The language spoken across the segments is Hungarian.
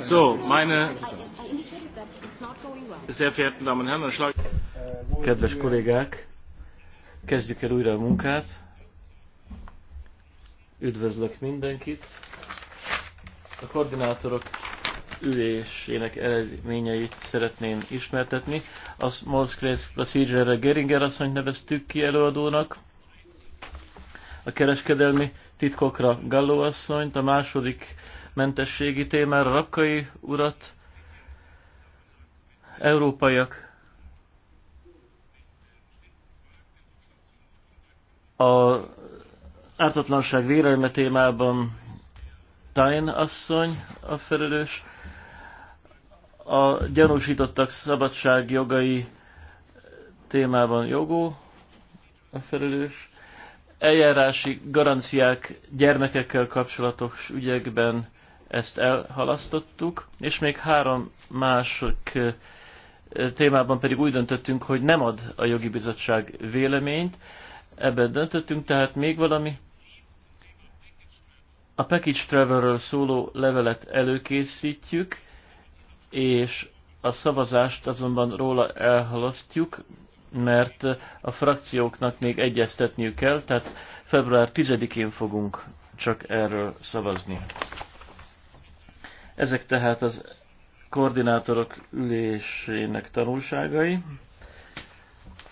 So, meine sehr verehrten Damen und Herren, Kedves kollégák, kezdjük el újra a munkát. Üdvözlök mindenkit. A koordinátorok ülésének eredményeit szeretném ismertetni. A Small Scale Procedure-re Geringer asszonyt neveztük ki előadónak, a kereskedelmi titkokra Galló asszonyt, a második mentességi témára, Rakkai urat, európaiak a ártatlanság vérelme témában Tain asszony a felelős, a gyanúsítottak szabadság jogai témában jogó a felelős, eljárási garanciák gyermekekkel kapcsolatos ügyekben ezt elhalasztottuk, és még három mások témában pedig úgy döntöttünk, hogy nem ad a jogi bizottság véleményt. Ebben döntöttünk, tehát még valami. A Package Travelről szóló levelet előkészítjük, és a szavazást azonban róla elhalasztjuk, mert a frakcióknak még egyeztetniük kell, tehát február 10-én fogunk csak erről szavazni. Ezek tehát az koordinátorok ülésének tanulságai.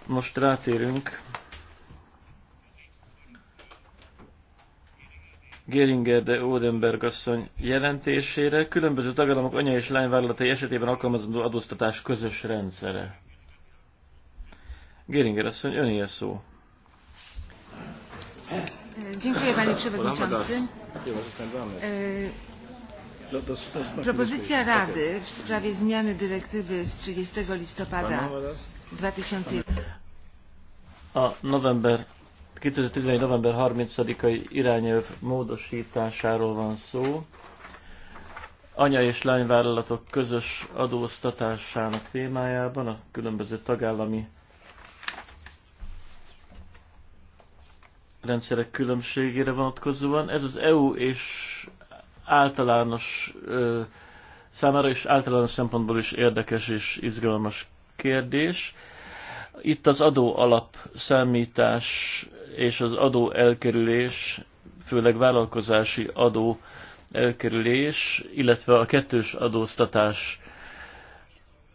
Most rátérünk Geringer de Odenberg asszony jelentésére. Különböző tagadalmak anya és vállalatai esetében alkalmazandó adóztatás közös rendszere. Geringer asszony, öné a szó. Dziękuję Panie Przewodniczący. Propozycja Rady w sprawie zmiany dyrektywy z 30 listopada 2001. A november 2011. november 30-ai irányelv módosításáról van szó. Anya és lányvállalatok közös adóztatásának témájában a különböző tagállami rendszerek különbségére vonatkozóan. Ez az EU és általános ö, számára és általános szempontból is érdekes és izgalmas kérdés. Itt az adó alap számítás és az adó elkerülés, főleg vállalkozási adó elkerülés, illetve a kettős adóztatás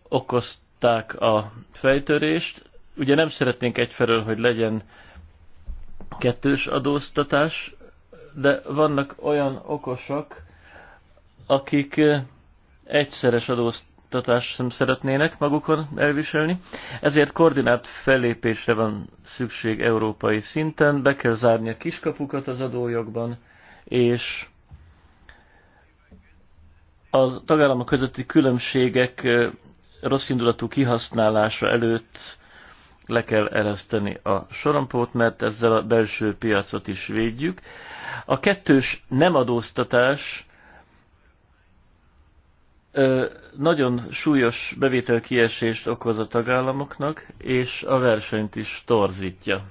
okozták a fejtörést. Ugye nem szeretnénk egyfelől, hogy legyen kettős adóztatás, de vannak olyan okosak, akik eh, egyszeres adóztatást sem szeretnének magukon elviselni, ezért koordinált fellépésre van szükség európai szinten, be kell zárni a kiskapukat az adójogban, és az tagállamok közötti különbségek eh, rosszindulatú kihasználása előtt le kell ereszteni a sorompót, mert ezzel a belső piacot is védjük. A kettős nem adóztatás nagyon súlyos bevételkiesést okoz a tagállamoknak, és a versenyt is torzítja.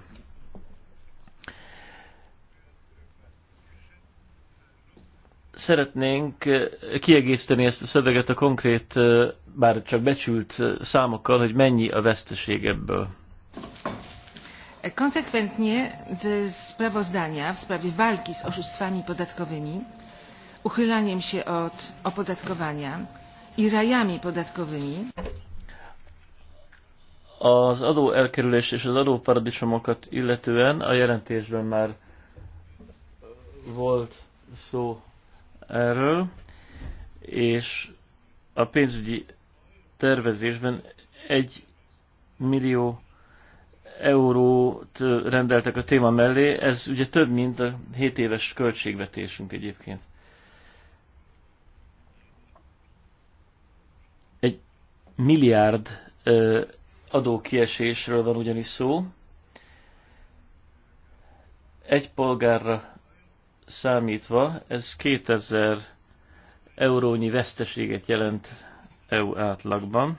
Szeretnénk kiegészíteni ezt a szöveget a konkrét, bár csak becsült számokkal, hogy mennyi a veszteség ebből konsekwentnie ze sprawozdania w sprawie walki z oszustwami podatkowymi uchylaniem się od opodatkowania i rajami podatkowymi az adó elkerülés és az adóparadicsomokat illetően a jelentésben már volt szó erről, és a pénzügyi tervezésben egy millió eurót rendeltek a téma mellé, ez ugye több, mint a 7 éves költségvetésünk egyébként. Egy milliárd adókiesésről van ugyanis szó. Egy polgárra számítva ez 2000 eurónyi veszteséget jelent EU átlagban.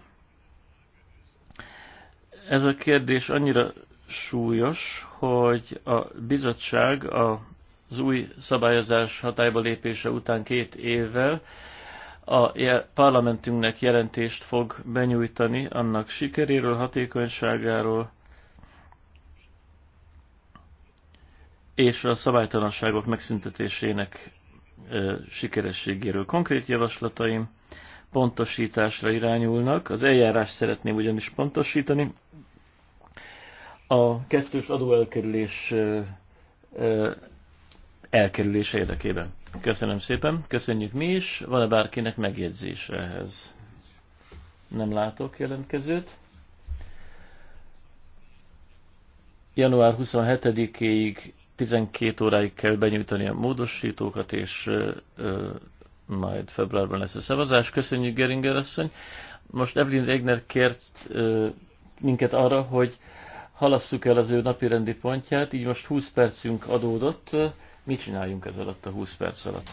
Ez a kérdés annyira súlyos, hogy a bizottság az új szabályozás hatályba lépése után két évvel a parlamentünknek jelentést fog benyújtani annak sikeréről, hatékonyságáról és a szabálytalanságok megszüntetésének sikerességéről. Konkrét javaslataim pontosításra irányulnak. Az eljárás szeretném ugyanis pontosítani. A kettős adóelkerülés elkerülése érdekében. Köszönöm szépen, köszönjük mi is. Van-e bárkinek megjegyzése ehhez? Nem látok jelentkezőt. Január 27-ig 12 óráig kell benyújtani a módosítókat, és majd februárban lesz a szavazás. Köszönjük, Geringer asszony. Most Evelyn Regner kért minket arra, hogy halasszuk el az ő rendi pontját, így most 20 percünk adódott. Mit csináljunk ez alatt a 20 perc alatt?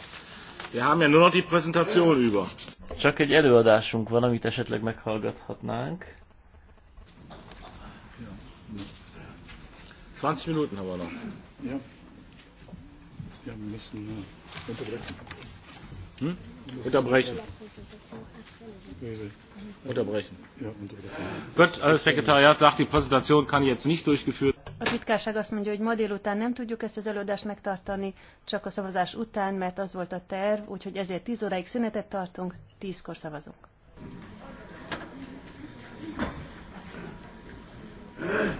Wir haben ja nur noch die Präsentation über. Csak egy előadásunk van, amit esetleg meghallgathatnánk. 20 Minuten haben wir noch. Ja. Wir müssen äh, unterbrechen. Hm? Unterbrechen. Unterbrechen. Gut, das Sekretariat sagt, die Präsentation kann jetzt nicht durchgeführt A titkárság azt mondja, hogy ma délután nem tudjuk ezt az előadást megtartani, csak a szavazás után, mert az volt a terv, úgyhogy ezért 10 óráig szünetet tartunk, 10-kor szavazunk. Yeah.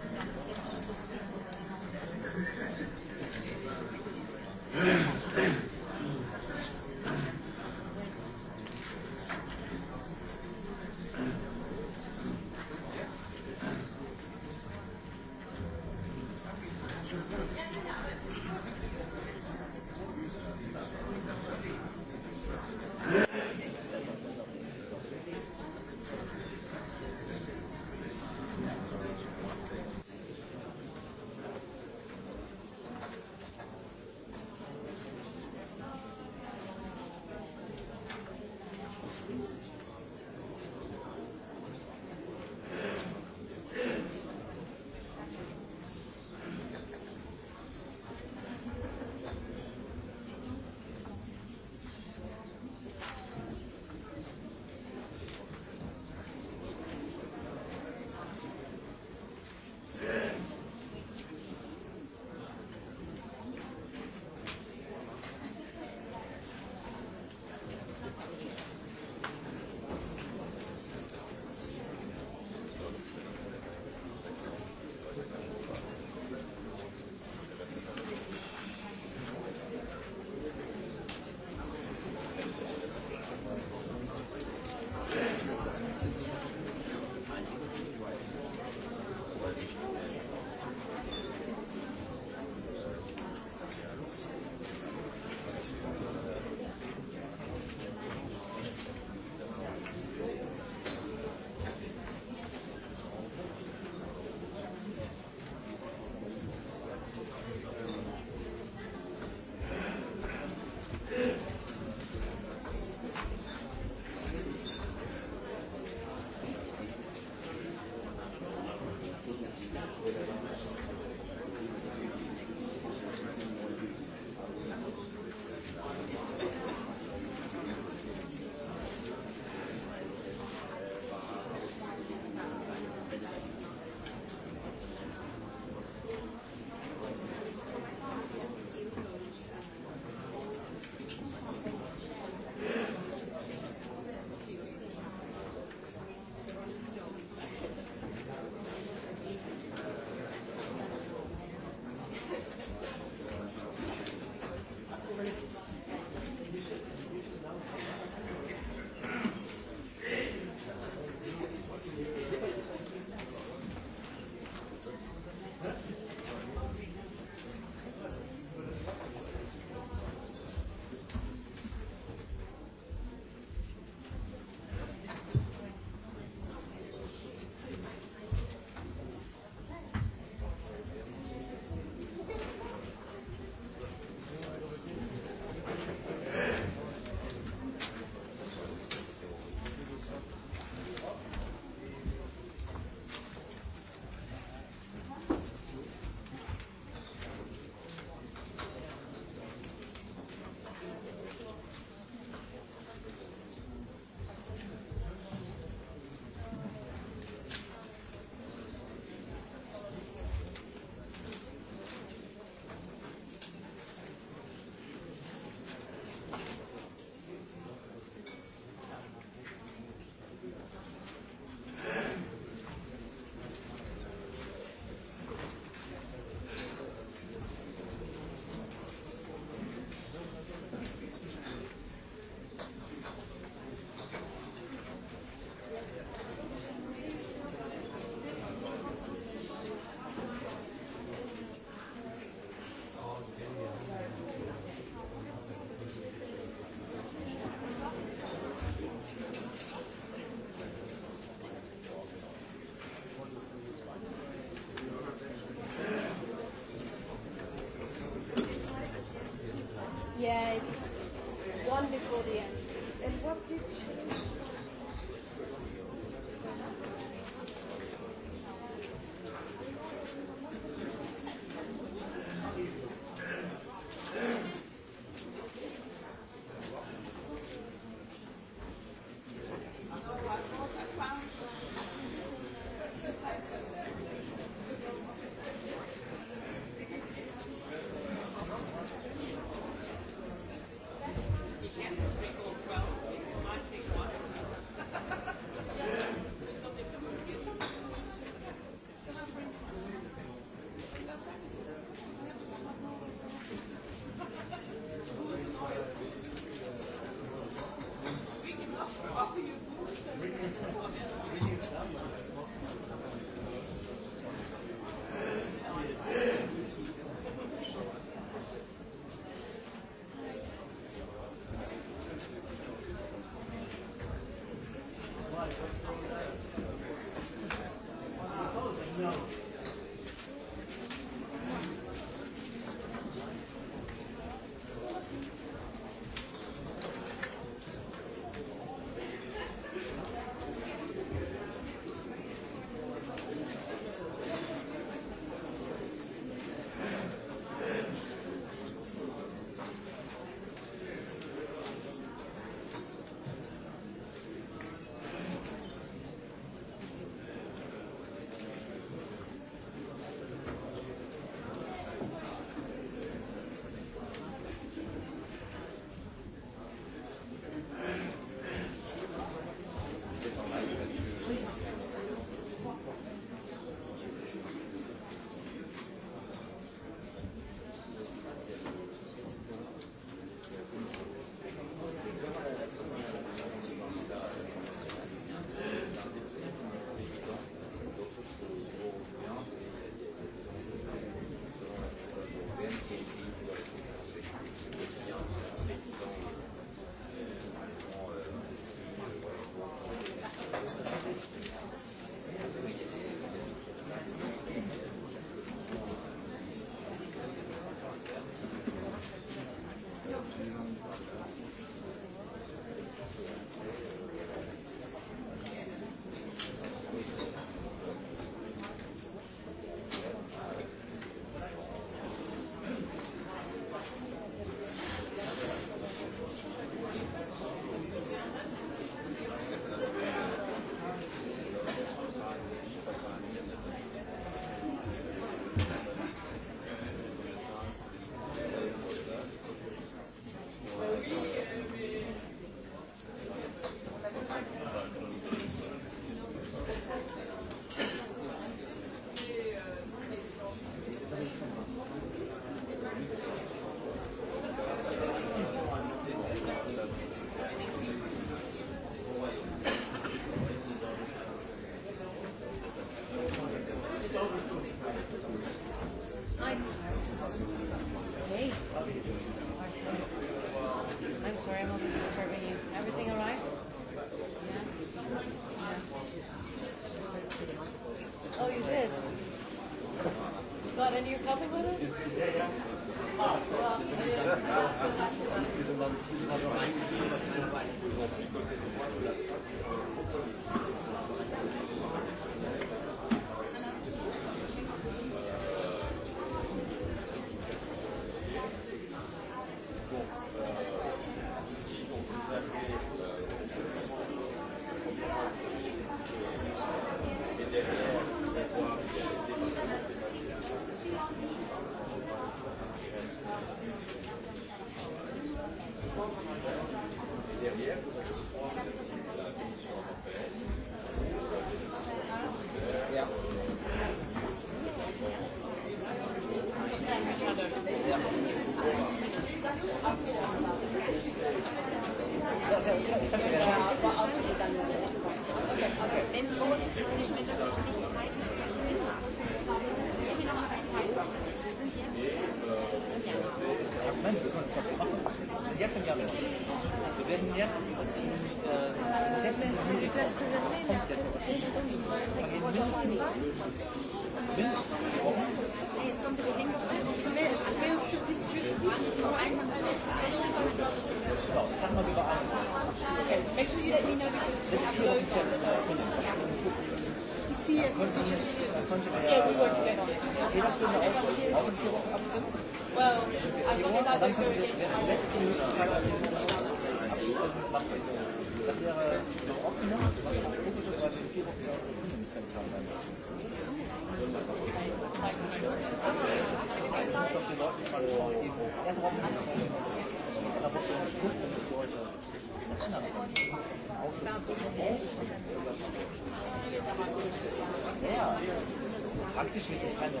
Praktisch mit den Feinden.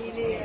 Il est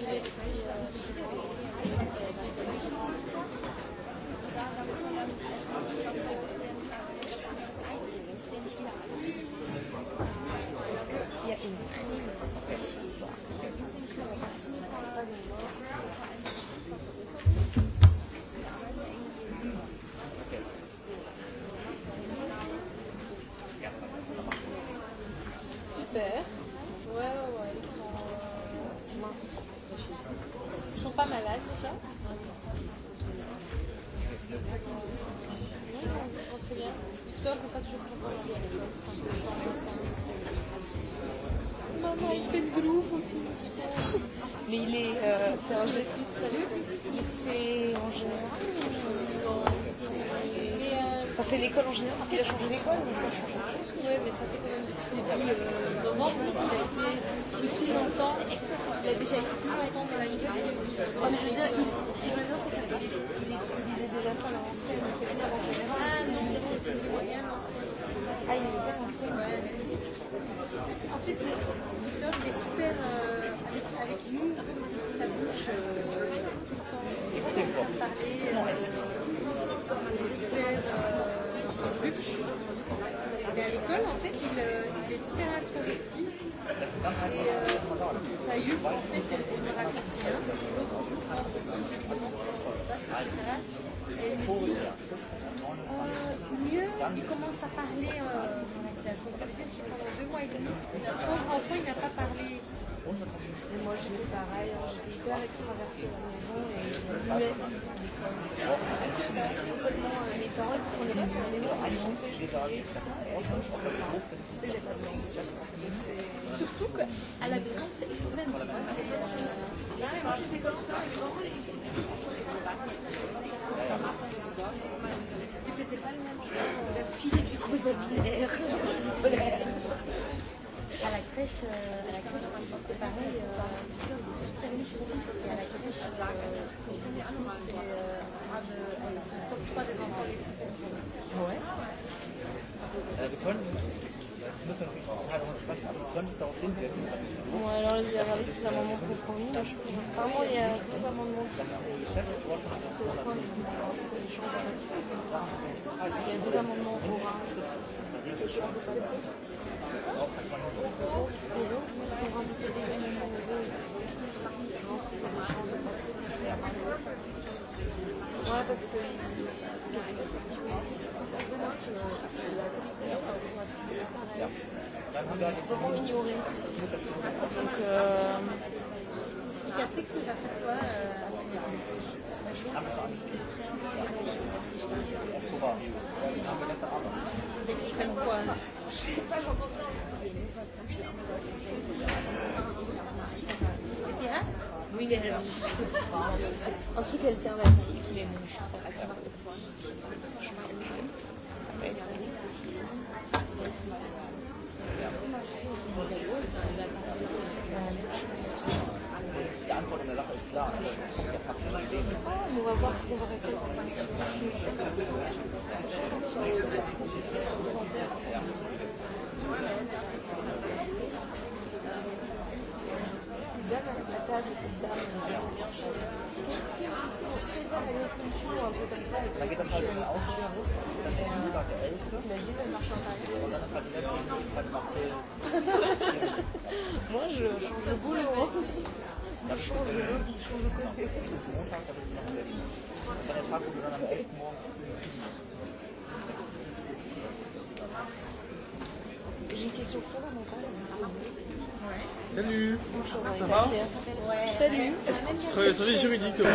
Thank you. un truc alternatif, mais bon, je suis pas d'accord on va voir ce qu'on va répéter. Da geht das halt in den Ausschlag hoch, dann ist es Montag der 11. Und dann ist halt die letzte halt nach Moi, je change de boulot. Je change de lobby, je change de côté. Montag, da bist du nach Berlin. Das ist dann der Tag, wo du dann am 11. morgens J'ai une question fondamentale. Ouais. Salut. Bonjour. Ça va ouais. Salut. Très, très juridique. Ouais.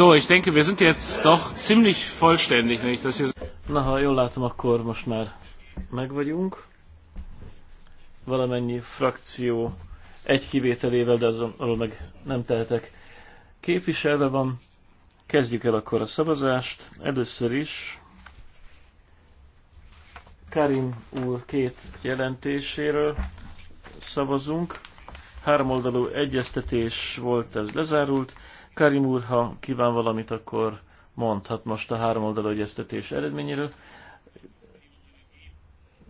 So, ich denke, wir sind jetzt doch ziemlich vollständig, wenn ich das hier so... Na, ha jól látom, akkor most már meg vagyunk. Valamennyi frakció egy kivételével, de azon arról meg nem tehetek. Képviselve van, kezdjük el akkor a szavazást. Először is Karim úr két jelentéséről szavazunk. Háromoldalú egyeztetés volt ez lezárult Karim úr, ha kíván valamit, akkor mondhat most a három egyeztetés eredményéről.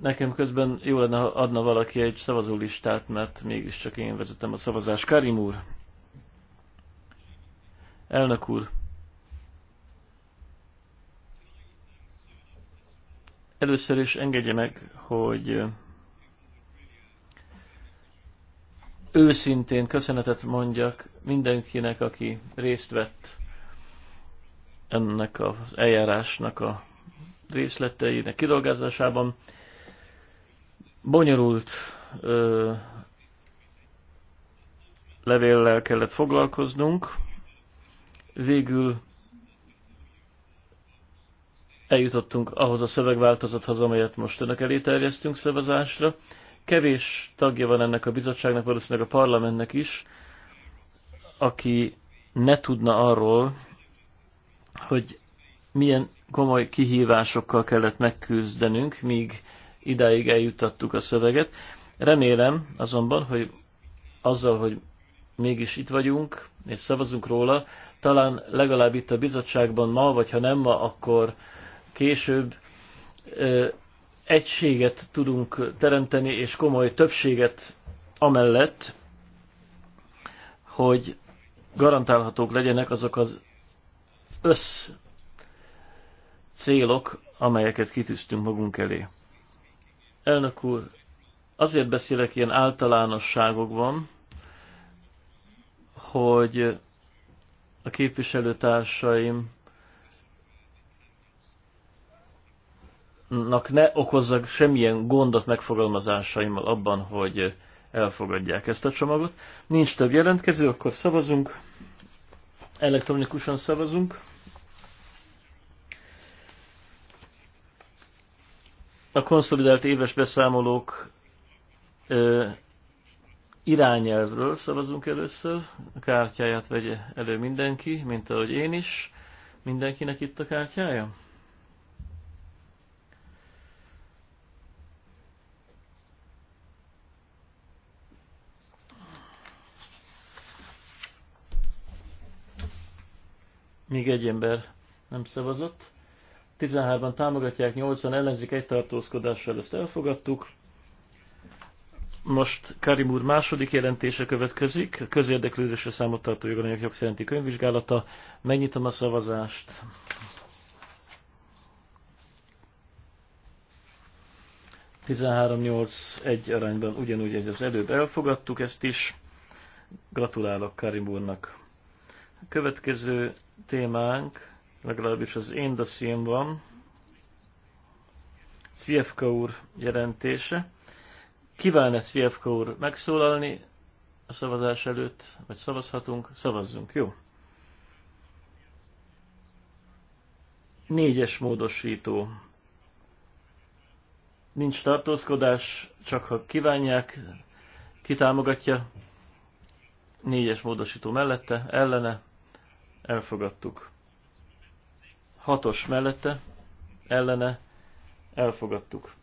Nekem közben jó lenne, ha adna valaki egy szavazólistát, mert mégiscsak én vezetem a szavazást. Karim úr! Elnök úr! Először is engedje meg, hogy őszintén köszönetet mondjak mindenkinek, aki részt vett ennek az eljárásnak a részleteinek kidolgozásában. Bonyolult ö, levéllel kellett foglalkoznunk. Végül eljutottunk ahhoz a szövegváltozathoz, amelyet most önök elé terjesztünk szavazásra kevés tagja van ennek a bizottságnak, valószínűleg a parlamentnek is, aki ne tudna arról, hogy milyen komoly kihívásokkal kellett megküzdenünk, míg idáig eljuttattuk a szöveget. Remélem azonban, hogy azzal, hogy mégis itt vagyunk, és szavazunk róla, talán legalább itt a bizottságban ma, vagy ha nem ma, akkor később egységet tudunk teremteni, és komoly többséget amellett, hogy garantálhatók legyenek azok az össz célok, amelyeket kitűztünk magunk elé. Elnök úr, azért beszélek ilyen általánosságokban, hogy a képviselőtársaim ne okozzak semmilyen gondot megfogalmazásaimmal abban, hogy elfogadják ezt a csomagot. Nincs több jelentkező, akkor szavazunk. Elektronikusan szavazunk. A konszolidált éves beszámolók ö, irányelvről szavazunk először. A kártyáját vegye elő mindenki, mint ahogy én is. Mindenkinek itt a kártyája? Még egy ember nem szavazott. 13 ban támogatják, 80 ellenzik, egy tartózkodással ezt elfogadtuk. Most Karim úr második jelentése következik, közérdeklődésre számot tartó joganyag jogszerinti könyvvizsgálata. Megnyitom a szavazást. egy arányban ugyanúgy, hogy az előbb elfogadtuk ezt is. Gratulálok Karim úrnak. Következő témánk, legalábbis az én dossziémban, Szvjevka úr jelentése. Kíván-e Szvjevka úr megszólalni a szavazás előtt, vagy szavazhatunk? Szavazzunk, jó? Négyes módosító. Nincs tartózkodás, csak ha kívánják, kitámogatja. Négyes módosító mellette, ellene, elfogadtuk. Hatos mellette, ellene, elfogadtuk.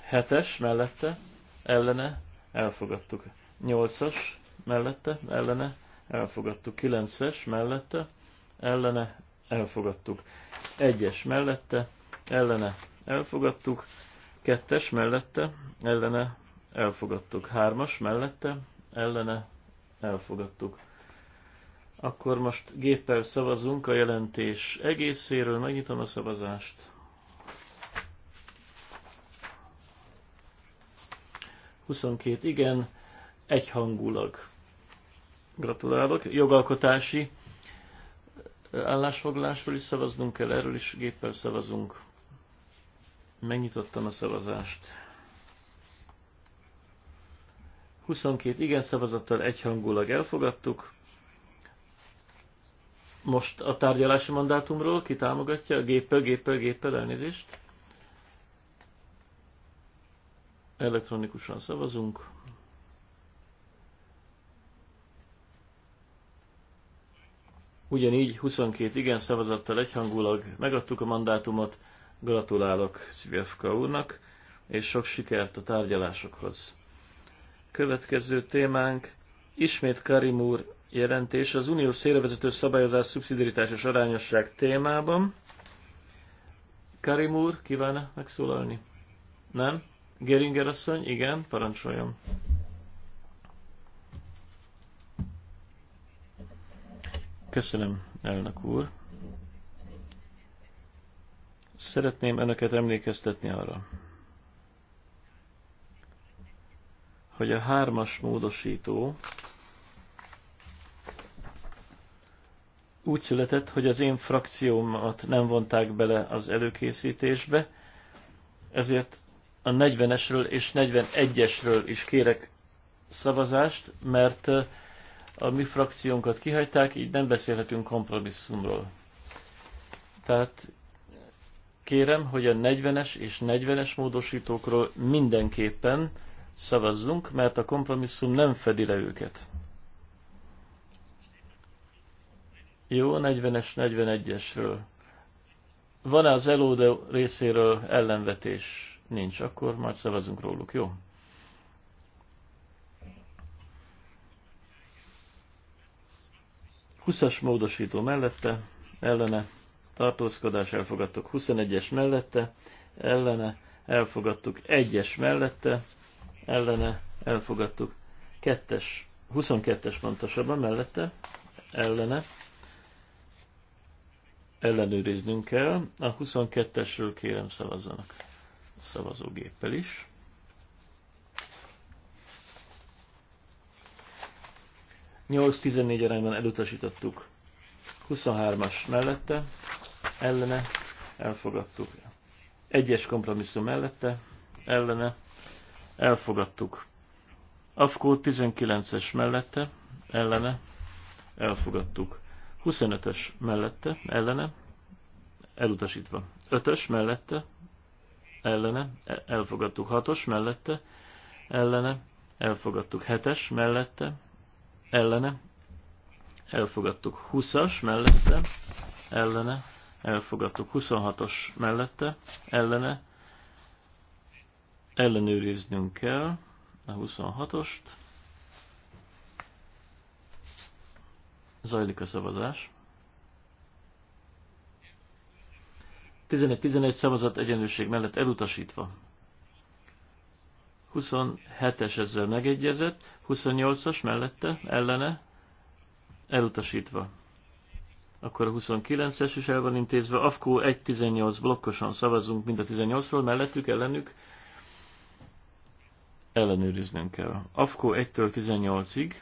Hetes mellette, ellene, elfogadtuk. Nyolcas mellette, ellene, elfogadtuk. Kilences mellette, ellene, elfogadtuk. Egyes mellette, ellene, elfogadtuk. Kettes mellette, ellene, elfogadtuk. Hármas mellette, ellene, elfogadtuk akkor most géppel szavazunk a jelentés egészéről. Megnyitom a szavazást. Huszonkét igen, egyhangulag. Gratulálok. Jogalkotási állásfoglalásról is szavaznunk kell, erről is géppel szavazunk. Megnyitottam a szavazást. 22 igen szavazattal egyhangulag elfogadtuk most a tárgyalási mandátumról, ki támogatja, géppel, géppel, géppel, elnézést. Elektronikusan szavazunk. Ugyanígy 22 igen szavazattal egyhangulag megadtuk a mandátumot. Gratulálok Szivjevka úrnak, és sok sikert a tárgyalásokhoz. Következő témánk ismét Karim úr jelentés az uniós szélrevezető szabályozás szubszidiaritás és arányosság témában. Karim úr, kíván megszólalni? Nem? Geringer asszony, igen, parancsoljon. Köszönöm, elnök úr. Szeretném önöket emlékeztetni arra, hogy a hármas módosító úgy született, hogy az én frakciómat nem vonták bele az előkészítésbe, ezért a 40-esről és 41-esről is kérek szavazást, mert a mi frakciónkat kihagyták, így nem beszélhetünk kompromisszumról. Tehát kérem, hogy a 40-es és 40-es módosítókról mindenképpen szavazzunk, mert a kompromisszum nem fedi le őket. Jó, 40-es, 41-esről. Van-e az elóde részéről ellenvetés? Nincs, akkor majd szavazunk róluk, jó? Huszas módosító mellette, ellene, tartózkodás elfogadtuk 21-es mellette, ellene, elfogadtuk 1-es mellette, ellene, elfogadtuk 2-es, 22-es pontosabban mellette, ellene, ellenőriznünk kell. A 22-esről kérem szavazzanak a szavazógéppel is. Nyolc 14 arányban elutasítottuk. 23-as mellette, ellene, elfogadtuk. Egyes kompromisszum mellette, ellene, elfogadtuk. Afkó 19-es mellette, ellene, elfogadtuk. 25-ös mellette, ellene, elutasítva. 5-ös e- mellette, ellene, elfogadtuk. 6-os mellette, ellene, elfogadtuk. 7-es mellette, ellene, elfogadtuk. 20-as mellette, ellene, elfogadtuk. 26-os mellette, ellene, ellenőriznünk kell a 26-ost. Zajlik a szavazás. 11-11 szavazat egyenlőség mellett elutasítva. 27-es ezzel megegyezett, 28-as mellette, ellene, elutasítva. Akkor a 29-es is el van intézve, AFKO 1-18 blokkosan szavazunk mind a 18-ról, mellettük, ellenük, ellenőriznünk kell. AFKO 1-től 18-ig,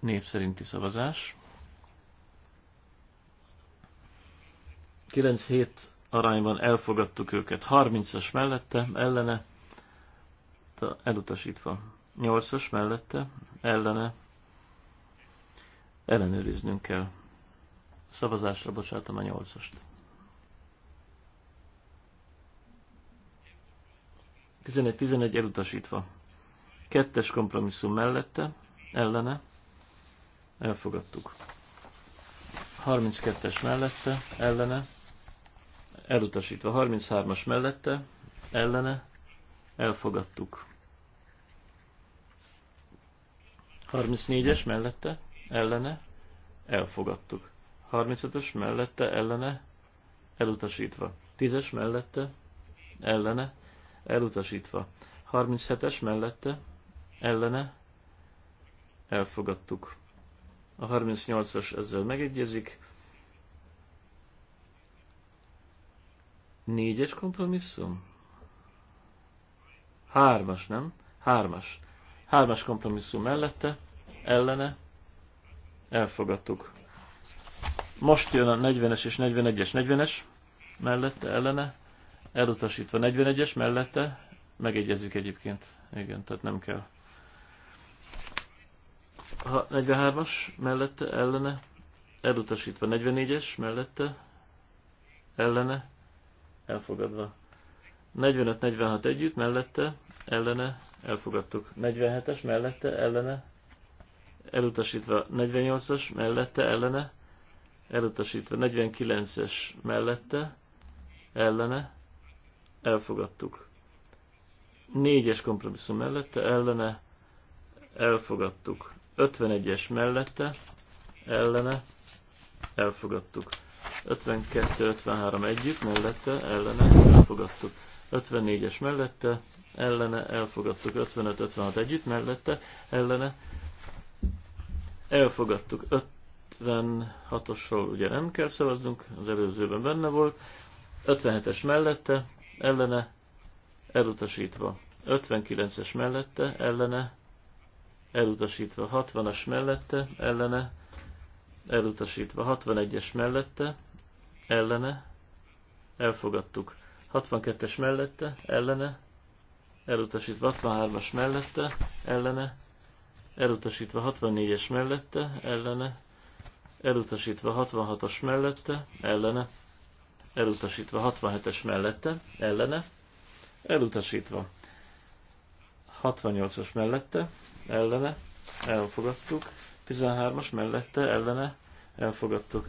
név szerinti szavazás. 9-7 arányban elfogadtuk őket. 30-as mellette, ellene, elutasítva. 8-as mellette, ellene, ellenőriznünk kell. Szavazásra bocsátom a 8-ast. 11-11 elutasítva. Kettes kompromisszum mellette, ellene, elfogadtuk. 32-es mellette, ellene, elutasítva. 33-as mellette, ellene, elfogadtuk. 34-es mellette, ellene, elfogadtuk. 35-ös mellette, ellene, elutasítva. 10-es mellette, ellene, elutasítva. 37-es mellette, ellene, elfogadtuk a 38-as ezzel megegyezik. Négyes kompromisszum? Hármas, nem? Hármas. Hármas kompromisszum mellette, ellene, elfogadtuk. Most jön a 40-es és 41-es, 40-es mellette, ellene, elutasítva 41-es mellette, megegyezik egyébként. Igen, tehát nem kell. 43-as mellette ellene, elutasítva 44-es mellette ellene, elfogadva. 45-46 együtt mellette ellene, elfogadtuk. 47-es mellette ellene, elutasítva. 48-as mellette ellene, elutasítva. 49-es mellette ellene, elfogadtuk. 4-es kompromisszum mellette ellene, elfogadtuk. 51-es mellette, ellene, elfogadtuk. 52-53 együtt, mellette, ellene, elfogadtuk. 54-es mellette, ellene, elfogadtuk. 55-56 együtt, mellette, ellene, elfogadtuk. 56-osról ugye nem kell szavaznunk, az előzőben benne volt. 57-es mellette, ellene, elutasítva. 59-es mellette, ellene, elutasítva 60-as mellette, ellene, elutasítva 61-es mellette, ellene, elfogadtuk 62-es mellette, ellene, elutasítva 63-as mellette, ellene, elutasítva 64-es mellette, ellene, elutasítva 66-as mellette, ellene, elutasítva 67-es mellette, ellene, elutasítva 68-as mellette, ellene, elfogadtuk. 13-as mellette, ellene, elfogadtuk.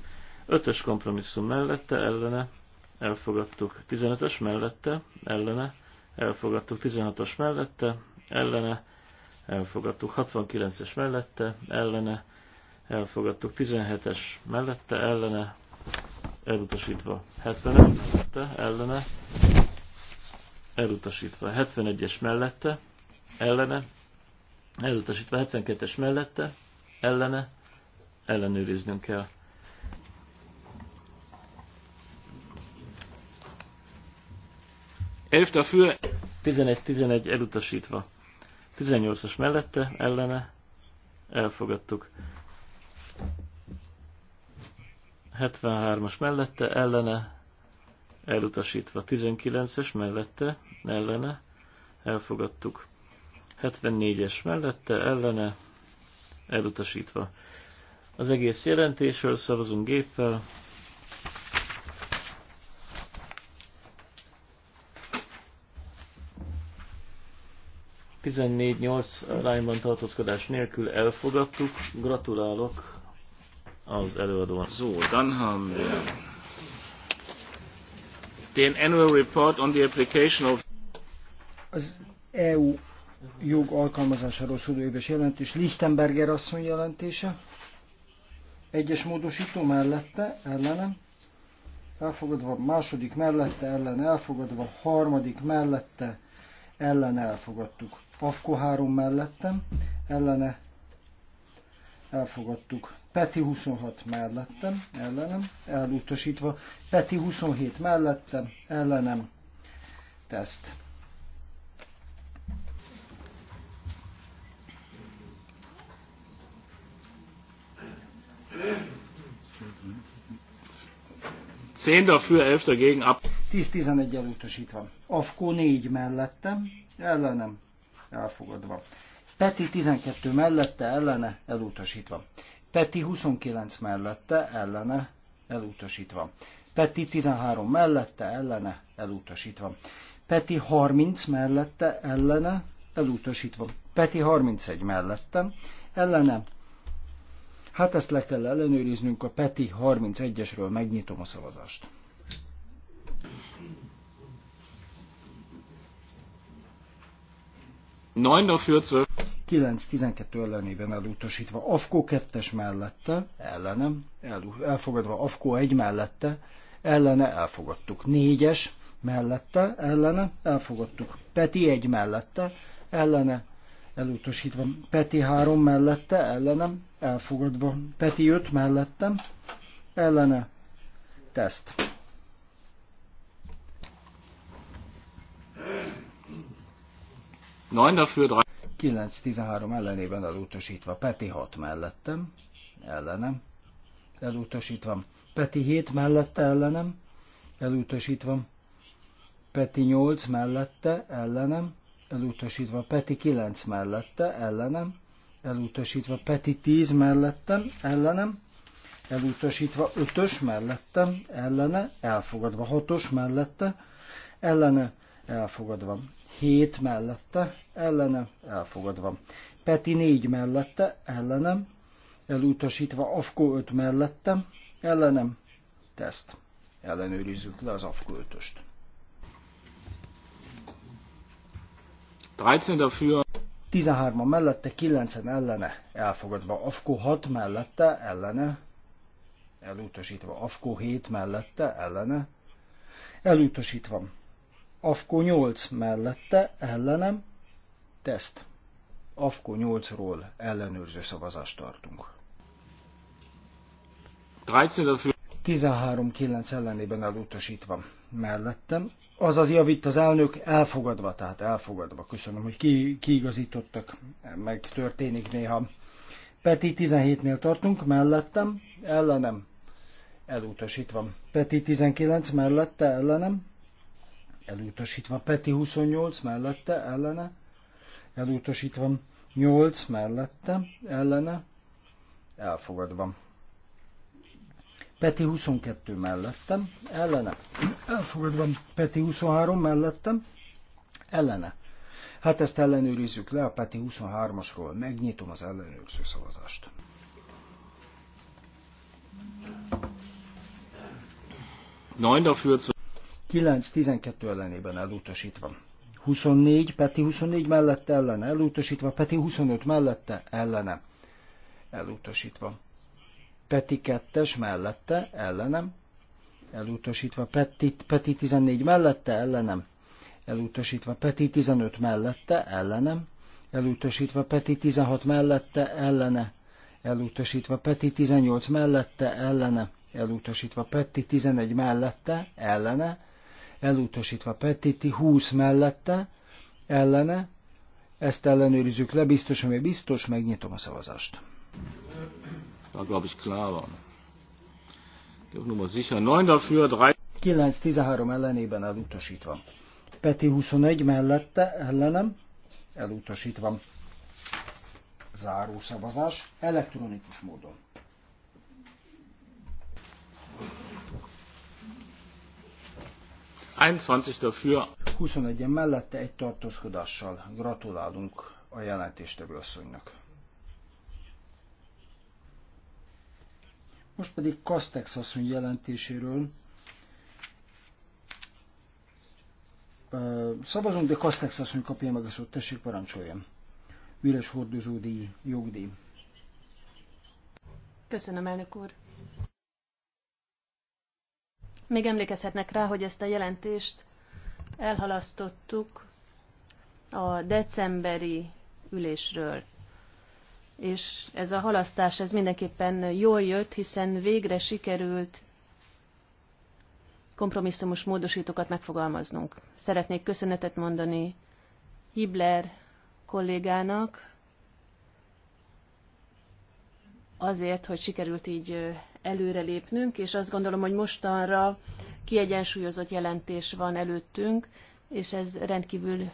5-ös kompromisszum mellette, ellene, elfogadtuk. 15-ös mellette, ellene, elfogadtuk. 16-os mellette, ellene, elfogadtuk. 69-es mellette, ellene, elfogadtuk. 17-es mellette, ellene, elutasítva. 70-es mellette, ellene, elutasítva. 71-es mellette, ellene, elutasítva 72-es mellette, ellene, ellenőriznünk kell. Elfte a fül 11-11 elutasítva. 18-as mellette, ellene, elfogadtuk. 73-as mellette, ellene, elutasítva. 19-es mellette, ellene, elfogadtuk. 74-es mellette ellene elutasítva. Az egész jelentésről szavazunk géppel. nyolc arányban tartózkodás nélkül elfogadtuk. Gratulálok az előadónak. So, dann haben wir den annual report on the application of az EU jog alkalmazásáról szóló éves jelentés, Lichtenberger asszony jelentése, egyes módosító mellette, ellenem, elfogadva, második mellette, ellen elfogadva, harmadik mellette, ellen elfogadtuk. Afko három mellettem, ellene elfogadtuk. Peti 26 mellettem, ellenem, elutasítva. Peti 27 mellettem, ellenem, teszt. 10 dafür, 11 dagegen ab. 10-11 elutasítva. Afkó 4 mellettem, ellenem elfogadva. Peti 12 mellette, ellene elutasítva. Peti 29 mellette, ellene elutasítva. Peti 13 mellette, ellene elutasítva. Peti 30 mellette, ellene elutasítva. Peti 31 mellette, ellene Hát ezt le kell ellenőriznünk a PETI 31-esről, megnyitom a szavazást. Neun dafür, 9-12 ellenében elutasítva. Afko 2-es mellette, ellenem, elfogadva Afko 1 mellette, ellene elfogadtuk. 4-es mellette, ellene elfogadtuk. Peti 1 mellette, ellene elutasítva. Peti 3 mellette, ellenem elfogadva. Peti jött mellettem, ellene teszt. Neun dafür, 9-13 ellenében elutasítva. Peti 6 mellettem, ellenem, elutasítva. Peti 7 mellette ellenem, elutasítva. Peti 8 mellette ellenem, elutasítva. Peti 9 mellette ellenem, elutasítva Peti 10 mellettem, ellenem, elutasítva 5-ös mellettem, ellene, elfogadva 6-os mellette, ellene, elfogadva 7 mellette, ellene, elfogadva. Peti 4 mellette, ellenem, elutasítva Afko 5 mellettem, ellenem, teszt. Ellenőrizzük le az Afko 5-öst. 13 dafür. 13 a mellette, 9-en ellene elfogadva. Afko 6 mellette, ellene elutasítva. Afko 7 mellette, ellene elutasítva. Afko 8 mellette, ellenem, teszt. Afko 8-ról ellenőrző szavazást tartunk. 13-9 ellenében elutasítva. Mellettem, Azaz javít az elnök elfogadva, tehát elfogadva. Köszönöm, hogy ki, kiigazítottak, meg történik néha. Peti 17-nél tartunk, mellettem, ellenem, elutasítva. Peti 19 mellette, ellenem, elutasítva. Peti 28 mellette, ellene, elutasítva. 8 mellette, ellene, elfogadva. Peti 22 mellettem, ellene. Elfogadva Peti 23 mellettem, ellene. Hát ezt ellenőrizzük le a Peti 23-asról. Megnyitom az ellenőrző szavazást. Nein 9-12 ellenében elutasítva. 24, Peti 24 mellette ellene elutasítva, Peti 25 mellette ellene elutasítva. Peti 2-es mellette, ellenem, elutasítva Peti, Peti 14 mellette, ellenem, elutasítva Peti 15 mellette, ellenem, elutasítva Peti 16 mellette, ellene, elutasítva Peti 18 mellette, ellene, elutasítva Peti 11 mellette, ellene, elutasítva Peti 20 mellette, ellene, ezt ellenőrizzük le, biztos, ami biztos, megnyitom a szavazást. War, glaube ich, klar. War. Ich nur mal sicher. 9 dafür, 3. 9-13 ellenében elutasítva. Peti 21 mellette ellenem elutasítva. Záró szavazás elektronikus módon. dafür. 21 mellette egy tartózkodással. Gratulálunk a jelentéstevő asszonynak. Most pedig Kastex asszony jelentéséről szavazunk, de Kastex asszony kapja meg a szót, tessék parancsoljam. Üres hordozódi jogdíj. Köszönöm, elnök úr. Még emlékezhetnek rá, hogy ezt a jelentést elhalasztottuk a decemberi ülésről és ez a halasztás ez mindenképpen jól jött, hiszen végre sikerült kompromisszumos módosítókat megfogalmaznunk. Szeretnék köszönetet mondani Hibler kollégának azért, hogy sikerült így előrelépnünk, és azt gondolom, hogy mostanra kiegyensúlyozott jelentés van előttünk, és ez rendkívül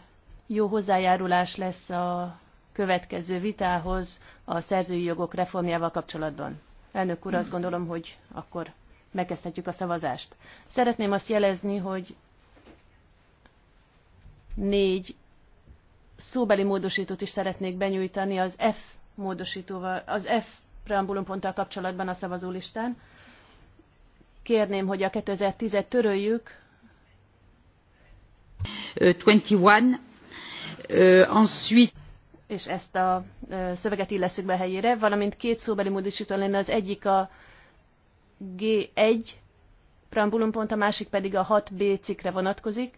jó hozzájárulás lesz a következő vitához a szerzői jogok reformjával kapcsolatban. Elnök úr, azt gondolom, hogy akkor megkezdhetjük a szavazást. Szeretném azt jelezni, hogy négy szóbeli módosítót is szeretnék benyújtani az F módosítóval, az F preambulum ponttal kapcsolatban a szavazólistán. Kérném, hogy a 2010-et töröljük. 21. Uh, ensuite és ezt a szöveget illeszünk be helyére, valamint két szóbeli módosító lenne, az egyik a G1 pont a másik pedig a 6B cikkre vonatkozik,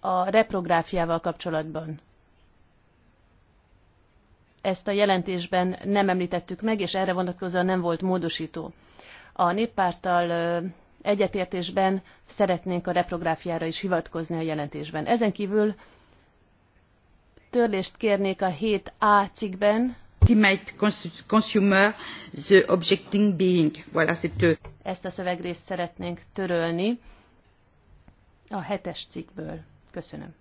a reprográfiával kapcsolatban. Ezt a jelentésben nem említettük meg, és erre vonatkozóan nem volt módosító. A néppárttal egyetértésben szeretnénk a reprográfiára is hivatkozni a jelentésben. Ezen kívül törlést kérnék a 7A cikkben. Ultimate consumer the objecting being. Voilà, Ezt a szövegrészt szeretnénk törölni a hetes cikkből. Köszönöm.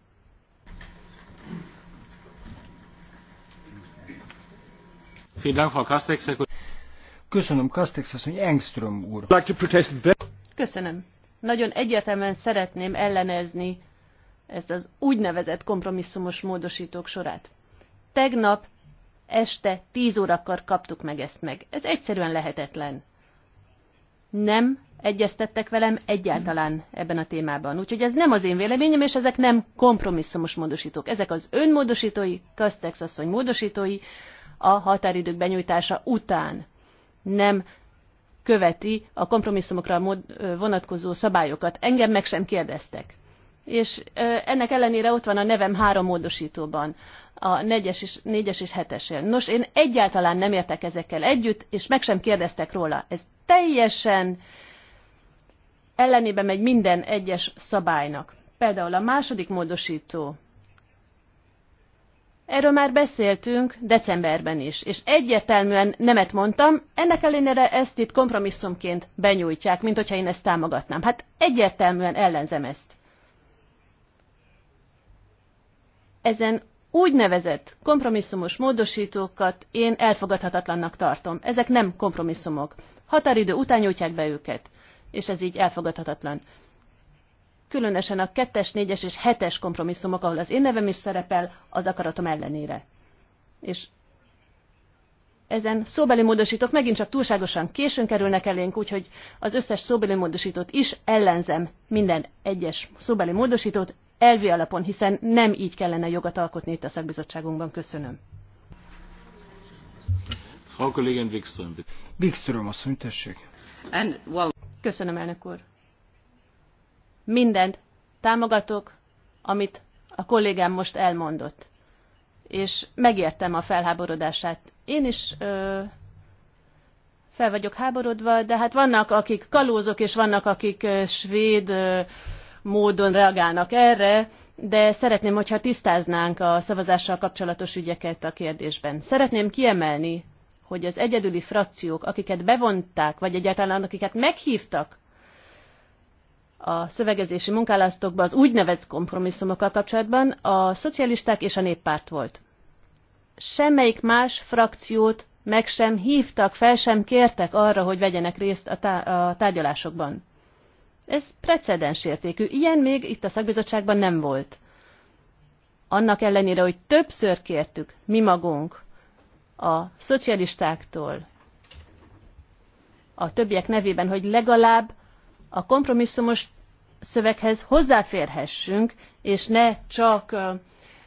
Köszönöm, Kastex asszony, Engström úr. Köszönöm. Nagyon egyértelműen szeretném ellenezni ezt az úgynevezett kompromisszumos módosítók sorát. Tegnap este tíz órakor kaptuk meg ezt meg. Ez egyszerűen lehetetlen. Nem egyeztettek velem egyáltalán ebben a témában. Úgyhogy ez nem az én véleményem, és ezek nem kompromisszumos módosítók. Ezek az önmódosítói, Köztex asszony módosítói a határidők benyújtása után nem követi a kompromisszumokra vonatkozó szabályokat. Engem meg sem kérdeztek és ennek ellenére ott van a nevem három módosítóban, a négyes és, négyes és 7 Nos, én egyáltalán nem értek ezekkel együtt, és meg sem kérdeztek róla. Ez teljesen ellenében megy minden egyes szabálynak. Például a második módosító. Erről már beszéltünk decemberben is, és egyértelműen nemet mondtam, ennek ellenére ezt itt kompromisszumként benyújtják, mint hogyha én ezt támogatnám. Hát egyértelműen ellenzem ezt. ezen úgynevezett kompromisszumos módosítókat én elfogadhatatlannak tartom. Ezek nem kompromisszumok. Határidő után nyújtják be őket, és ez így elfogadhatatlan. Különösen a kettes, négyes és hetes kompromisszumok, ahol az én nevem is szerepel, az akaratom ellenére. És ezen szóbeli módosítók megint csak túlságosan későn kerülnek elénk, úgyhogy az összes szóbeli módosítót is ellenzem, minden egyes szóbeli módosítót elvi alapon, hiszen nem így kellene jogat alkotni itt a szakbizottságunkban. Köszönöm. Frau Kollegin Wikström, bitte. Wikström asszony, And, well... Köszönöm, elnök úr. Mindent támogatok, amit a kollégám most elmondott. És megértem a felháborodását. Én is ö, fel vagyok háborodva, de hát vannak, akik kalózok, és vannak, akik ö, svéd ö, módon reagálnak erre, de szeretném, hogyha tisztáznánk a szavazással kapcsolatos ügyeket a kérdésben. Szeretném kiemelni, hogy az egyedüli frakciók, akiket bevonták, vagy egyáltalán akiket meghívtak a szövegezési munkálasztokba az úgynevezett kompromisszumokkal kapcsolatban, a szocialisták és a néppárt volt. Semmelyik más frakciót meg sem hívtak, fel sem kértek arra, hogy vegyenek részt a, tá- a tárgyalásokban. Ez precedens értékű. Ilyen még itt a szakbizottságban nem volt. Annak ellenére, hogy többször kértük mi magunk a szocialistáktól, a többiek nevében, hogy legalább a kompromisszumos szöveghez hozzáférhessünk, és ne csak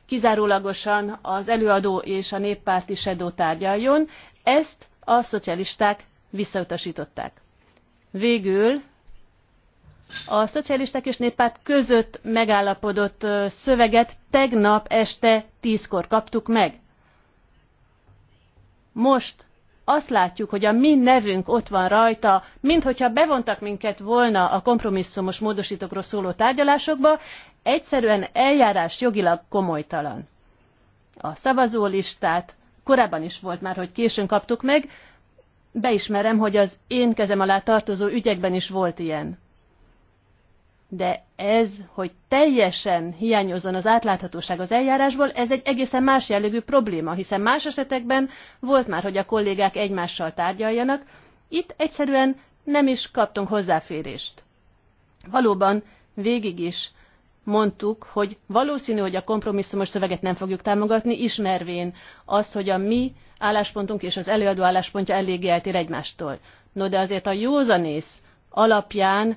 kizárólagosan az előadó és a néppárti sedó tárgyaljon, ezt a szocialisták visszautasították. Végül a szocialisták és néppárt között megállapodott szöveget tegnap este tízkor kaptuk meg. Most azt látjuk, hogy a mi nevünk ott van rajta, minthogyha bevontak minket volna a kompromisszumos módosítókról szóló tárgyalásokba, egyszerűen eljárás jogilag komolytalan. A szavazólistát korábban is volt már, hogy későn kaptuk meg, beismerem, hogy az én kezem alá tartozó ügyekben is volt ilyen de ez, hogy teljesen hiányozzon az átláthatóság az eljárásból, ez egy egészen más jellegű probléma, hiszen más esetekben volt már, hogy a kollégák egymással tárgyaljanak, itt egyszerűen nem is kaptunk hozzáférést. Valóban végig is mondtuk, hogy valószínű, hogy a kompromisszumos szöveget nem fogjuk támogatni, ismervén azt, hogy a mi álláspontunk és az előadó álláspontja eléggé eltér egymástól. No de azért a józanész alapján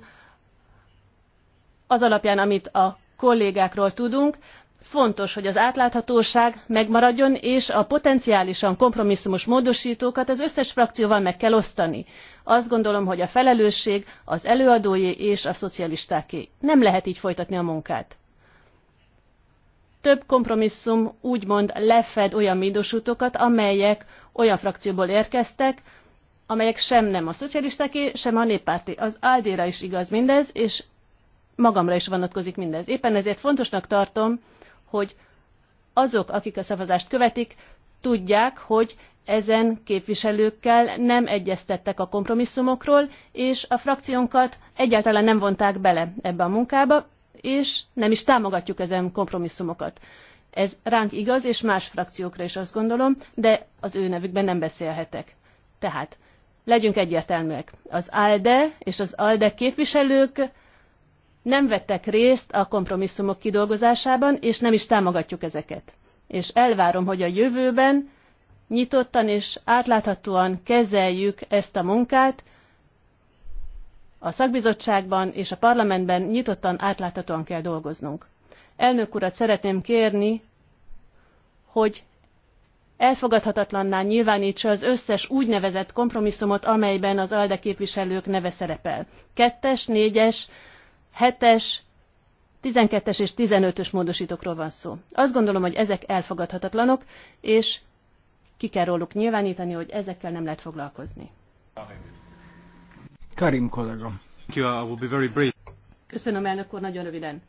az alapján, amit a kollégákról tudunk, fontos, hogy az átláthatóság megmaradjon, és a potenciálisan kompromisszumos módosítókat az összes frakcióval meg kell osztani. Azt gondolom, hogy a felelősség az előadói és a szocialistáké. Nem lehet így folytatni a munkát. Több kompromisszum úgymond lefed olyan módosítókat, amelyek olyan frakcióból érkeztek, amelyek sem nem a szocialistáké, sem a néppárti. Az áldéra is igaz mindez, és magamra is vonatkozik mindez. Éppen ezért fontosnak tartom, hogy azok, akik a szavazást követik, tudják, hogy ezen képviselőkkel nem egyeztettek a kompromisszumokról, és a frakciónkat egyáltalán nem vonták bele ebbe a munkába, és nem is támogatjuk ezen kompromisszumokat. Ez ránk igaz, és más frakciókra is azt gondolom, de az ő nevükben nem beszélhetek. Tehát legyünk egyértelműek. Az ALDE és az ALDE képviselők nem vettek részt a kompromisszumok kidolgozásában, és nem is támogatjuk ezeket. És elvárom, hogy a jövőben nyitottan és átláthatóan kezeljük ezt a munkát, a szakbizottságban és a parlamentben nyitottan, átláthatóan kell dolgoznunk. Elnök urat szeretném kérni, hogy elfogadhatatlanná nyilvánítsa az összes úgynevezett kompromisszumot, amelyben az ALDE képviselők neve szerepel. Kettes, négyes, 7-es, 12-es és 15-ös módosítókról van szó. Azt gondolom, hogy ezek elfogadhatatlanok, és ki kell róluk nyilvánítani, hogy ezekkel nem lehet foglalkozni. Karim kollega. Köszönöm, elnök úr, nagyon röviden.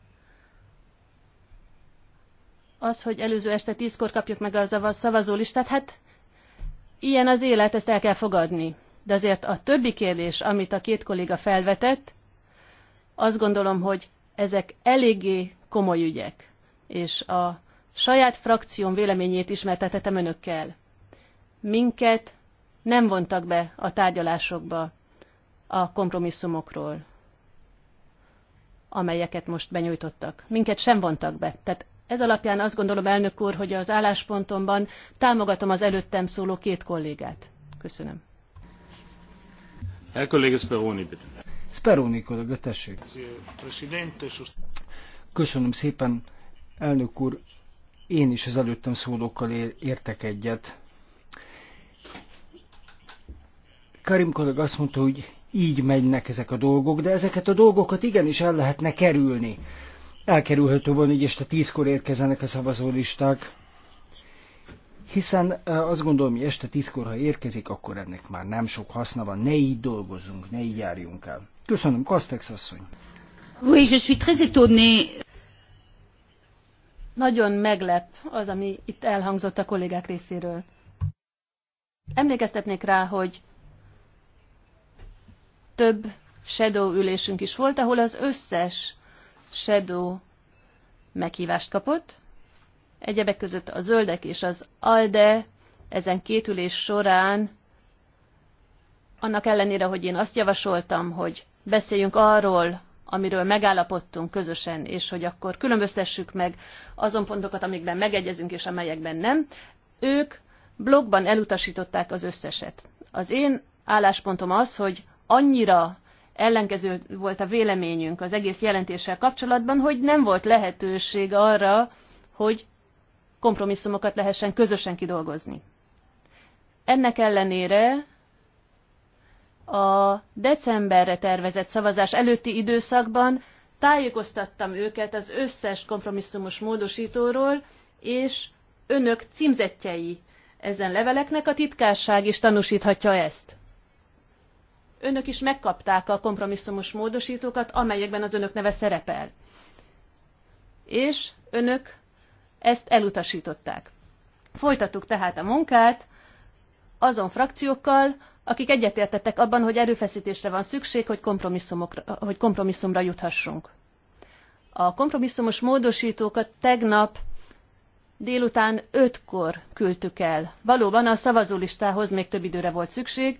Az, hogy előző este tízkor kapjuk meg az a listát, hát ilyen az élet, ezt el kell fogadni. De azért a többi kérdés, amit a két kolléga felvetett, azt gondolom, hogy ezek eléggé komoly ügyek, és a saját frakcióm véleményét ismertethetem önökkel. Minket nem vontak be a tárgyalásokba a kompromisszumokról, amelyeket most benyújtottak. Minket sem vontak be. Tehát ez alapján azt gondolom, elnök úr, hogy az álláspontomban támogatom az előttem szóló két kollégát. Köszönöm. Herr Kollege Speroni, bitte. Speroni kollega, tessék. Köszönöm szépen, elnök úr. Én is az előttem szólókkal értek egyet. Karim kollega azt mondta, hogy így megynek ezek a dolgok, de ezeket a dolgokat igenis el lehetne kerülni. Elkerülhető volna, hogy este tízkor érkezenek a szavazólisták, hiszen e, azt gondolom, hogy este tízkor, ha érkezik, akkor ennek már nem sok haszna van, ne így dolgozzunk, ne így járjunk el. Köszönöm, Kastex asszony. Oui, je suis très étonnée. Nagyon meglep az, ami itt elhangzott a kollégák részéről. Emlékeztetnék rá, hogy több shadow ülésünk is volt, ahol az összes shadow meghívást kapott. Egyebek között a zöldek és az ALDE ezen két ülés során, annak ellenére, hogy én azt javasoltam, hogy beszéljünk arról, amiről megállapodtunk közösen, és hogy akkor különböztessük meg azon pontokat, amikben megegyezünk, és amelyekben nem. Ők blogban elutasították az összeset. Az én álláspontom az, hogy annyira ellenkező volt a véleményünk az egész jelentéssel kapcsolatban, hogy nem volt lehetőség arra, hogy kompromisszumokat lehessen közösen kidolgozni. Ennek ellenére a decemberre tervezett szavazás előtti időszakban tájékoztattam őket az összes kompromisszumos módosítóról, és önök címzetjei ezen leveleknek a titkárság is tanúsíthatja ezt. Önök is megkapták a kompromisszumos módosítókat, amelyekben az önök neve szerepel. És önök ezt elutasították. Folytattuk tehát a munkát azon frakciókkal, akik egyetértettek abban, hogy erőfeszítésre van szükség, hogy, hogy kompromisszumra juthassunk. A kompromisszumos módosítókat tegnap délután ötkor küldtük el. Valóban a szavazólistához még több időre volt szükség,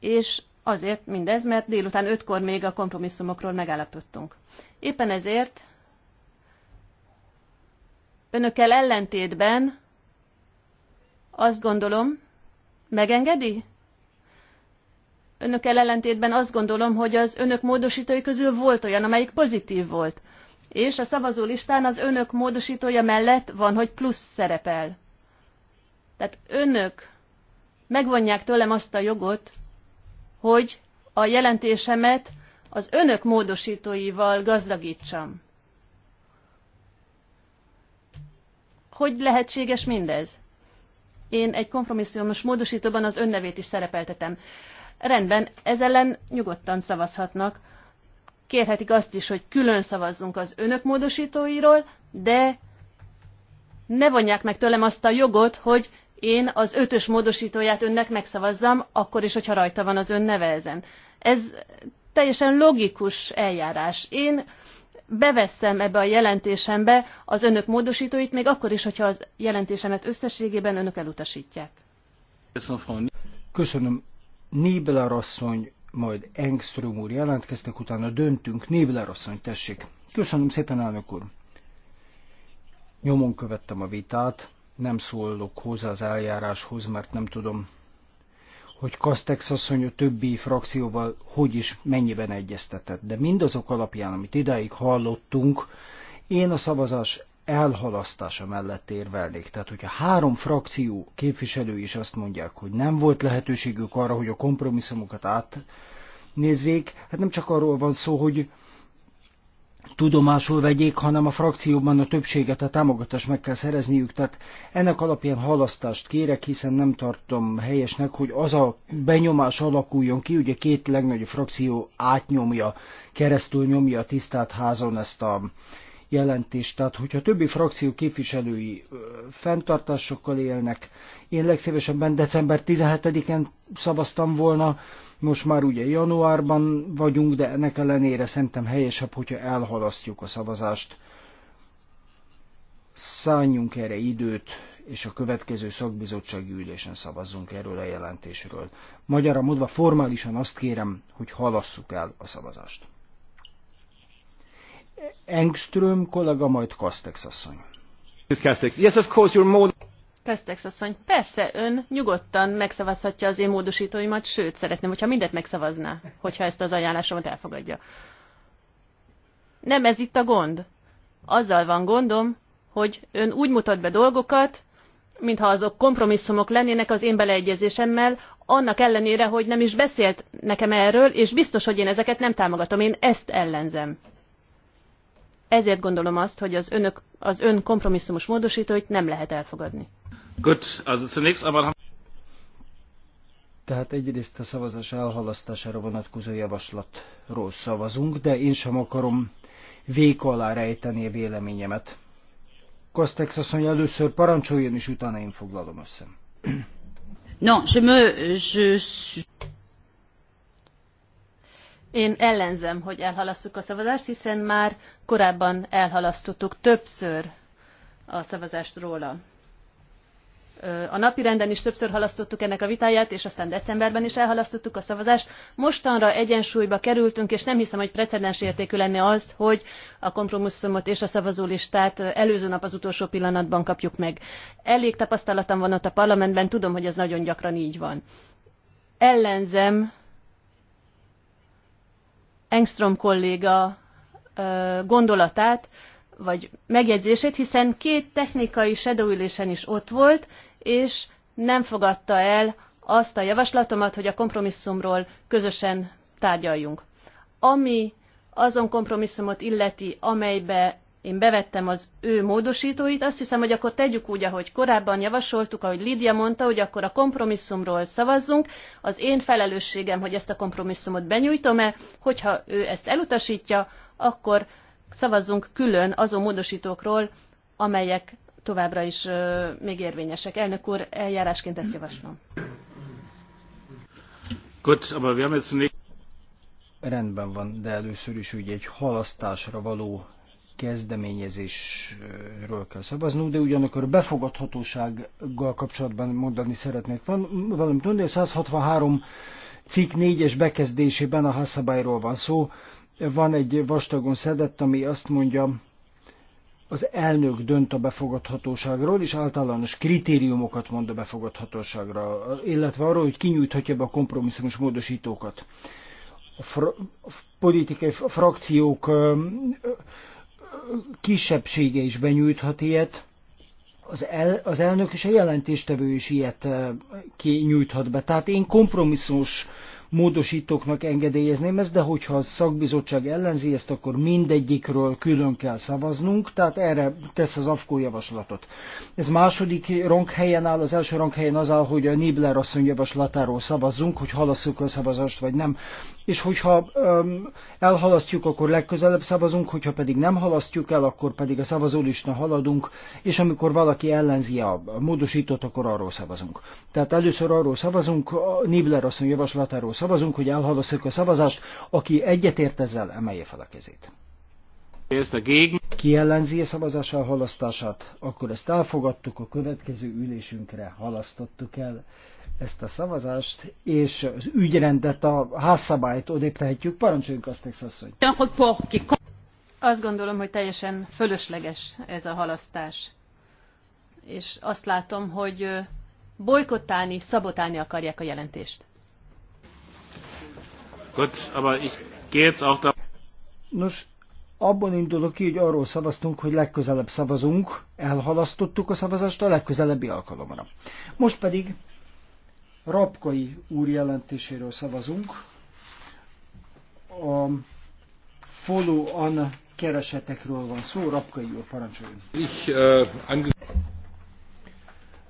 és azért mindez, mert délután ötkor még a kompromisszumokról megállapodtunk. Éppen ezért önökkel ellentétben azt gondolom, Megengedi? Önökkel ellentétben azt gondolom, hogy az önök módosítói közül volt olyan, amelyik pozitív volt. És a listán az önök módosítója mellett van, hogy plusz szerepel. Tehát önök megvonják tőlem azt a jogot, hogy a jelentésemet az önök módosítóival gazdagítsam. Hogy lehetséges mindez? én egy kompromisszumos módosítóban az nevét is szerepeltetem. Rendben, ez ellen nyugodtan szavazhatnak. Kérhetik azt is, hogy külön szavazzunk az önök módosítóiról, de ne vonják meg tőlem azt a jogot, hogy én az ötös módosítóját önnek megszavazzam, akkor is, hogyha rajta van az ön neve ezen. Ez teljesen logikus eljárás. Én beveszem ebbe a jelentésembe az önök módosítóit, még akkor is, hogyha az jelentésemet összességében önök elutasítják. Köszönöm. Nébler asszony, majd Engström úr jelentkeztek, utána döntünk. Nébler asszony, tessék. Köszönöm szépen, elnök úr. Nyomon követtem a vitát, nem szólok hozzá az eljáráshoz, mert nem tudom, hogy Kastex asszony a többi frakcióval hogy is mennyiben egyeztetett. De mindazok alapján, amit idáig hallottunk, én a szavazás elhalasztása mellett érvelnék. Tehát, hogyha három frakció képviselő is azt mondják, hogy nem volt lehetőségük arra, hogy a kompromisszumokat átnézzék, hát nem csak arról van szó, hogy tudomásul vegyék, hanem a frakcióban a többséget, a támogatást meg kell szerezniük. Tehát ennek alapján halasztást kérek, hiszen nem tartom helyesnek, hogy az a benyomás alakuljon ki, ugye két legnagyobb frakció átnyomja, keresztül nyomja a tisztát házon ezt a jelentést. Tehát, hogyha többi frakció képviselői fenntartásokkal élnek, én legszívesebben december 17-en szavaztam volna, most már ugye januárban vagyunk, de ennek ellenére szerintem helyesebb, hogyha elhalasztjuk a szavazást. Szálljunk erre időt, és a következő szakbizottsági ülésen szavazzunk erről a jelentésről. Magyarra mondva formálisan azt kérem, hogy halasszuk el a szavazást. Engström kollega, majd Kastex asszony. Yes, of course, you're more... Pesztex asszony, persze ön nyugodtan megszavazhatja az én módosítóimat, sőt, szeretném, hogyha mindet megszavazná, hogyha ezt az ajánlásomat elfogadja. Nem ez itt a gond. Azzal van gondom, hogy ön úgy mutat be dolgokat, mintha azok kompromisszumok lennének az én beleegyezésemmel, annak ellenére, hogy nem is beszélt nekem erről, és biztos, hogy én ezeket nem támogatom, én ezt ellenzem. Ezért gondolom azt, hogy az, önök, az ön kompromisszumos módosítóit nem lehet elfogadni. Gut, also zunächst einmal tehát egyrészt a szavazás elhalasztására vonatkozó javaslatról szavazunk, de én sem akarom vék alá rejteni a véleményemet. Kostex asszony először parancsoljon, és utána én foglalom össze. Non, je me, je... Én ellenzem, hogy elhalasztjuk a szavazást, hiszen már korábban elhalasztottuk többször a szavazást róla a napirenden is többször halasztottuk ennek a vitáját, és aztán decemberben is elhalasztottuk a szavazást. Mostanra egyensúlyba kerültünk, és nem hiszem, hogy precedens értékű lenne az, hogy a kompromisszumot és a szavazólistát előző nap az utolsó pillanatban kapjuk meg. Elég tapasztalatom van ott a parlamentben, tudom, hogy ez nagyon gyakran így van. Ellenzem Engström kolléga gondolatát, vagy megjegyzését, hiszen két technikai shadowülésen is ott volt, és nem fogadta el azt a javaslatomat, hogy a kompromisszumról közösen tárgyaljunk. Ami azon kompromisszumot illeti, amelybe én bevettem az ő módosítóit, azt hiszem, hogy akkor tegyük úgy, ahogy korábban javasoltuk, ahogy Lídia mondta, hogy akkor a kompromisszumról szavazzunk. Az én felelősségem, hogy ezt a kompromisszumot benyújtom-e, hogyha ő ezt elutasítja, akkor szavazzunk külön azon módosítókról, amelyek továbbra is még érvényesek. Elnök úr, eljárásként ezt javaslom. Gut, aber wir haben jetzt nicht... Rendben van, de először is ugye egy halasztásra való kezdeményezésről kell szavaznunk, de ugyanakkor befogadhatósággal kapcsolatban mondani szeretnék van, valamit mondani, 163 cikk 4-es bekezdésében a házszabályról van szó, van egy vastagon szedett, ami azt mondja, az elnök dönt a befogadhatóságról, és általános kritériumokat mond a befogadhatóságra, illetve arról, hogy kinyújthatja be a kompromisszumos módosítókat. A, fra- a politikai frakciók kisebbsége is benyújthat ilyet, az, el, az elnök és a jelentéstevő is ilyet kinyújthat be. Tehát én kompromisszumos módosítóknak engedélyezném ezt, de hogyha a szakbizottság ellenzi ezt, akkor mindegyikről külön kell szavaznunk, tehát erre tesz az AFKO javaslatot. Ez második ranghelyen áll, az első ranghelyen az áll, hogy a Nibler asszony javaslatáról szavazzunk, hogy halasszuk a szavazást vagy nem és hogyha um, elhalasztjuk, akkor legközelebb szavazunk, hogyha pedig nem halasztjuk el, akkor pedig a szavazólistán haladunk, és amikor valaki ellenzi a módosítót, akkor arról szavazunk. Tehát először arról szavazunk, a Nibler asszony javaslatáról szavazunk, hogy elhalasztjuk a szavazást, aki egyetért ezzel, emelje fel a kezét. Ki ellenzi a szavazás elhalasztását, akkor ezt elfogadtuk, a következő ülésünkre halasztottuk el ezt a szavazást, és az ügyrendet, a házszabályt odébb tehetjük. Parancsoljunk azt, hogy... Azt gondolom, hogy teljesen fölösleges ez a halasztás. És azt látom, hogy bolykottálni, szabotálni akarják a jelentést. Gut, aber ich gehe jetzt auch da Nos, abban indulok ki, hogy arról szavaztunk, hogy legközelebb szavazunk, elhalasztottuk a szavazást a legközelebbi alkalomra. Most pedig Rapkai úr jelentéséről szavazunk. A follow-on keresetekről van szó. Rapkai úr, parancsoljon.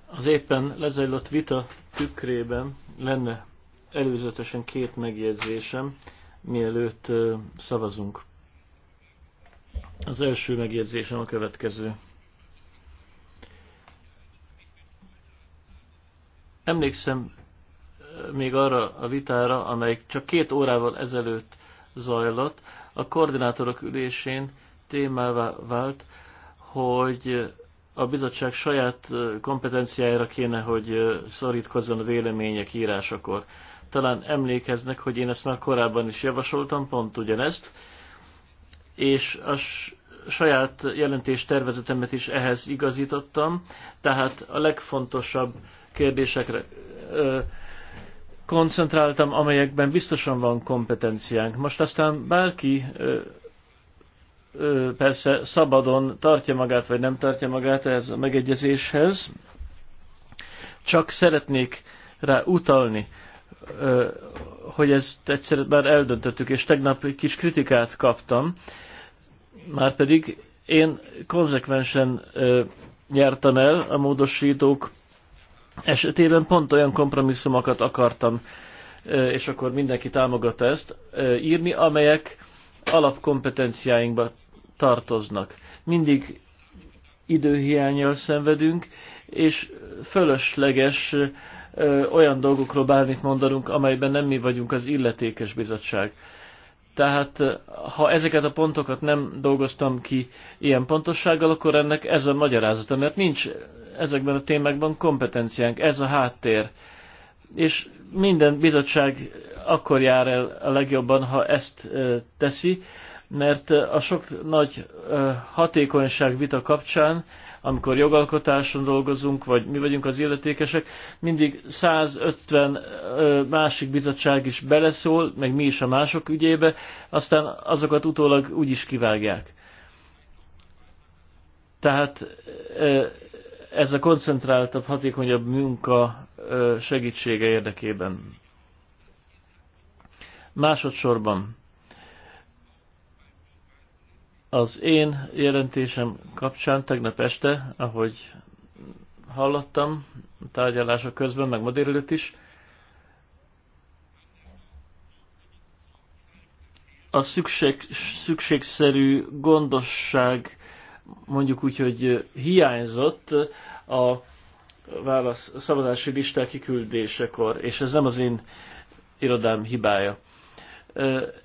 Az éppen lezajlott vita tükrében lenne előzetesen két megjegyzésem, mielőtt szavazunk. Az első megjegyzésem a következő. Emlékszem még arra a vitára, amely csak két órával ezelőtt zajlott, a koordinátorok ülésén témává vált, hogy a bizottság saját kompetenciájára kéne, hogy szorítkozzon a vélemények írásakor. Talán emlékeznek, hogy én ezt már korábban is javasoltam, pont ugyanezt, és a saját jelentés tervezetemet is ehhez igazítottam, tehát a legfontosabb kérdésekre koncentráltam, amelyekben biztosan van kompetenciánk. Most aztán bárki persze szabadon tartja magát, vagy nem tartja magát ehhez a megegyezéshez, csak szeretnék rá utalni, hogy ezt egyszer már eldöntöttük, és tegnap egy kis kritikát kaptam, márpedig én konzekvensen nyertem jártam el a módosítók esetében pont olyan kompromisszumokat akartam, és akkor mindenki támogatta ezt, írni, amelyek alapkompetenciáinkba tartoznak. Mindig időhiányjal szenvedünk, és fölösleges olyan dolgokról bármit mondanunk, amelyben nem mi vagyunk az illetékes bizottság. Tehát ha ezeket a pontokat nem dolgoztam ki ilyen pontossággal, akkor ennek ez a magyarázata, mert nincs ezekben a témákban kompetenciánk, ez a háttér. És minden bizottság akkor jár el a legjobban, ha ezt teszi, mert a sok nagy hatékonyság vita kapcsán, amikor jogalkotáson dolgozunk, vagy mi vagyunk az illetékesek, mindig 150 másik bizottság is beleszól, meg mi is a mások ügyébe, aztán azokat utólag úgy is kivágják. Tehát ez a koncentráltabb, hatékonyabb munka segítsége érdekében. Másodszorban az én jelentésem kapcsán tegnap este, ahogy hallottam a tárgyalások közben, meg ma délelőtt is, a szükség, szükségszerű gondosság mondjuk úgy, hogy hiányzott a válasz, a szavazási listák kiküldésekor, és ez nem az én irodám hibája.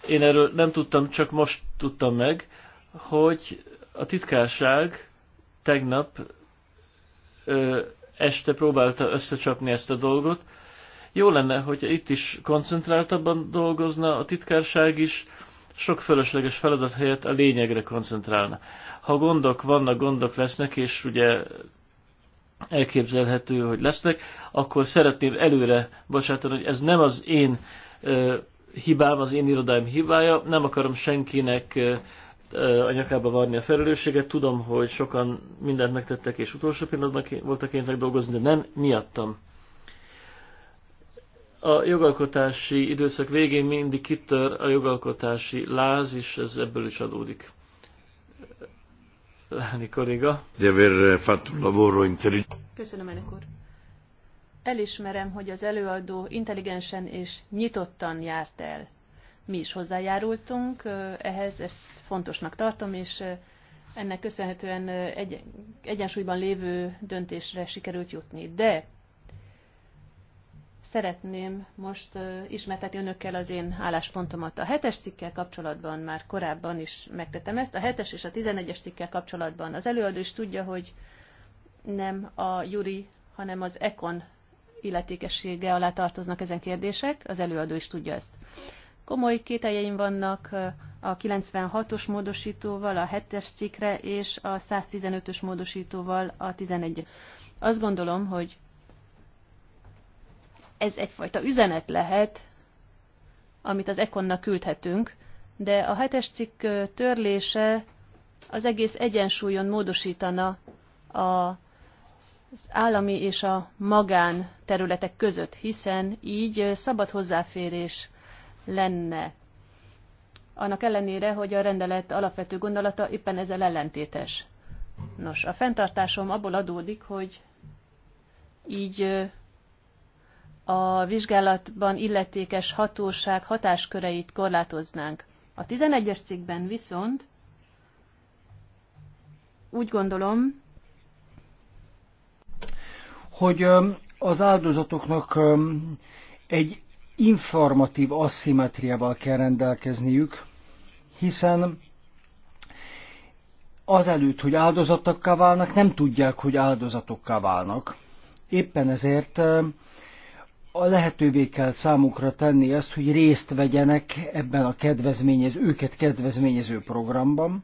Én erről nem tudtam, csak most tudtam meg, hogy a titkárság tegnap este próbálta összecsapni ezt a dolgot. Jó lenne, hogyha itt is koncentráltabban dolgozna a titkárság is, sok fölösleges feladat helyett a lényegre koncentrálna. Ha gondok vannak, gondok lesznek, és ugye elképzelhető, hogy lesznek, akkor szeretném előre bocsátani, hogy ez nem az én ö, hibám, az én irodáim hibája, nem akarom senkinek ö, a nyakába varni a felelősséget. Tudom, hogy sokan mindent megtettek, és utolsó pillanatban voltak kénytelenek dolgozni, de nem miattam a jogalkotási időszak végén mindig kitör a jogalkotási láz, és ez ebből is adódik. Láni kolléga. De aver fatto lavoro intelligente. Köszönöm, elnök úr. Elismerem, hogy az előadó intelligensen és nyitottan járt el. Mi is hozzájárultunk ehhez, ezt fontosnak tartom, és ennek köszönhetően egy, egyensúlyban lévő döntésre sikerült jutni. De Szeretném most ismertetni önökkel az én álláspontomat. A hetes cikkel kapcsolatban már korábban is megtettem ezt. A hetes és a tizenegyes cikkel kapcsolatban az előadó is tudja, hogy nem a Juri, hanem az Ekon illetékessége alá tartoznak ezen kérdések, az előadó is tudja ezt. Komoly kételjeim vannak a 96-os módosítóval, a 7-es cikkre és a 115-ös módosítóval a 11 Azt gondolom, hogy ez egyfajta üzenet lehet, amit az Ekonnak küldhetünk, de a hetes cikk törlése az egész egyensúlyon módosítana a az állami és a magán területek között, hiszen így szabad hozzáférés lenne. Annak ellenére, hogy a rendelet alapvető gondolata éppen ezzel ellentétes. Nos, a fenntartásom abból adódik, hogy így a vizsgálatban illetékes hatóság hatásköreit korlátoznánk. A 11-es cikkben viszont úgy gondolom, hogy az áldozatoknak egy informatív asszimetriával kell rendelkezniük, hiszen azelőtt, hogy áldozatokká válnak, nem tudják, hogy áldozatokká válnak. Éppen ezért a lehetővé kell számukra tenni azt, hogy részt vegyenek ebben a kedvezményező, őket kedvezményező programban,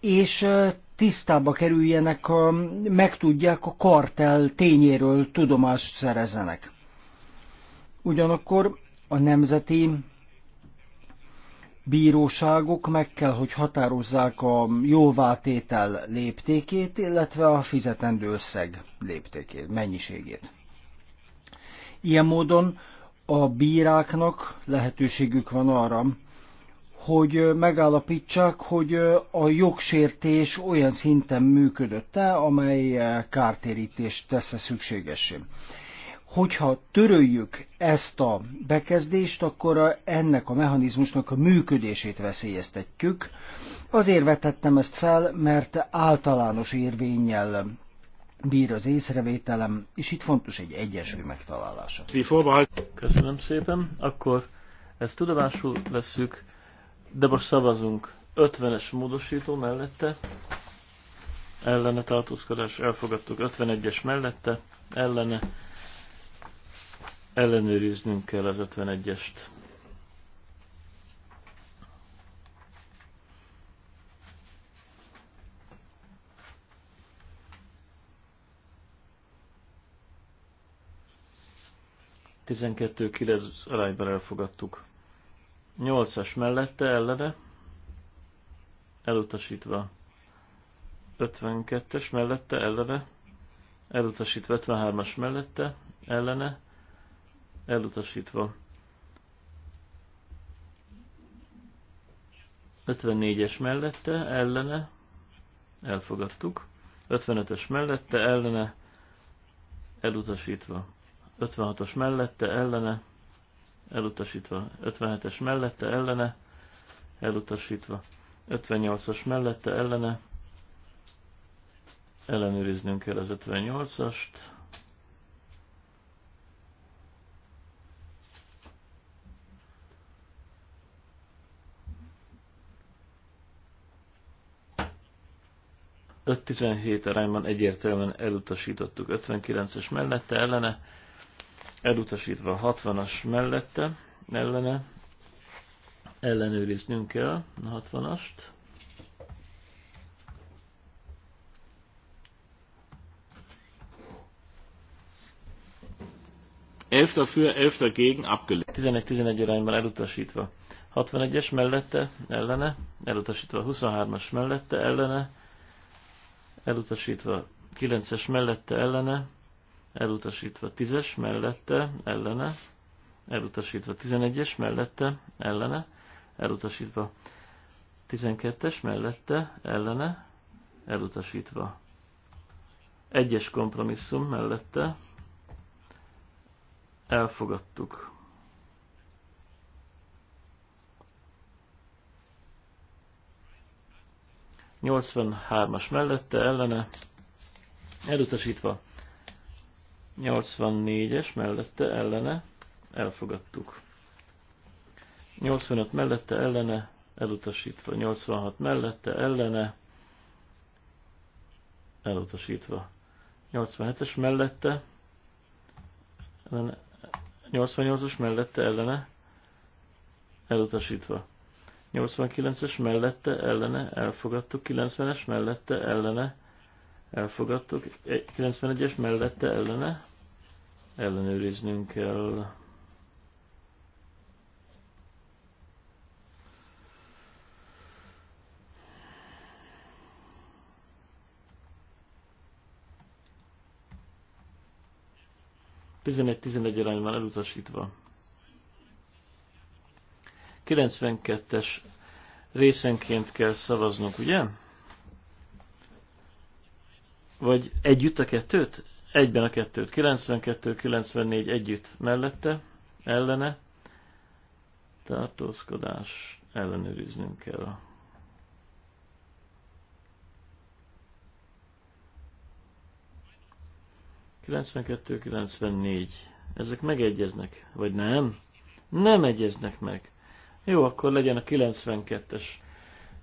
és tisztába kerüljenek, a, megtudják a kartel tényéről, tudomást szerezzenek. Ugyanakkor a nemzeti bíróságok meg kell, hogy határozzák a jóvátétel léptékét, illetve a fizetendő összeg léptékét, mennyiségét. Ilyen módon a bíráknak lehetőségük van arra, hogy megállapítsák, hogy a jogsértés olyan szinten működött-e, amely kártérítést tesz -e szükségessé. Hogyha töröljük ezt a bekezdést, akkor ennek a mechanizmusnak a működését veszélyeztetjük. Azért vetettem ezt fel, mert általános érvényel bír az észrevételem, és itt fontos egy egyensúly megtalálása. Köszönöm szépen. Akkor ezt tudomásul vesszük, de most szavazunk 50-es módosító mellette, ellene tartózkodás, elfogadtuk 51-es mellette, ellene ellenőriznünk kell az 51-est. 12-9 arányban elfogadtuk. 8-as mellette ellene, elutasítva. 52-es mellette ellene, elutasítva 53-as mellette ellene, elutasítva. 54-es mellette ellene, elfogadtuk. 55-es mellette ellene, elutasítva. 56-os mellette ellene, elutasítva. 57-es mellette ellene, elutasítva. 58-as mellette ellene, ellenőriznünk kell az 58-ast. Öt 17 arányban egyértelműen elutasítottuk 59-es mellette ellene, elutasítva 60-as mellette, ellene, ellenőriznünk kell a 60-ast. Elfter für, elfter gegen, abgelehnt. 11-11 arányban elutasítva. 61-es mellette, ellene, elutasítva 23-as mellette, ellene, elutasítva 9-es mellette, ellene, elutasítva 10-es, mellette, ellene, elutasítva 11-es, mellette, ellene, elutasítva 12-es, mellette, ellene, elutasítva. Egyes kompromisszum mellette elfogadtuk. Nyolcvan hármas mellette, ellene, elutasítva. 84-es mellette ellene elfogadtuk. 85 mellette ellene elutasítva. 86 mellette ellene elutasítva. 87-es mellette ellene 88-as mellette ellene elutasítva. 89-es mellette ellene elfogadtuk, 90-es mellette ellene elfogadtuk. 91-es mellette ellene ellenőriznünk kell. Tizenegy-tizenegy van elutasítva. 92-es részenként kell szavaznunk, ugye? Vagy együtt a kettőt? Egyben a kettőt. 92, 94 együtt mellette, ellene. Tartózkodás ellenőriznünk kell. Kilencvenkettő, kilencvennégy. Ezek megegyeznek, vagy nem? Nem egyeznek meg. Jó, akkor legyen a 92-es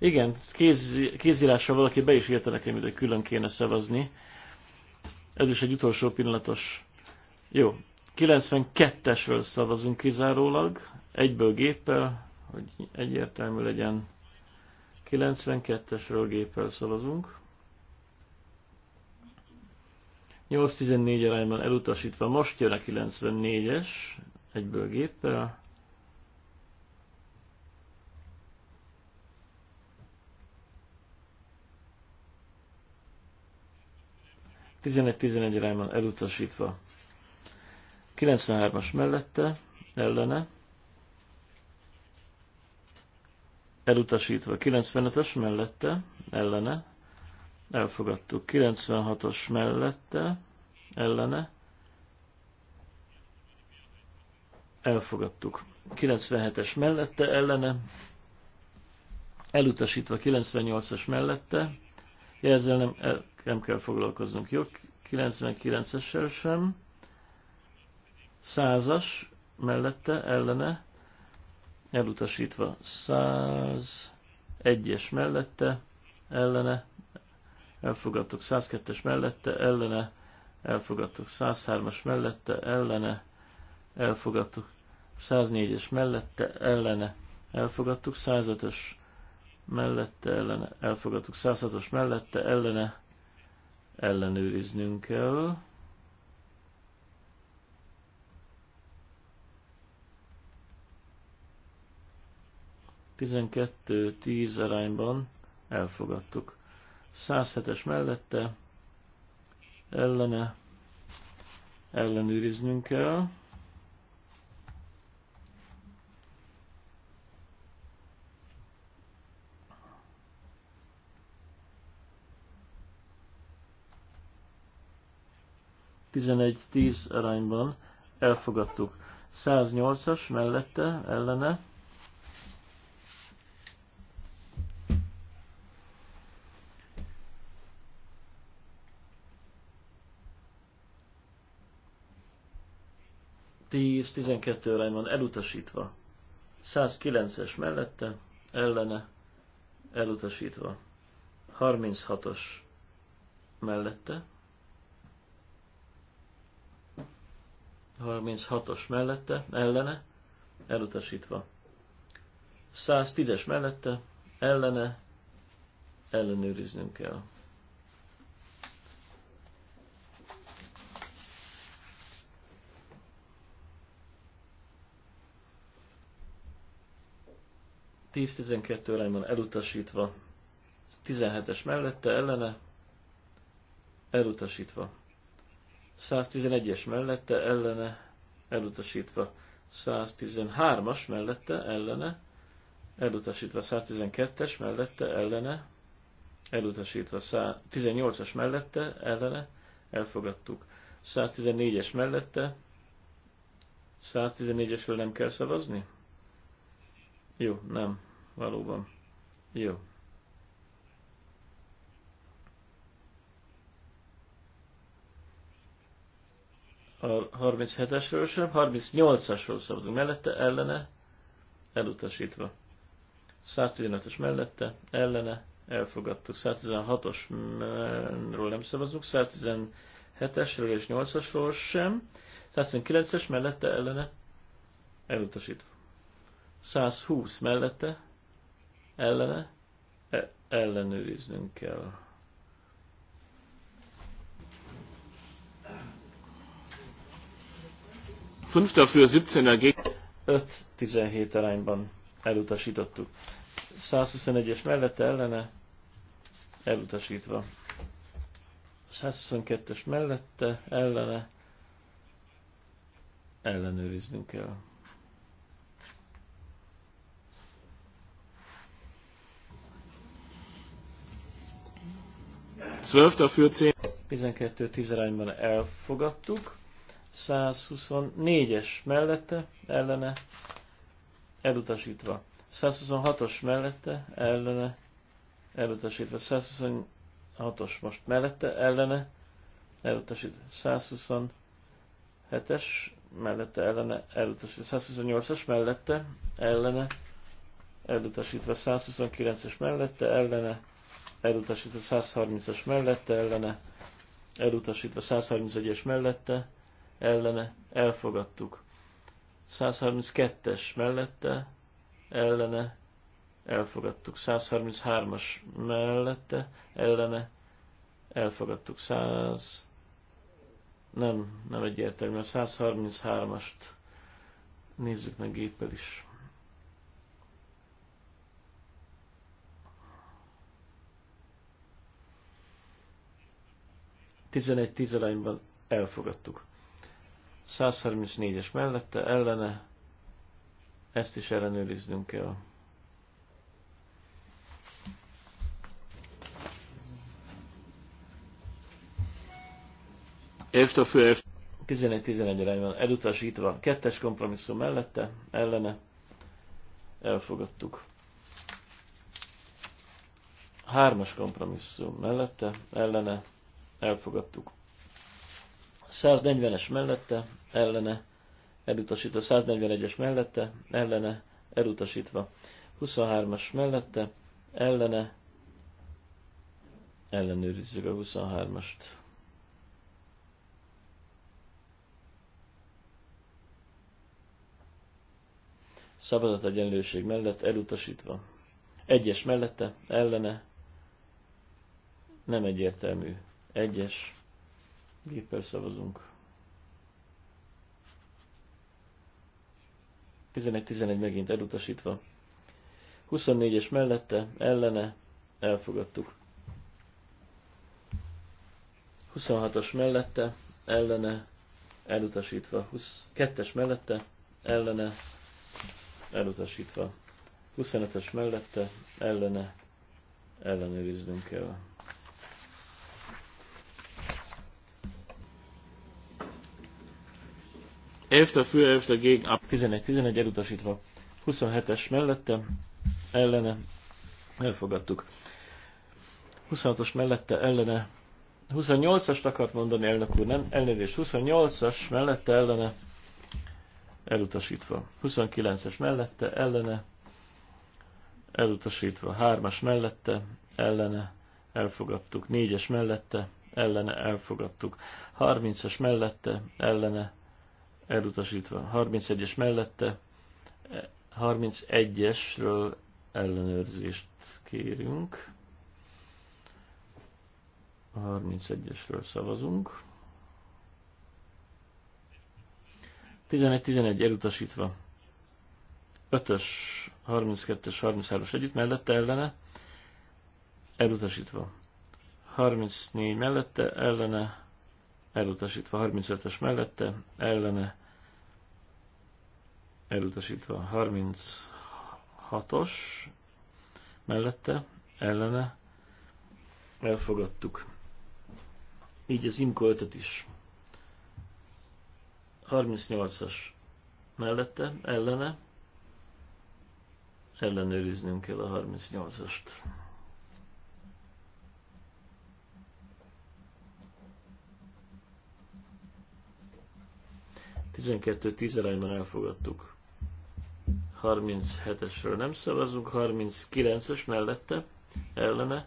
igen, kéz, kézírással valaki be is írta nekem, hogy külön kéne szavazni. Ez is egy utolsó pillanatos. Jó, 92-esről szavazunk kizárólag, egyből géppel, hogy egyértelmű legyen. 92-esről géppel szavazunk. 8-14 arányban elutasítva, most jön a 94-es, egyből géppel. 11-11 rájban elutasítva. 93-as mellette, ellene, elutasítva. 95-ös mellette, ellene, elfogadtuk. 96-os mellette, ellene, elfogadtuk. 97-es mellette, ellene, elutasítva. 98-as mellette, jelzelem, el, nem kell foglalkoznunk. Jó, 99-essel sem. Százas mellette, ellene, elutasítva. Száz, egyes mellette, ellene, elfogadtuk 102-es mellette, ellene, elfogadtuk 103-as mellette, ellene, elfogadtuk 104-es mellette, ellene, elfogadtuk 105-ös mellette, ellene, elfogadtuk 106-os mellette, ellene, ellenőriznünk kell. Tizenkettő tíz arányban elfogadtuk. 107-es mellette ellene ellenőriznünk kell. 11-10 arányban elfogadtuk. 108-as mellette, ellene. Tíz, tizenkettő arányban elutasítva. 109-es mellette, ellene, elutasítva. 36-os mellette, 36-os mellette, ellene, elutasítva. 110-es mellette, ellene, ellenőriznünk kell. Tíz 12 arányban elutasítva, 17-es mellette, ellene, elutasítva. 111-es mellette ellene elutasítva, 113-as mellette ellene elutasítva, 112-es mellette ellene elutasítva, 18-as mellette ellene elfogadtuk, 114-es mellette 114-esről nem kell szavazni? Jó, nem, valóban. Jó. a 37-esről sem, 38-asról szavazunk mellette, ellene, elutasítva. 115 es mellette, ellene, elfogadtuk. 116-osról nem szavazunk, 117-esről és 8-asról sem, 119-es mellette, ellene, elutasítva. 120 mellette, ellene, e ellenőriznünk kell. 5 dafür, 17 dagegen. 5-17 arányban elutasítottuk. 121-es mellette ellene elutasítva. 122-es mellette ellene ellenőriznünk kell. Zwölf dafür 10. 12-10 arányban elfogadtuk. 124-es mellette, ellene, elutasítva. 126-os mellette, ellene, elutasítva. 126-os most mellette, ellene, elutasítva. 127-es mellette, ellene, elutasítva. 128-as mellette, ellene, elutasítva. 129-es mellette, ellene, elutasítva. 130-as mellette, ellene, elutasítva. 131-es mellette, ellene, elutasítva ellene elfogadtuk. 132-es mellette ellene elfogadtuk. 133-as mellette ellene elfogadtuk. 100 nem, nem egyértelmű, a 133-ast nézzük meg géppel is. Tizenegy tíz elfogadtuk. 134-es mellette ellene, ezt is ellenőriznünk kell. Efter für 11-11 arányban elutasítva, kettes kompromisszum mellette, ellene, elfogadtuk. Hármas kompromisszum mellette, ellene, elfogadtuk. 140-es mellette, ellene, elutasítva. 141-es mellette, ellene, elutasítva. 23-as mellette, ellene, ellenőrizzük a 23-ast. Szabadat egyenlőség mellett elutasítva. Egyes mellette, ellene, nem egyértelmű. Egyes. Géppel szavazunk. 11-11 megint elutasítva. 24-es mellette, ellene, elfogadtuk. 26-as mellette, ellene, elutasítva. 22 es mellette, ellene, elutasítva. 25-es mellette, ellene, ellenőriznünk kell. Elfte fő, elfte gég, ab. 11-11 elutasítva. 27-es mellette, ellene, elfogadtuk. 26-os mellette, ellene, 28-ast akart mondani elnök úr, nem? Elnézést, 28-as mellette, ellene, elutasítva. 29-es mellette, ellene, elutasítva. 3-as mellette, ellene, elfogadtuk. 4-es mellette, ellene, elfogadtuk. 30-as mellette, ellene, elutasítva. 31-es mellette 31-esről ellenőrzést kérünk. 31-esről szavazunk. 11-11 elutasítva. 5-ös, 32-es, 33-as együtt mellette ellene. Elutasítva. 34 mellette ellene elutasítva 35-ös mellette, ellene elutasítva 36-os mellette, ellene elfogadtuk. Így az imko 5 is. 38-as mellette, ellene ellenőriznünk kell a 38-ast. 12-10 arányban elfogadtuk. 37-esről nem szavazunk, 39-es mellette, ellene,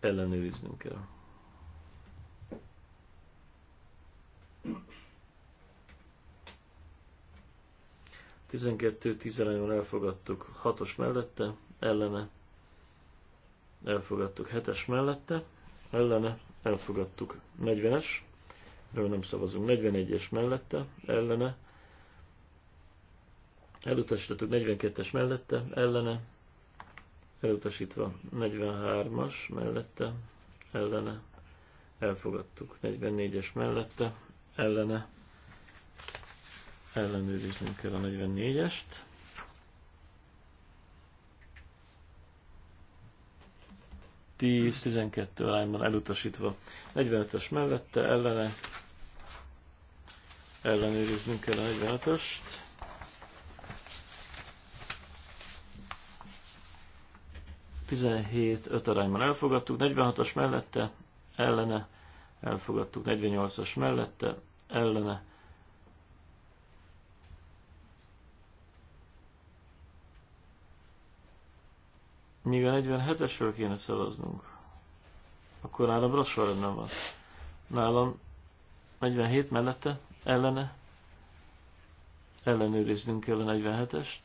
ellenőriznünk kell. Tizenkettő, tizenegyon elfogadtuk hatos mellette, ellene, elfogadtuk hetes mellette, ellene, elfogadtuk negyvenes. es erről nem szavazunk. 41-es mellette, ellene, elutasítottuk 42-es mellette, ellene, elutasítva 43-as mellette, ellene, elfogadtuk 44-es mellette, ellene, ellenőriznünk kell a 44-est. Tíz, tizenkettő arányban elutasítva. 45-ös mellette, ellene, ellenőriznünk kell a 46-ost. Tizenhét öt arányban elfogadtuk, 46-as mellette, ellene, elfogadtuk, 48-as mellette, ellene, Míg a 47-esről kéne szavaznunk, akkor nálam rossz sorrendben van. Nálam 47 mellette, ellene. Ellenőriznünk kell a 47-est.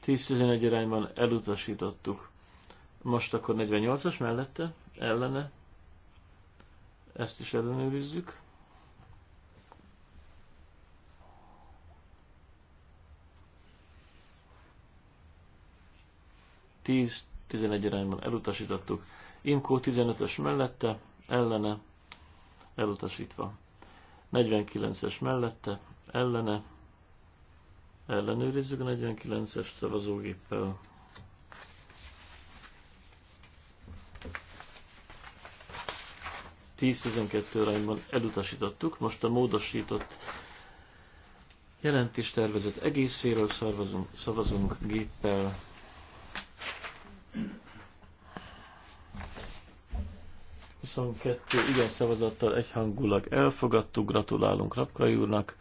Tíz-tizenegy arányban elutasítottuk. Most akkor 48-as mellette, ellene. Ezt is ellenőrizzük. 10-11 arányban elutasítottuk. Imkó 15-ös mellette, ellene, elutasítva. 49-es mellette, ellene, ellenőrizzük a 49-es szavazógéppel. Tíz-tizenkettő arányban elutasítottuk, most a módosított jelentéstervezet egészéről szavazunk, szavazunk géppel. 22 igen szavazattal egyhangulag elfogadtuk, gratulálunk Rapkai úrnak.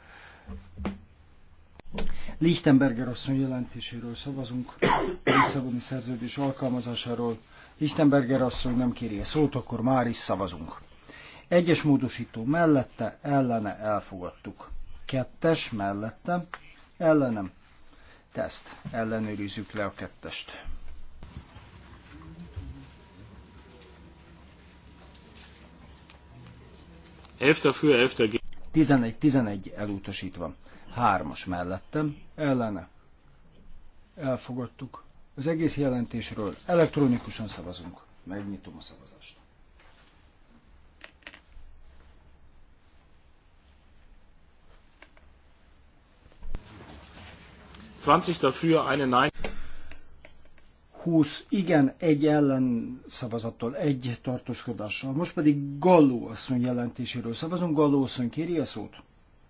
Lichtenberger asszony jelentéséről szavazunk, a Lisszaboni szerződés alkalmazásáról. Lichtenberger asszony nem kéri a szót, akkor már is szavazunk. Egyes módosító mellette, ellene elfogadtuk. Kettes mellette, ellenem. Teszt, ellenőrizzük le a kettest. 11-11 elutasítva. Hármas mellettem, ellene. Elfogadtuk. Az egész jelentésről elektronikusan szavazunk. Megnyitom a szavazást. dafür, eine Nein. 20 igen, egy ellen szavazattól, egy tartózkodással. Most pedig Galló asszony jelentéséről szavazunk. Galló asszony kéri a szót?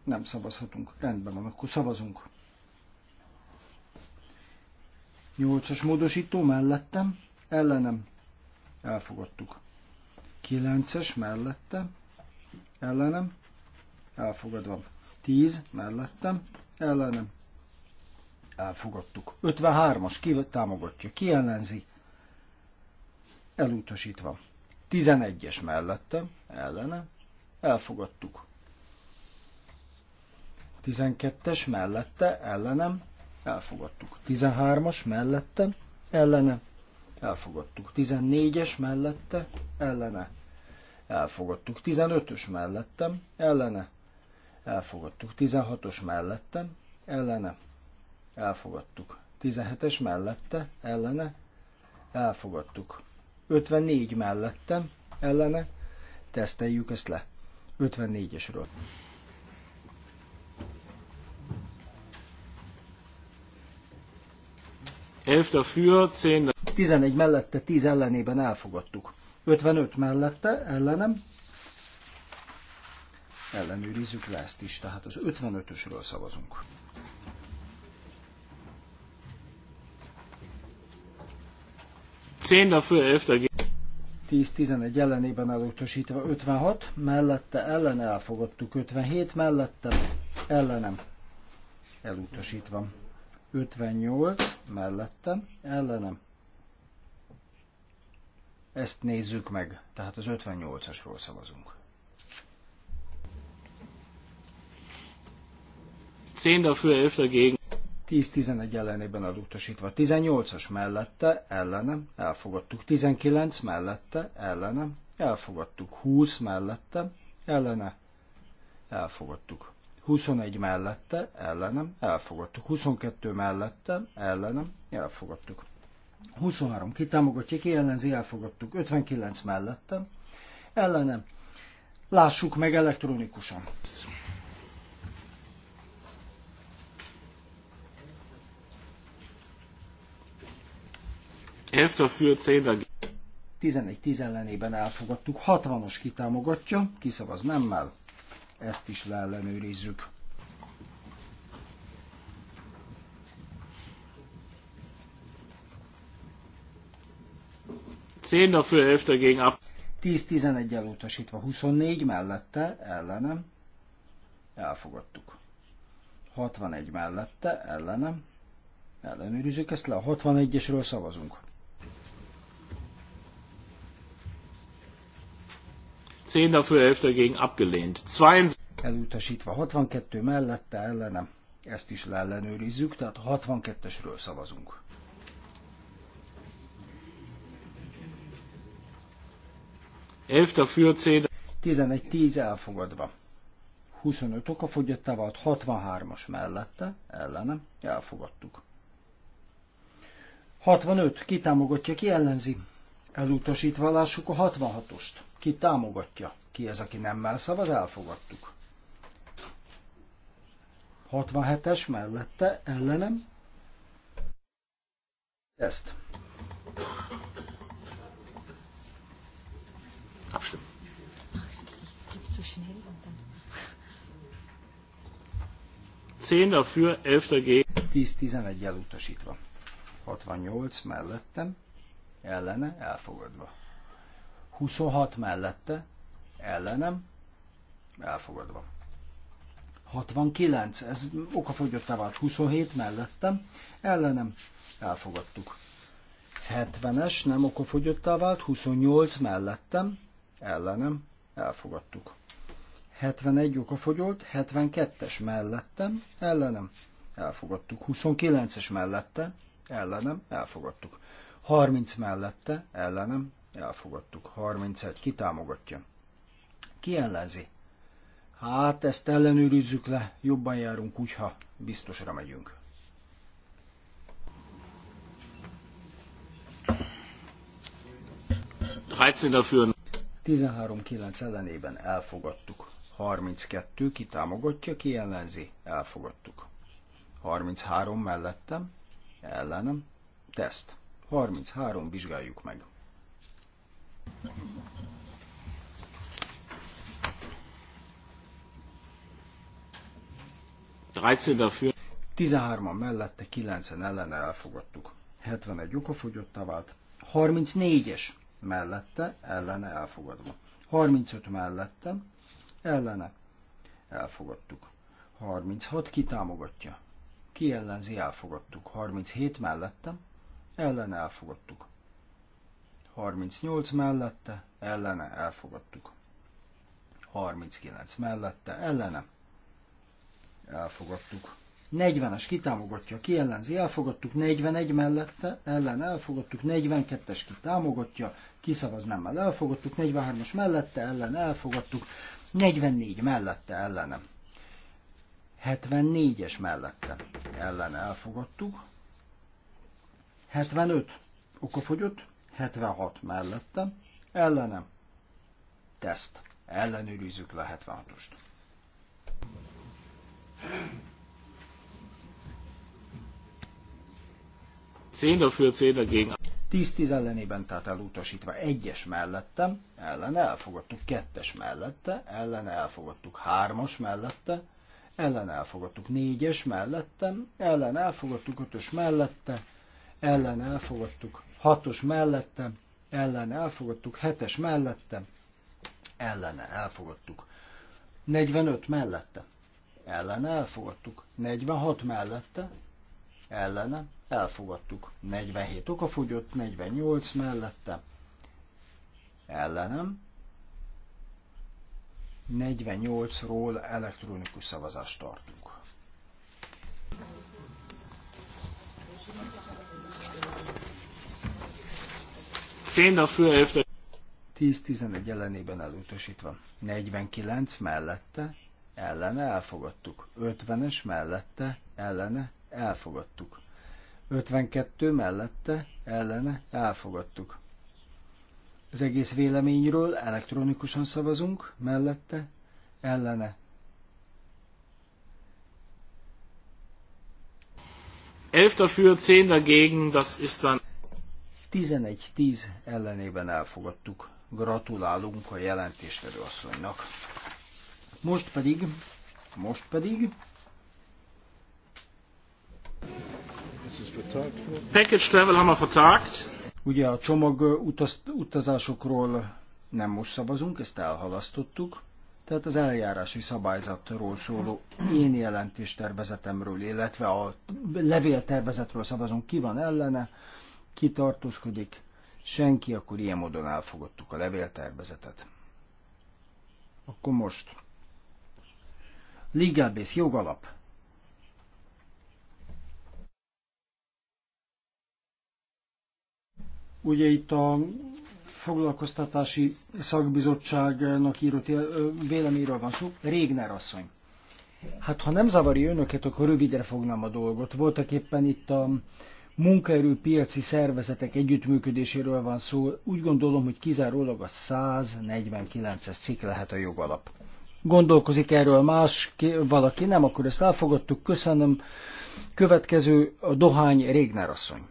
Nem szavazhatunk. Rendben van, akkor szavazunk. 8-as módosító mellettem, ellenem. Elfogadtuk. 9-es mellettem, ellenem. Elfogadva. 10 mellettem, ellenem elfogadtuk. 53-as ki támogatja, ki ellenzi, elutasítva. 11-es mellette, ellene, elfogadtuk. 12-es mellette, ellenem, elfogadtuk. 13-as mellette, ellene, elfogadtuk. 14-es mellette, ellene, elfogadtuk. 15-ös mellettem, ellene, elfogadtuk. 16-os mellettem, ellene, elfogadtuk. 17-es mellette, ellene, elfogadtuk. 54 mellette, ellene, teszteljük ezt le. 54-esről. Elfter für 11 mellette, 10 ellenében elfogadtuk. 55 mellette, ellenem. Ellenőrizzük le ezt is, tehát az 55-ösről szavazunk. 10 dafür, 11 dagegen. 10-11 ellenében elutasítva 56, mellette ellen elfogadtuk 57, mellette ellenem elutasítva. 58, mellette ellenem. Ezt nézzük meg, tehát az 58-asról szavazunk. 10 dafür, 11 dagegen. 10-11 ellenében elutasítva. 18-as mellette, ellenem, elfogadtuk. 19 mellette, ellenem, elfogadtuk. 20 mellette, ellene, elfogadtuk. 21 mellette, ellenem, elfogadtuk. 22 mellette, ellenem, elfogadtuk. 23 kitámogatja, ki ellenzi, elfogadtuk. 59 mellette, ellenem. Lássuk meg elektronikusan. 11 dafür, 10 dagegen. 11-10 ellenében elfogadtuk, 60 os kitámogatja, kiszavaz nemmel, ezt is leellenőrizzük. Zehn a elf a 10-11 elutasítva, 24 mellette, ellenem, elfogadtuk. 61 mellette, ellenem, ellenőrizzük ezt le, a 61-esről szavazunk. 10 dafür, 11 dagegen abgelehnt. Elutasítva 62 mellette ellenem. Ezt is leellenőrizzük, tehát 62-esről szavazunk. Elf dafür, 10. 11-10 elfogadva. 25 oka fogyottá vált, 63-as mellette, ellenem, elfogadtuk. 65, ki támogatja, ki ellenzi? Elutasítva lássuk a 66-ost. Ki támogatja? Ki az, aki nemmel szavaz? Elfogadtuk. 67-es mellette ellenem. Ezt. Szén a fő elf 10-11 elutasítva. 68 mellettem, ellene elfogadva. 26 mellette, ellenem, elfogadva. 69, ez okafogyottá vált 27 mellettem, ellenem elfogadtuk. 70-es nem okafogyottá vált, 28 mellettem, ellenem elfogadtuk. 71 okafogyolt, 72-es mellettem, ellenem elfogadtuk. 29-es mellette, ellenem elfogadtuk. 30 mellette, ellenem Elfogadtuk. 31. Ki támogatja? Ki ellenzi? Hát, ezt ellenőrizzük le. Jobban járunk, ha biztosra megyünk. Dafür. 13-9 ellenében elfogadtuk. 32 ki támogatja, ki ellenzi, elfogadtuk. 33 mellettem, ellenem, teszt. 33 vizsgáljuk meg. 13-an mellette, 9-en ellene elfogadtuk. 71 okafogyottá vált, 34-es mellette, ellene elfogadva. 35 mellette, ellene elfogadtuk. 36 kitámogatja. Ki ellenzi elfogadtuk. 37 mellette, ellene elfogadtuk. 38 mellette, ellene elfogadtuk. 39 mellette, ellene elfogadtuk. 40-es kitámogatja, ki ellenzi, elfogadtuk, 41 mellette, ellen elfogadtuk, 42-es kitámogatja, kiszavaz nemmel elfogadtuk, 43-as mellette, ellen elfogadtuk, 44 mellette, ellene. 74-es mellette, ellene elfogadtuk, 75 okafogyott, 76 mellette, ellenem. Teszt. Ellenőrizzük le 76-ost. Zehn dafür, zehn dagegen. 10-10 ellenében, tehát elutasítva egyes mellettem, ellen elfogadtuk, kettes mellette, ellen elfogadtuk, hármas mellette, ellen elfogadtuk, négyes mellettem, ellen elfogadtuk, ötös mellette, ellen elfogadtuk, hatos mellette, ellene elfogadtuk, hetes mellette, ellene elfogadtuk. 45 mellette, ellene elfogadtuk. 46 mellette, ellene elfogadtuk. 47 okafogyott, 48 mellette, ellenem. 48-ról elektronikus szavazást tartunk. 10 fő 11 10-11 ellenében elutasítva. 49 mellette, ellene elfogadtuk. 50-es mellette, ellene elfogadtuk. 52 mellette, ellene elfogadtuk. Az egész véleményről elektronikusan szavazunk, mellette, ellene. Elfter für 10 dagegen, das ist dann 11-10 ellenében elfogadtuk. Gratulálunk a jelentéstevő asszonynak. Most pedig, most pedig... Package travel haben wir vertagt. Ugye a csomag utaz, utazásokról nem most szavazunk, ezt elhalasztottuk. Tehát az eljárási szabályzatról szóló én jelentéstervezetemről, illetve a levéltervezetről szavazunk, ki van ellene, kitartóskodik, senki, akkor ilyen módon elfogadtuk a levéltervezetet. Akkor most. Legal base, jogalap. Ugye itt a foglalkoztatási szakbizottságnak írott véleményről van szó, Régner asszony. Hát ha nem zavarja önöket, akkor rövidre fognám a dolgot. Voltak éppen itt a munkaerőpiaci szervezetek együttműködéséről van szó, úgy gondolom, hogy kizárólag a 149-es cikk lehet a jogalap. Gondolkozik erről más, valaki nem, akkor ezt elfogadtuk, köszönöm. Következő a Dohány Régner asszony.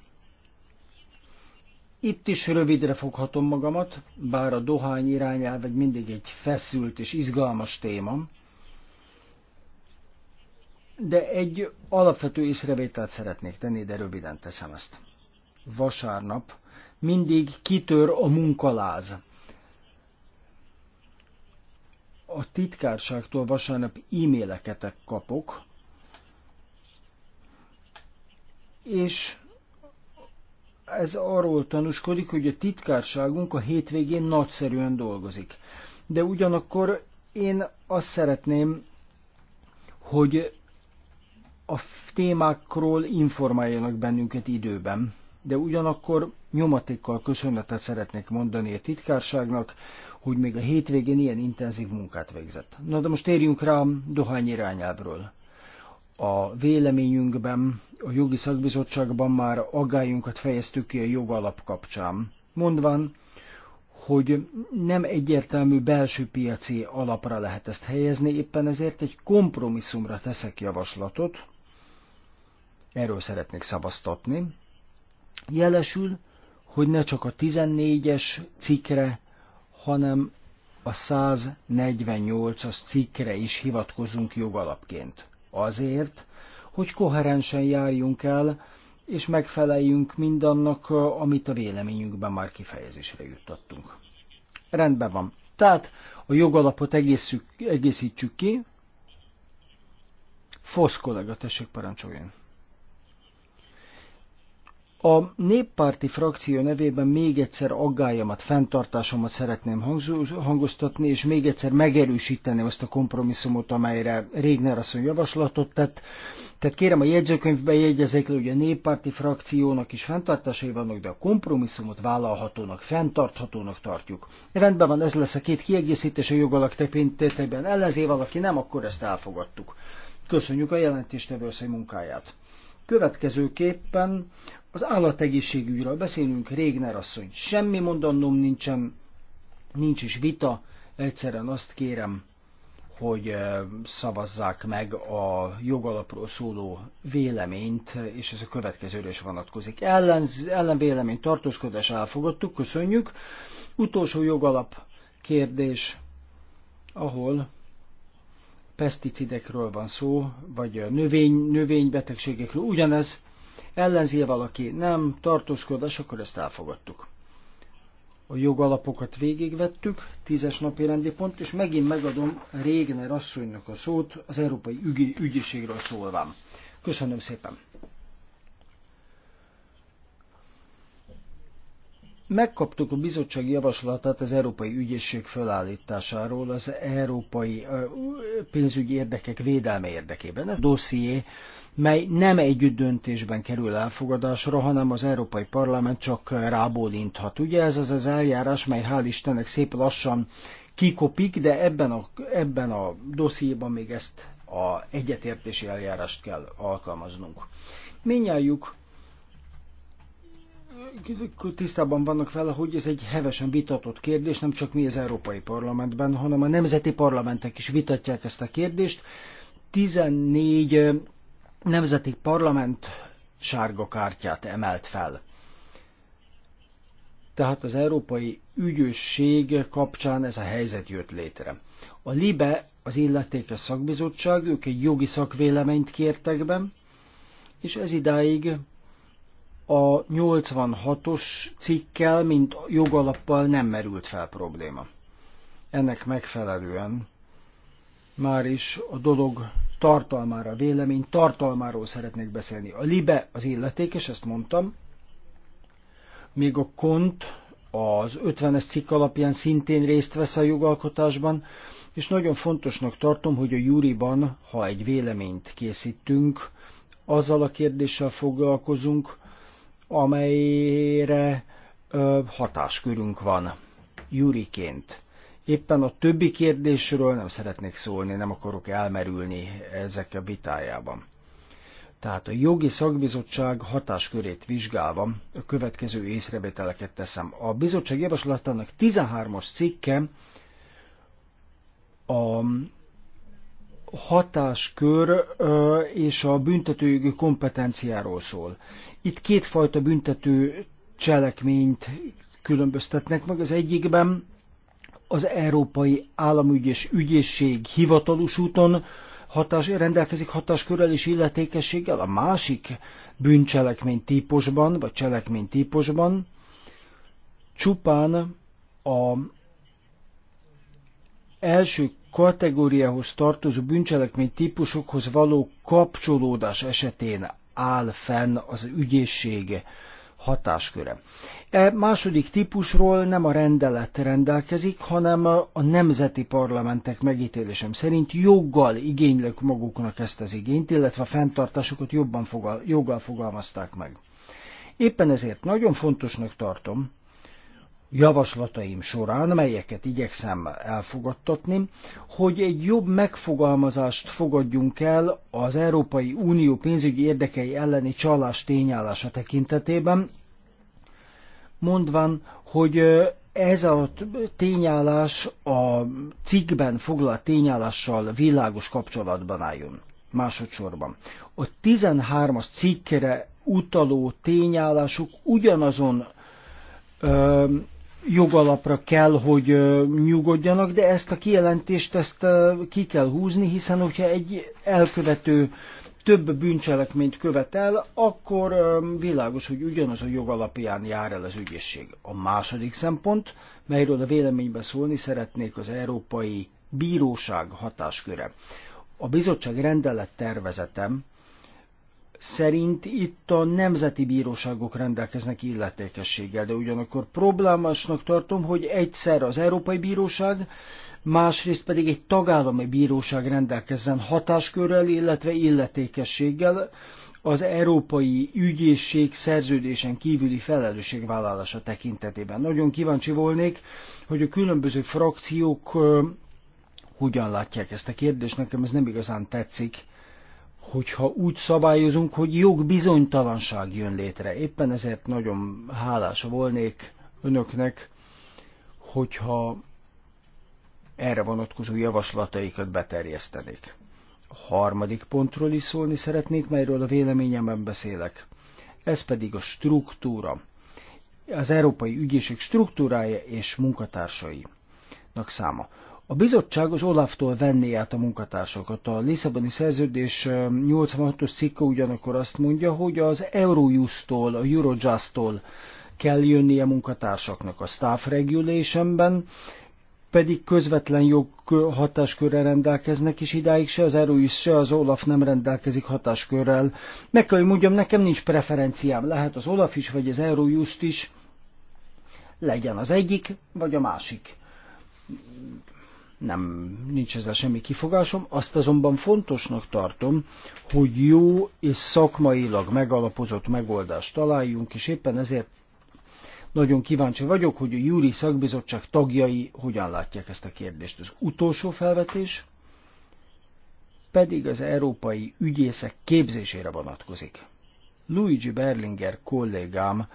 Itt is rövidre foghatom magamat, bár a dohány irányelv egy mindig egy feszült és izgalmas téma. De egy alapvető észrevételt szeretnék tenni, de röviden teszem ezt. Vasárnap mindig kitör a munkaláz. A titkárságtól vasárnap e-maileket kapok, és ez arról tanúskodik, hogy a titkárságunk a hétvégén nagyszerűen dolgozik. De ugyanakkor én azt szeretném, hogy a témákról informáljanak bennünket időben, de ugyanakkor nyomatékkal köszönetet szeretnék mondani a titkárságnak, hogy még a hétvégén ilyen intenzív munkát végzett. Na de most térjünk rá dohány irányábról. A véleményünkben, a jogi szakbizottságban már aggályunkat fejeztük ki a jogalap kapcsán, mondván, hogy nem egyértelmű belső piaci alapra lehet ezt helyezni, éppen ezért egy kompromisszumra teszek javaslatot, Erről szeretnék szavaztatni. Jelesül, hogy ne csak a 14-es cikkre, hanem a 148-as cikkre is hivatkozunk jogalapként. Azért, hogy koherensen járjunk el, és megfeleljünk mindannak, amit a véleményünkben már kifejezésre juttattunk. Rendben van. Tehát a jogalapot egészítsük ki. Fosz kollega, tessék parancsoljon. A néppárti frakció nevében még egyszer aggályomat, fenntartásomat szeretném hangoztatni, és még egyszer megerősíteni azt a kompromisszumot, amelyre Régner asszony javaslatot tett. Tehát kérem a jegyzőkönyvbe jegyezzék le, hogy a néppárti frakciónak is fenntartásai vannak, de a kompromisszumot vállalhatónak, fenntarthatónak tartjuk. Rendben van, ez lesz a két kiegészítés a jogalak tekintetében. Ellenzé valaki nem, akkor ezt elfogadtuk. Köszönjük a jelentéstevő munkáját. Következőképpen az állategészségügyről beszélünk, Régner asszony, semmi mondanom nincsen, nincs is vita, egyszerűen azt kérem, hogy eh, szavazzák meg a jogalapról szóló véleményt, és ez a következőre is vonatkozik. Ellen, ellenvélemény, tartózkodás elfogadtuk, köszönjük. Utolsó jogalap kérdés, ahol peszticidekről van szó, vagy növény, növénybetegségekről, ugyanez ellenzi valaki, nem tartózkodás, akkor ezt elfogadtuk. A jogalapokat végigvettük, tízes napi rendi pont, és megint megadom Régner asszonynak a szót az Európai Ügy Ügyiségről szólván. Köszönöm szépen! Megkaptuk a bizottság javaslatát az Európai Ügyészség felállításáról az európai pénzügyi érdekek védelme érdekében. Ez dosszié, mely nem együtt döntésben kerül elfogadásra, hanem az Európai Parlament csak rábólinthat. Ugye ez az az eljárás, mely hál' Istennek szép lassan kikopik, de ebben a, ebben a dossziéban még ezt a egyetértési eljárást kell alkalmaznunk. Minnyájuk tisztában vannak vele, hogy ez egy hevesen vitatott kérdés, nem csak mi az Európai Parlamentben, hanem a nemzeti parlamentek is vitatják ezt a kérdést. 14 nemzeti parlament sárga kártyát emelt fel. Tehát az Európai ügyösség kapcsán ez a helyzet jött létre. A LIBE, az illetékes szakbizottság, ők egy jogi szakvéleményt kértek be, és ez idáig a 86-os cikkel, mint jogalappal nem merült fel probléma. Ennek megfelelően már is a dolog tartalmára, vélemény tartalmáról szeretnék beszélni. A libe az és ezt mondtam, még a kont az 50-es cikk alapján szintén részt vesz a jogalkotásban, és nagyon fontosnak tartom, hogy a júriban, ha egy véleményt készítünk, azzal a kérdéssel foglalkozunk, amelyre ö, hatáskörünk van, júriként. Éppen a többi kérdésről nem szeretnék szólni, nem akarok elmerülni ezek a vitájában. Tehát a jogi szakbizottság hatáskörét vizsgálva a következő észrevételeket teszem. A bizottság javaslatának 13-as cikke a hatáskör és a büntetőjogi kompetenciáról szól. Itt kétfajta büntető cselekményt különböztetnek meg. Az egyikben az Európai Államügy és Ügyészség hivatalos úton hatás, rendelkezik hatáskörrel és illetékességgel, a másik bűncselekmény típusban, vagy cselekmény típusban csupán a első kategóriához tartozó bűncselekmény típusokhoz való kapcsolódás esetén áll fenn az ügyészség hatásköre. E második típusról nem a rendelet rendelkezik, hanem a nemzeti parlamentek megítélésem szerint joggal igénylek maguknak ezt az igényt, illetve a fenntartásukat jobban fogal, joggal fogalmazták meg. Éppen ezért nagyon fontosnak tartom, javaslataim során, melyeket igyekszem elfogadtatni, hogy egy jobb megfogalmazást fogadjunk el az Európai Unió pénzügyi érdekei elleni csalás tényállása tekintetében, mondván, hogy ez a tényállás a cikkben foglalt tényállással világos kapcsolatban álljon. Másodszorban. A 13-as cikkre utaló tényállások ugyanazon ö, jogalapra kell, hogy nyugodjanak, de ezt a kijelentést ezt ki kell húzni, hiszen hogyha egy elkövető több bűncselekményt követel, akkor világos, hogy ugyanaz a jogalapján jár el az ügyészség. A második szempont, melyről a véleményben szólni szeretnék, az Európai Bíróság hatásköre. A bizottság rendelet tervezetem szerint itt a nemzeti bíróságok rendelkeznek illetékességgel, de ugyanakkor problémásnak tartom, hogy egyszer az Európai Bíróság, másrészt pedig egy tagállami bíróság rendelkezzen hatáskörrel, illetve illetékességgel az Európai Ügyészség szerződésen kívüli felelősségvállalása tekintetében. Nagyon kíváncsi volnék, hogy a különböző frakciók hogyan látják ezt a kérdést, nekem ez nem igazán tetszik hogyha úgy szabályozunk, hogy jogbizonytalanság jön létre. Éppen ezért nagyon hálás volnék önöknek, hogyha erre vonatkozó javaslataikat beterjesztenék. A harmadik pontról is szólni szeretnék, melyről a véleményemben beszélek. Ez pedig a struktúra. Az Európai Ügyészség struktúrája és munkatársainak száma. A bizottság az Olaftól venné át a munkatársakat. A Lisszaboni szerződés 86-os cikke ugyanakkor azt mondja, hogy az Eurojust-tól, a Eurojust-tól kell jönnie munkatársaknak a staff regulationben, pedig közvetlen jog hatáskörrel rendelkeznek, és idáig se az Erőis, se az Olaf nem rendelkezik hatáskörrel. Meg kell, hogy mondjam, nekem nincs preferenciám, lehet az Olaf is, vagy az Erőjuszt is, legyen az egyik, vagy a másik nem, nincs ezzel semmi kifogásom, azt azonban fontosnak tartom, hogy jó és szakmailag megalapozott megoldást találjunk, és éppen ezért nagyon kíváncsi vagyok, hogy a Júri Szakbizottság tagjai hogyan látják ezt a kérdést. Az utolsó felvetés pedig az európai ügyészek képzésére vonatkozik. Luigi Berlinger kollégám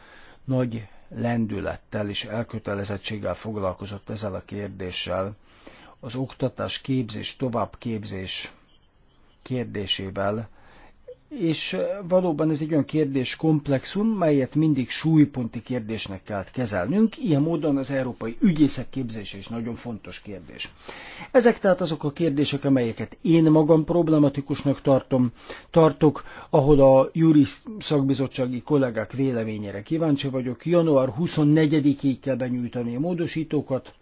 nagy lendülettel és elkötelezettséggel foglalkozott ezzel a kérdéssel, az oktatás, képzés, továbbképzés kérdésével, és eh, valóban ez egy olyan kérdés komplexum, melyet mindig súlyponti kérdésnek kell kezelnünk, ilyen módon az európai ügyészek képzése is nagyon fontos kérdés. Ezek tehát azok a kérdések, amelyeket én magam problematikusnak tartom, tartok, ahol a júri szakbizottsági kollégák véleményére kíváncsi vagyok. Január 24-ig kell benyújtani a módosítókat,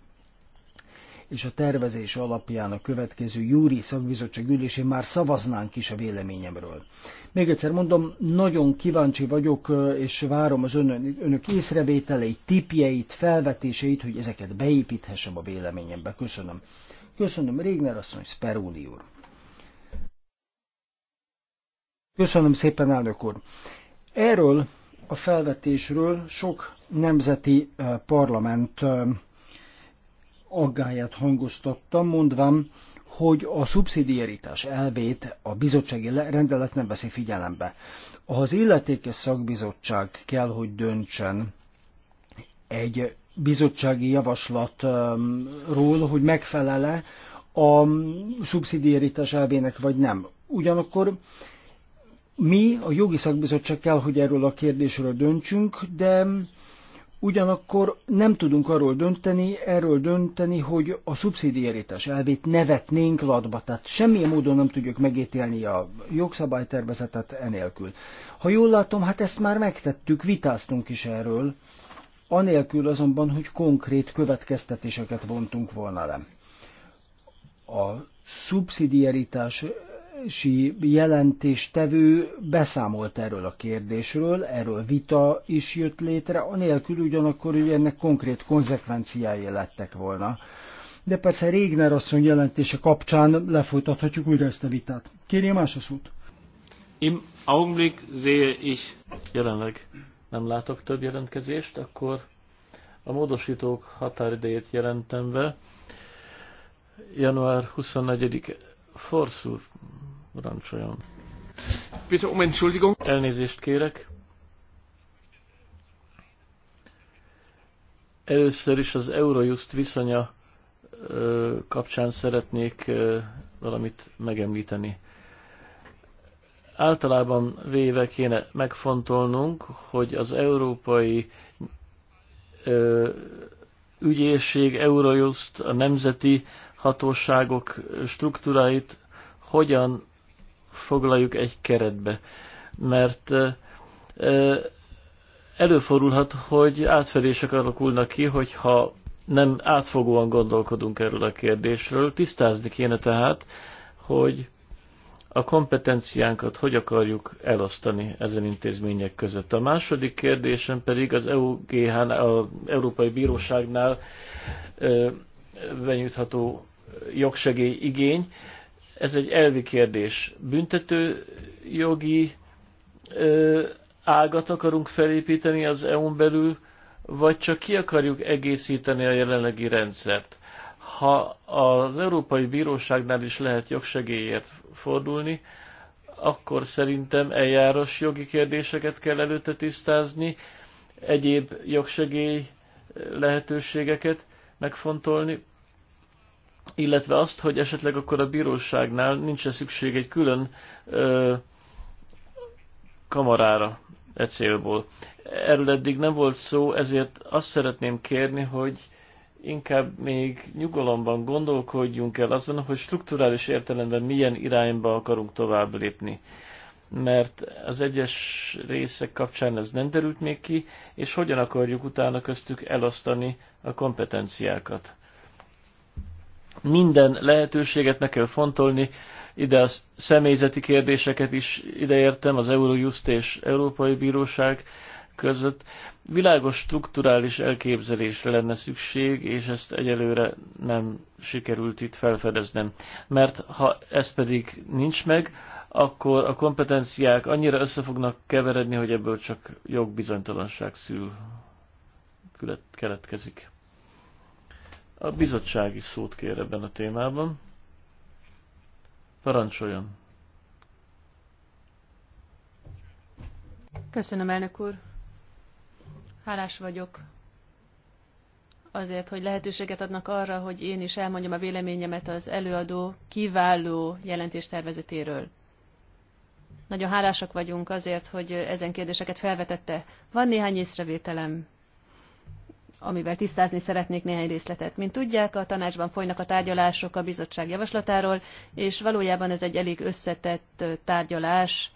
és a tervezés alapján a következő júri szakbizottság ülésén már szavaznánk is a véleményemről. Még egyszer mondom, nagyon kíváncsi vagyok, és várom az önök, önök észrevételeit, tipjeit, felvetéseit, hogy ezeket beépíthessem a véleményembe. Köszönöm. Köszönöm Régner asszony, Sperúli úr. Köszönöm szépen, elnök úr. Erről a felvetésről sok nemzeti parlament aggáját hangoztattam, mondván, hogy a szubszidiaritás elvét a bizottsági rendelet nem veszi figyelembe. Az illetékes szakbizottság kell, hogy döntsen egy bizottsági javaslatról, hogy megfelele a szubszidiaritás elvének vagy nem. Ugyanakkor mi, a jogi szakbizottság kell, hogy erről a kérdésről döntsünk, de Ugyanakkor nem tudunk arról dönteni, erről dönteni, hogy a szubszidiaritás elvét nevetnénk latba, tehát semmilyen módon nem tudjuk megítélni a jogszabálytervezetet enélkül. Ha jól látom, hát ezt már megtettük, vitáztunk is erről, anélkül azonban, hogy konkrét következtetéseket vontunk volna le. A szubszidiaritás si jelentéstevő beszámolt erről a kérdésről, erről vita is jött létre, anélkül ugyanakkor, hogy ennek konkrét konzekvenciái lettek volna. De persze Régner asszony jelentése kapcsán lefolytathatjuk újra ezt a vitát. Kérjél más a szót. Im Augenblick sehe ich. Jelenleg nem látok több jelentkezést, akkor a módosítók határidejét jelentem be. Január 24 Forszúr Parancsoljon. Bitte um Entschuldigung. Elnézést kérek. Először is az Eurojust viszonya kapcsán szeretnék valamit megemlíteni. Általában véve kéne megfontolnunk, hogy az európai ügyészség, Eurojust, a nemzeti hatóságok struktúráit hogyan foglaljuk egy keretbe, mert előfordulhat, hogy átfedések alakulnak ki, hogyha nem átfogóan gondolkodunk erről a kérdésről. Tisztázni kéne tehát, hogy a kompetenciánkat hogy akarjuk elosztani ezen intézmények között. A második kérdésem pedig az EUGH-nál, az Európai Bíróságnál benyújtható jogsegély igény. Ez egy elvi kérdés. Büntető jogi ö, ágat akarunk felépíteni az EU-n belül, vagy csak ki akarjuk egészíteni a jelenlegi rendszert. Ha az Európai Bíróságnál is lehet jogsegélyért fordulni, akkor szerintem eljáros jogi kérdéseket kell előtte tisztázni, egyéb jogsegély lehetőségeket megfontolni, illetve azt, hogy esetleg akkor a bíróságnál nincs -e szükség egy külön ö, kamarára e célból. Erről eddig nem volt szó, ezért azt szeretném kérni, hogy inkább még nyugalomban gondolkodjunk el azon, hogy strukturális értelemben milyen irányba akarunk tovább lépni. Mert az egyes részek kapcsán ez nem derült még ki, és hogyan akarjuk utána köztük elosztani a kompetenciákat. Minden lehetőséget meg kell fontolni, ide a személyzeti kérdéseket is ideértem, az Eurojust és Európai Bíróság között. Világos strukturális elképzelésre lenne szükség, és ezt egyelőre nem sikerült itt felfedeznem. Mert ha ez pedig nincs meg, akkor a kompetenciák annyira össze fognak keveredni, hogy ebből csak jogbizonytalanság szül keletkezik. A bizottság is szót kér ebben a témában. Parancsoljon! Köszönöm, elnök úr! Hálás vagyok azért, hogy lehetőséget adnak arra, hogy én is elmondjam a véleményemet az előadó kiváló jelentéstervezetéről. Nagyon hálásak vagyunk azért, hogy ezen kérdéseket felvetette. Van néhány észrevételem amivel tisztázni szeretnék néhány részletet. Mint tudják, a tanácsban folynak a tárgyalások a bizottság javaslatáról, és valójában ez egy elég összetett tárgyalás.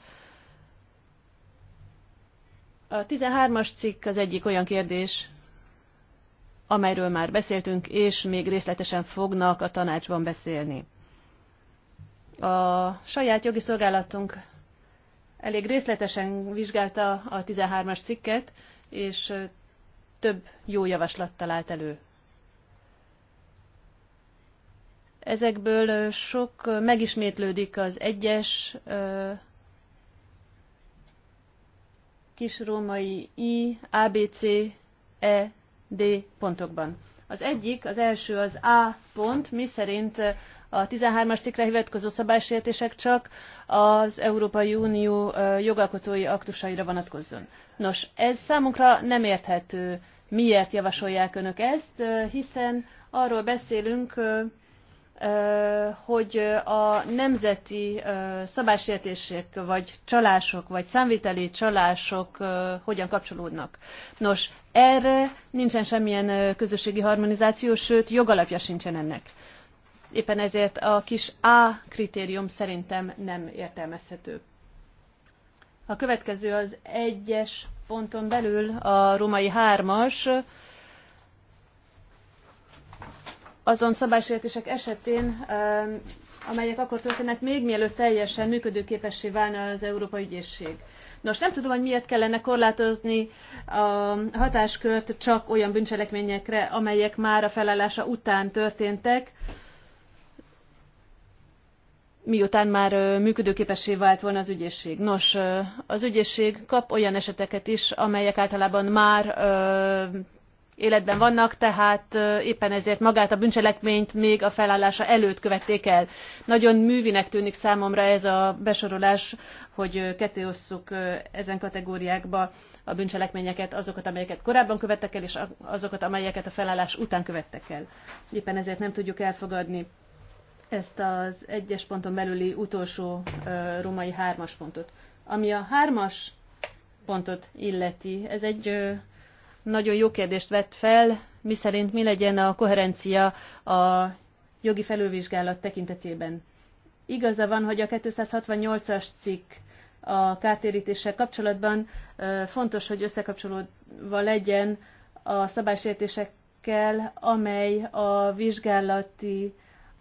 A 13-as cikk az egyik olyan kérdés, amelyről már beszéltünk, és még részletesen fognak a tanácsban beszélni. A saját jogi szolgálatunk elég részletesen vizsgálta a 13-as cikket, és több jó javaslattal állt elő. Ezekből sok megismétlődik az egyes kisrómai I, ABC, E, D pontokban. Az egyik, az első az A pont, mi szerint a 13-as cikkre hivatkozó szabálysértések csak az Európai Unió jogalkotói aktusaira vonatkozzon. Nos, ez számunkra nem érthető miért javasolják önök ezt, hiszen arról beszélünk, hogy a nemzeti szabásértések, vagy csalások, vagy számviteli csalások hogyan kapcsolódnak. Nos, erre nincsen semmilyen közösségi harmonizáció, sőt, jogalapja sincsen ennek. Éppen ezért a kis A kritérium szerintem nem értelmezhető. A következő az egyes ponton belül a római hármas azon szabálysértések esetén, amelyek akkor történnek még mielőtt teljesen működőképessé válna az Európai Ügyészség. Nos, nem tudom, hogy miért kellene korlátozni a hatáskört csak olyan bűncselekményekre, amelyek már a felállása után történtek, miután már működőképessé vált volna az ügyészség. Nos, az ügyészség kap olyan eseteket is, amelyek általában már életben vannak, tehát éppen ezért magát a bűncselekményt még a felállása előtt követték el. Nagyon művinek tűnik számomra ez a besorolás, hogy osszuk ezen kategóriákba a bűncselekményeket, azokat, amelyeket korábban követtek el, és azokat, amelyeket a felállás után követtek el. Éppen ezért nem tudjuk elfogadni ezt az egyes ponton belüli utolsó római hármas pontot. Ami a hármas pontot illeti, ez egy nagyon jó kérdést vett fel, miszerint mi legyen a koherencia a jogi felülvizsgálat tekintetében. Igaza van, hogy a 268-as cikk a kártérítéssel kapcsolatban fontos, hogy összekapcsolódva legyen a szabálysértésekkel, amely a vizsgálati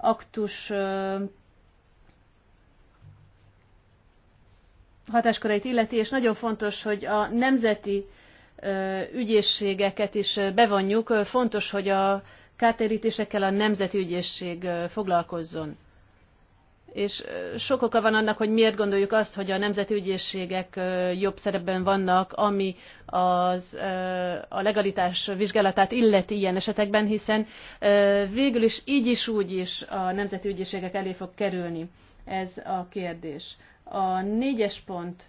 aktus hatásköreit illeti, és nagyon fontos, hogy a nemzeti ügyészségeket is bevonjuk. Fontos, hogy a kártérítésekkel a nemzeti ügyészség foglalkozzon és sok oka van annak, hogy miért gondoljuk azt, hogy a nemzeti ügyészségek jobb szerepben vannak, ami az, a legalitás vizsgálatát illeti ilyen esetekben, hiszen végül is így is úgy is a nemzeti ügyészségek elé fog kerülni. Ez a kérdés. A négyes pont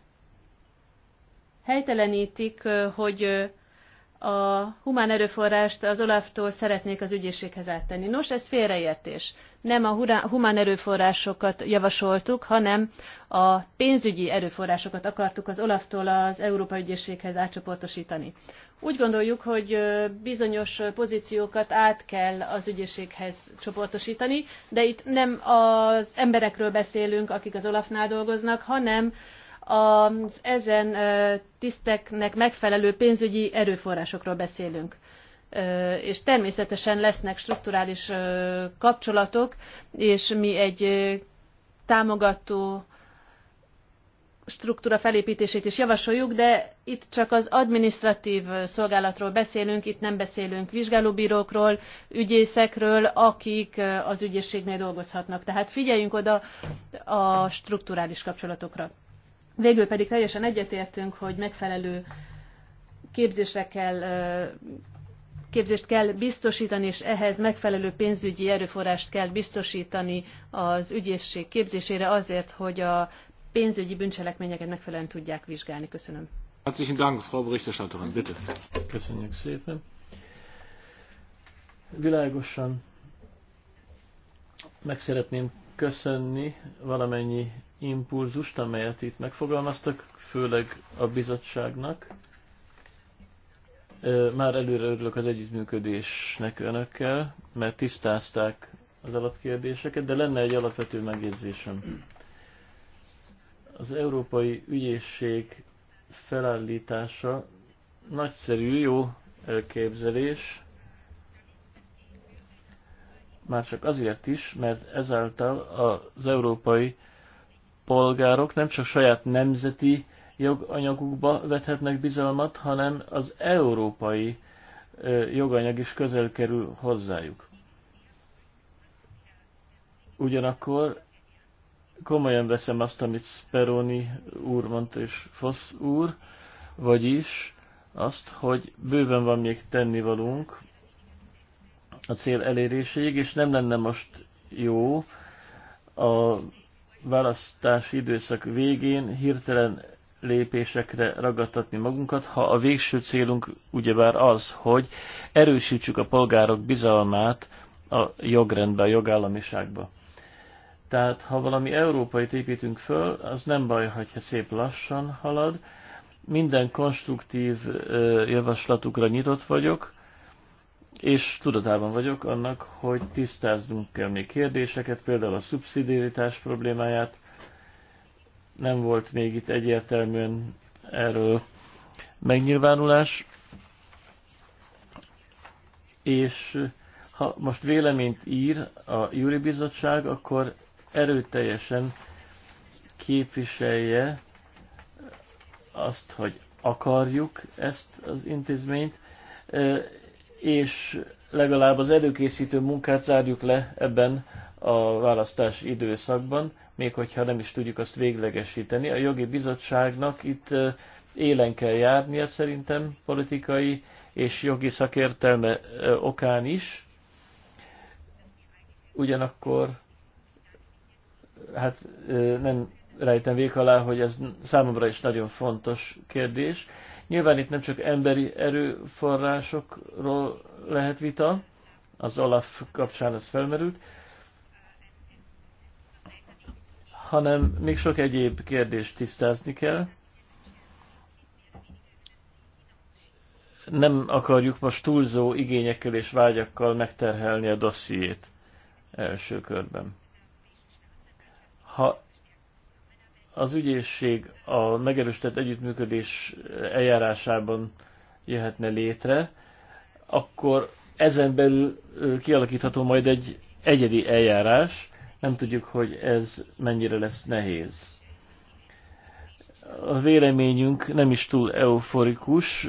helytelenítik, hogy a humán erőforrást az Olaftól szeretnék az ügyészséghez áttenni. Nos, ez félreértés. Nem a humán erőforrásokat javasoltuk, hanem a pénzügyi erőforrásokat akartuk az Olaftól az Európai Ügyészséghez átcsoportosítani. Úgy gondoljuk, hogy bizonyos pozíciókat át kell az ügyészséghez csoportosítani, de itt nem az emberekről beszélünk, akik az Olafnál dolgoznak, hanem az ezen tiszteknek megfelelő pénzügyi erőforrásokról beszélünk. És természetesen lesznek strukturális kapcsolatok, és mi egy támogató struktúra felépítését is javasoljuk, de itt csak az administratív szolgálatról beszélünk, itt nem beszélünk vizsgálóbírókról, ügyészekről, akik az ügyészségnél dolgozhatnak. Tehát figyeljünk oda a strukturális kapcsolatokra. Végül pedig teljesen egyetértünk, hogy megfelelő képzésre kell, képzést kell biztosítani, és ehhez megfelelő pénzügyi erőforrást kell biztosítani az ügyészség képzésére azért, hogy a pénzügyi bűncselekményeket megfelelően tudják vizsgálni. Köszönöm. Herzlichen Dank, Frau Berichterstatterin, bitte. Köszönjük szépen. Világosan meg szeretném köszönni valamennyi impulzust, amelyet itt megfogalmaztak, főleg a bizottságnak. Már előre örülök az együttműködésnek önökkel, mert tisztázták az alapkérdéseket, de lenne egy alapvető megjegyzésem. Az Európai Ügyészség felállítása nagyszerű, jó elképzelés, már csak azért is, mert ezáltal az európai polgárok nem csak saját nemzeti joganyagukba vethetnek bizalmat, hanem az európai joganyag is közel kerül hozzájuk. Ugyanakkor komolyan veszem azt, amit Speroni úr mondta és Fosz úr, vagyis azt, hogy bőven van még tennivalunk a cél eléréséig, és nem lenne most jó a választási időszak végén hirtelen lépésekre ragadtatni magunkat, ha a végső célunk ugyebár az, hogy erősítsük a polgárok bizalmát a jogrendbe, a jogállamiságba. Tehát ha valami európai építünk föl, az nem baj, hogyha szép lassan halad. Minden konstruktív javaslatukra nyitott vagyok, és tudatában vagyok annak, hogy tisztáznunk kell még kérdéseket, például a szubszidiaritás problémáját. Nem volt még itt egyértelműen erről megnyilvánulás, és ha most véleményt ír a Júri Bizottság, akkor erőteljesen képviselje azt, hogy akarjuk ezt az intézményt, és legalább az előkészítő munkát zárjuk le ebben a választás időszakban, még hogyha nem is tudjuk azt véglegesíteni. A jogi bizottságnak itt élen kell járnia szerintem politikai és jogi szakértelme okán is. Ugyanakkor hát nem rejtem vék alá, hogy ez számomra is nagyon fontos kérdés. Nyilván itt nem csak emberi erőforrásokról lehet vita, az Olaf kapcsán ez felmerült, hanem még sok egyéb kérdést tisztázni kell. Nem akarjuk most túlzó igényekkel és vágyakkal megterhelni a dossziét első körben. Ha az ügyészség a megerősített együttműködés eljárásában jöhetne létre, akkor ezen belül kialakítható majd egy egyedi eljárás, nem tudjuk, hogy ez mennyire lesz nehéz. A véleményünk nem is túl euforikus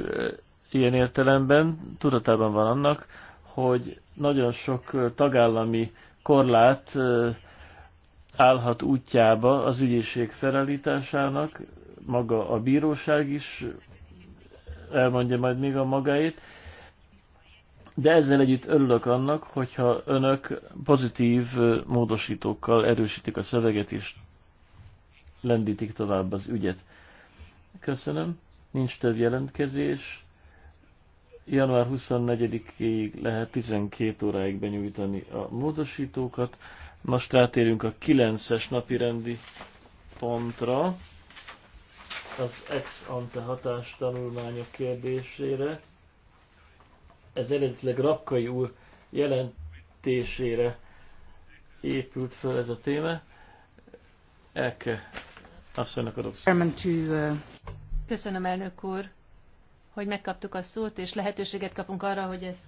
ilyen értelemben, tudatában van annak, hogy nagyon sok tagállami korlát állhat útjába az ügyészség felállításának, maga a bíróság is elmondja majd még a magáét, de ezzel együtt örülök annak, hogyha önök pozitív módosítókkal erősítik a szöveget és lendítik tovább az ügyet. Köszönöm, nincs több jelentkezés. Január 24-ig lehet 12 óráig benyújtani a módosítókat. Most rátérünk a 9-es napi rendi pontra, az ex ante hatás tanulmányok kérdésére. Ez eredetileg Rakkai úr jelentésére épült föl ez a téma. Elke, asszonynak adok uh, Köszönöm, elnök úr, hogy megkaptuk a szót, és lehetőséget kapunk arra, hogy ezt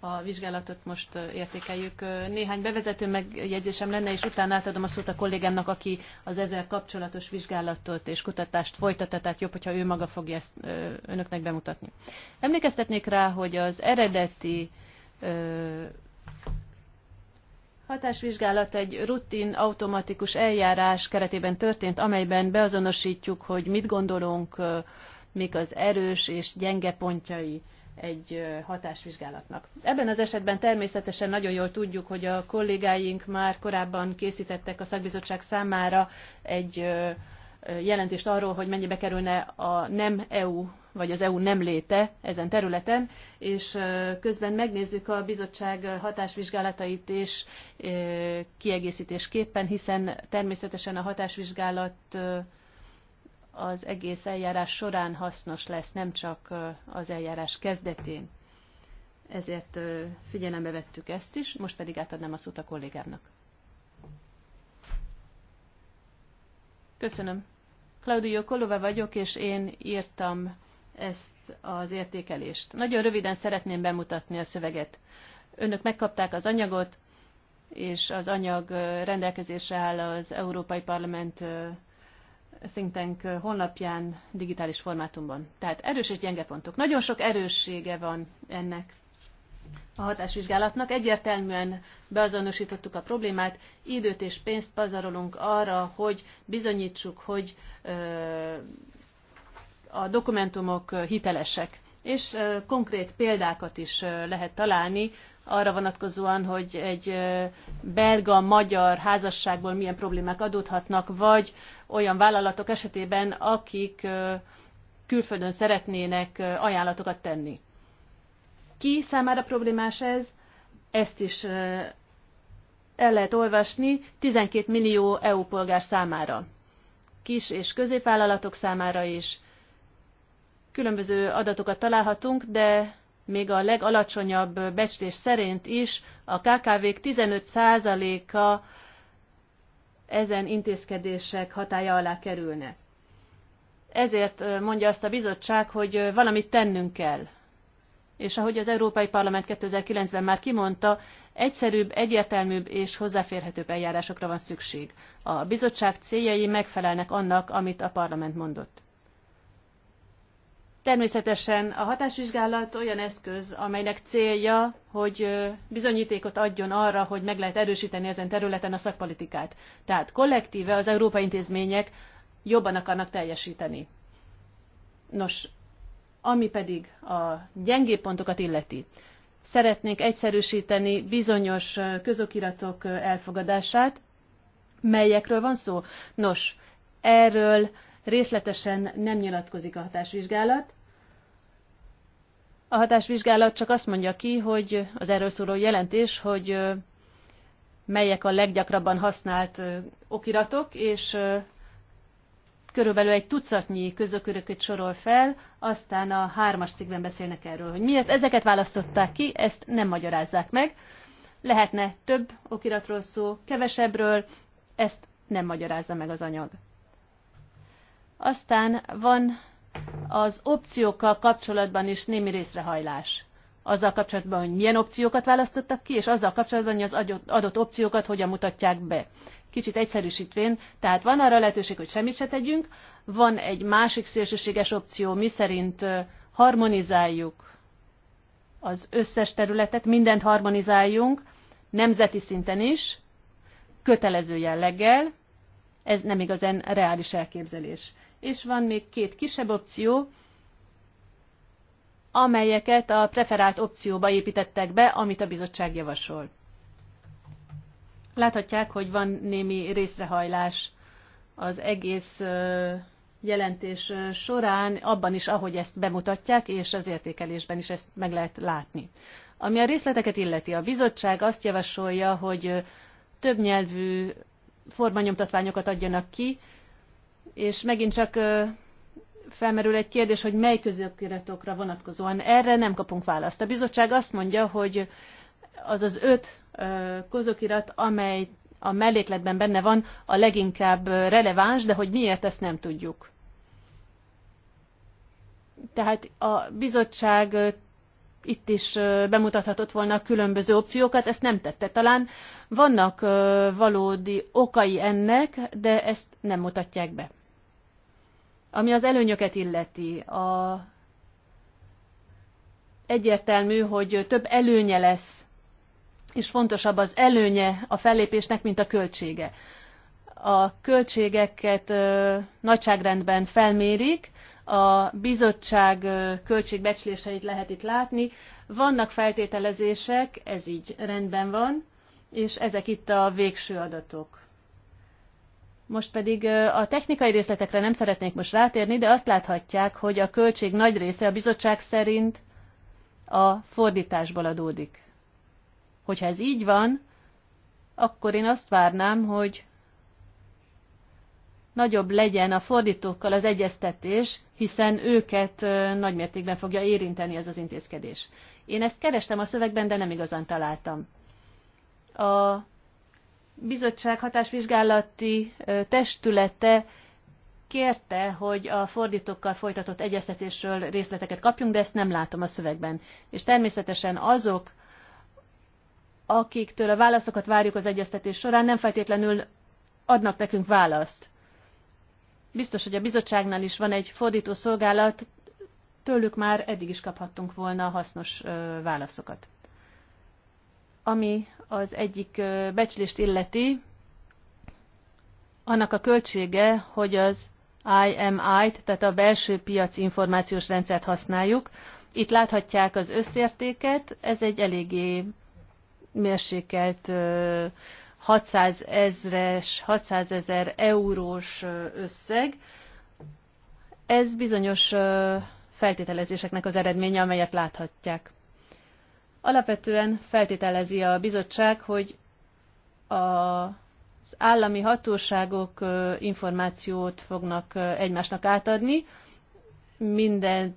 a vizsgálatot most értékeljük. Néhány bevezető megjegyzésem lenne, és utána átadom a szót a kollégámnak, aki az ezzel kapcsolatos vizsgálatot és kutatást folytatta, tehát jobb, hogyha ő maga fogja ezt önöknek bemutatni. Emlékeztetnék rá, hogy az eredeti Hatásvizsgálat egy rutin, automatikus eljárás keretében történt, amelyben beazonosítjuk, hogy mit gondolunk, mik az erős és gyenge pontjai egy hatásvizsgálatnak. Ebben az esetben természetesen nagyon jól tudjuk, hogy a kollégáink már korábban készítettek a szakbizottság számára egy jelentést arról, hogy mennyibe kerülne a nem EU vagy az EU nem léte ezen területen, és közben megnézzük a bizottság hatásvizsgálatait és kiegészítésképpen, hiszen természetesen a hatásvizsgálat az egész eljárás során hasznos lesz, nem csak az eljárás kezdetén. Ezért figyelembe vettük ezt is, most pedig átadnám a szót a kollégámnak. Köszönöm. Claudio Kolova vagyok, és én írtam ezt az értékelést. Nagyon röviden szeretném bemutatni a szöveget. Önök megkapták az anyagot, és az anyag rendelkezésre áll az Európai Parlament think tank honlapján digitális formátumban. Tehát erős és gyenge pontok. Nagyon sok erőssége van ennek a hatásvizsgálatnak. Egyértelműen beazonosítottuk a problémát, időt és pénzt pazarolunk arra, hogy bizonyítsuk, hogy a dokumentumok hitelesek. És konkrét példákat is lehet találni arra vonatkozóan, hogy egy belga-magyar házasságból milyen problémák adódhatnak, vagy olyan vállalatok esetében, akik külföldön szeretnének ajánlatokat tenni. Ki számára problémás ez? Ezt is el lehet olvasni 12 millió EU polgár számára. Kis és középvállalatok számára is. Különböző adatokat találhatunk, de még a legalacsonyabb becslés szerint is a KKV-k 15%-a ezen intézkedések hatája alá kerülne. Ezért mondja azt a bizottság, hogy valamit tennünk kell. És ahogy az Európai Parlament 2009-ben már kimondta, egyszerűbb, egyértelműbb és hozzáférhetőbb eljárásokra van szükség. A bizottság céljai megfelelnek annak, amit a parlament mondott. Természetesen a hatásvizsgálat olyan eszköz, amelynek célja, hogy bizonyítékot adjon arra, hogy meg lehet erősíteni ezen területen a szakpolitikát. Tehát kollektíve az európai intézmények jobban akarnak teljesíteni. Nos, ami pedig a gyengébb pontokat illeti, szeretnénk egyszerűsíteni bizonyos közokiratok elfogadását. Melyekről van szó? Nos, erről részletesen nem nyilatkozik a hatásvizsgálat, a hatásvizsgálat csak azt mondja ki, hogy az erről szóló jelentés, hogy melyek a leggyakrabban használt okiratok, és körülbelül egy tucatnyi közököröket sorol fel, aztán a hármas cikkben beszélnek erről, hogy miért ezeket választották ki, ezt nem magyarázzák meg. Lehetne több okiratról szó, kevesebbről, ezt nem magyarázza meg az anyag. Aztán van az opciókkal kapcsolatban is némi részrehajlás. Azzal kapcsolatban, hogy milyen opciókat választottak ki, és azzal kapcsolatban, hogy az adott opciókat hogyan mutatják be. Kicsit egyszerűsítvén, tehát van arra lehetőség, hogy semmit se tegyünk, van egy másik szélsőséges opció, mi szerint harmonizáljuk az összes területet, mindent harmonizáljunk, nemzeti szinten is, kötelező jelleggel, ez nem igazán reális elképzelés és van még két kisebb opció, amelyeket a preferált opcióba építettek be, amit a bizottság javasol. Láthatják, hogy van némi részrehajlás az egész jelentés során, abban is, ahogy ezt bemutatják, és az értékelésben is ezt meg lehet látni. Ami a részleteket illeti, a bizottság azt javasolja, hogy többnyelvű formanyomtatványokat adjanak ki, és megint csak felmerül egy kérdés, hogy mely közokiratokra vonatkozóan. Erre nem kapunk választ. A bizottság azt mondja, hogy az az öt közokirat, amely a mellékletben benne van, a leginkább releváns, de hogy miért ezt nem tudjuk. Tehát a bizottság itt is bemutathatott volna különböző opciókat, ezt nem tette. Talán vannak valódi okai ennek, de ezt nem mutatják be. Ami az előnyöket illeti, a egyértelmű, hogy több előnye lesz, és fontosabb az előnye a fellépésnek, mint a költsége. A költségeket ö, nagyságrendben felmérik, a bizottság költségbecsléseit lehet itt látni. Vannak feltételezések, ez így rendben van, és ezek itt a végső adatok. Most pedig a technikai részletekre nem szeretnék most rátérni, de azt láthatják, hogy a költség nagy része a bizottság szerint a fordításból adódik. Hogyha ez így van, akkor én azt várnám, hogy nagyobb legyen a fordítókkal az egyeztetés, hiszen őket nagymértékben fogja érinteni ez az intézkedés. Én ezt kerestem a szövegben, de nem igazán találtam. A bizottság hatásvizsgálati testülete kérte, hogy a fordítókkal folytatott egyeztetésről részleteket kapjunk, de ezt nem látom a szövegben. És természetesen azok, akiktől a válaszokat várjuk az egyeztetés során, nem feltétlenül adnak nekünk választ. Biztos, hogy a bizottságnál is van egy fordító szolgálat, tőlük már eddig is kaphattunk volna hasznos válaszokat. Ami az egyik becslést illeti, annak a költsége, hogy az IMI-t, tehát a belső piac információs rendszert használjuk. Itt láthatják az összértéket, ez egy eléggé mérsékelt 600 ezres, 600 ezer eurós összeg. Ez bizonyos feltételezéseknek az eredménye, amelyet láthatják. Alapvetően feltételezi a bizottság, hogy az állami hatóságok információt fognak egymásnak átadni, minden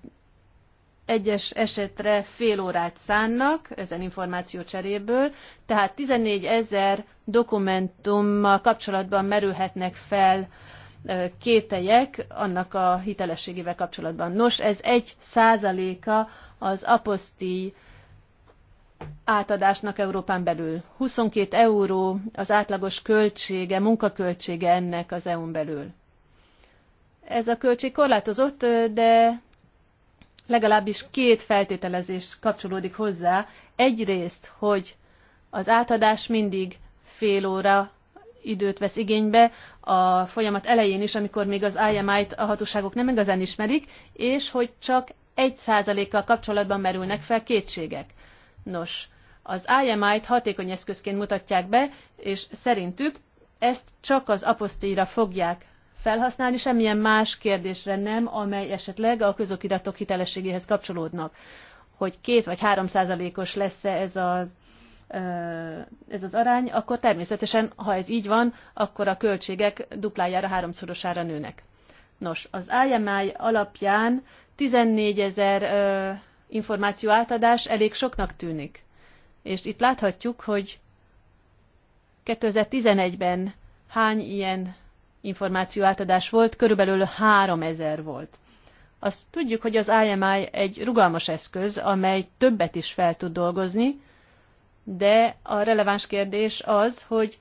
egyes esetre fél órát szánnak ezen információ cseréből, tehát 14 ezer dokumentummal kapcsolatban merülhetnek fel kételyek annak a hitelességével kapcsolatban. Nos, ez egy százaléka az apostíj átadásnak Európán belül. 22 euró az átlagos költsége, munkaköltsége ennek az EU-n belül. Ez a költség korlátozott, de legalábbis két feltételezés kapcsolódik hozzá. Egyrészt, hogy az átadás mindig fél óra időt vesz igénybe a folyamat elején is, amikor még az IMI-t a hatóságok nem igazán ismerik, és hogy csak 1 százalékkal kapcsolatban merülnek fel kétségek. Nos, az IMI-t hatékony eszközként mutatják be, és szerintük ezt csak az apostíra fogják felhasználni, semmilyen más kérdésre nem, amely esetleg a közokiratok hitelességéhez kapcsolódnak. Hogy két vagy három százalékos lesz -e ez az ez az arány, akkor természetesen, ha ez így van, akkor a költségek duplájára, háromszorosára nőnek. Nos, az IMI alapján 14 ezer információ átadás elég soknak tűnik. És itt láthatjuk, hogy 2011-ben hány ilyen információ átadás volt, körülbelül 3000 volt. Azt tudjuk, hogy az IMI egy rugalmas eszköz, amely többet is fel tud dolgozni, de a releváns kérdés az, hogy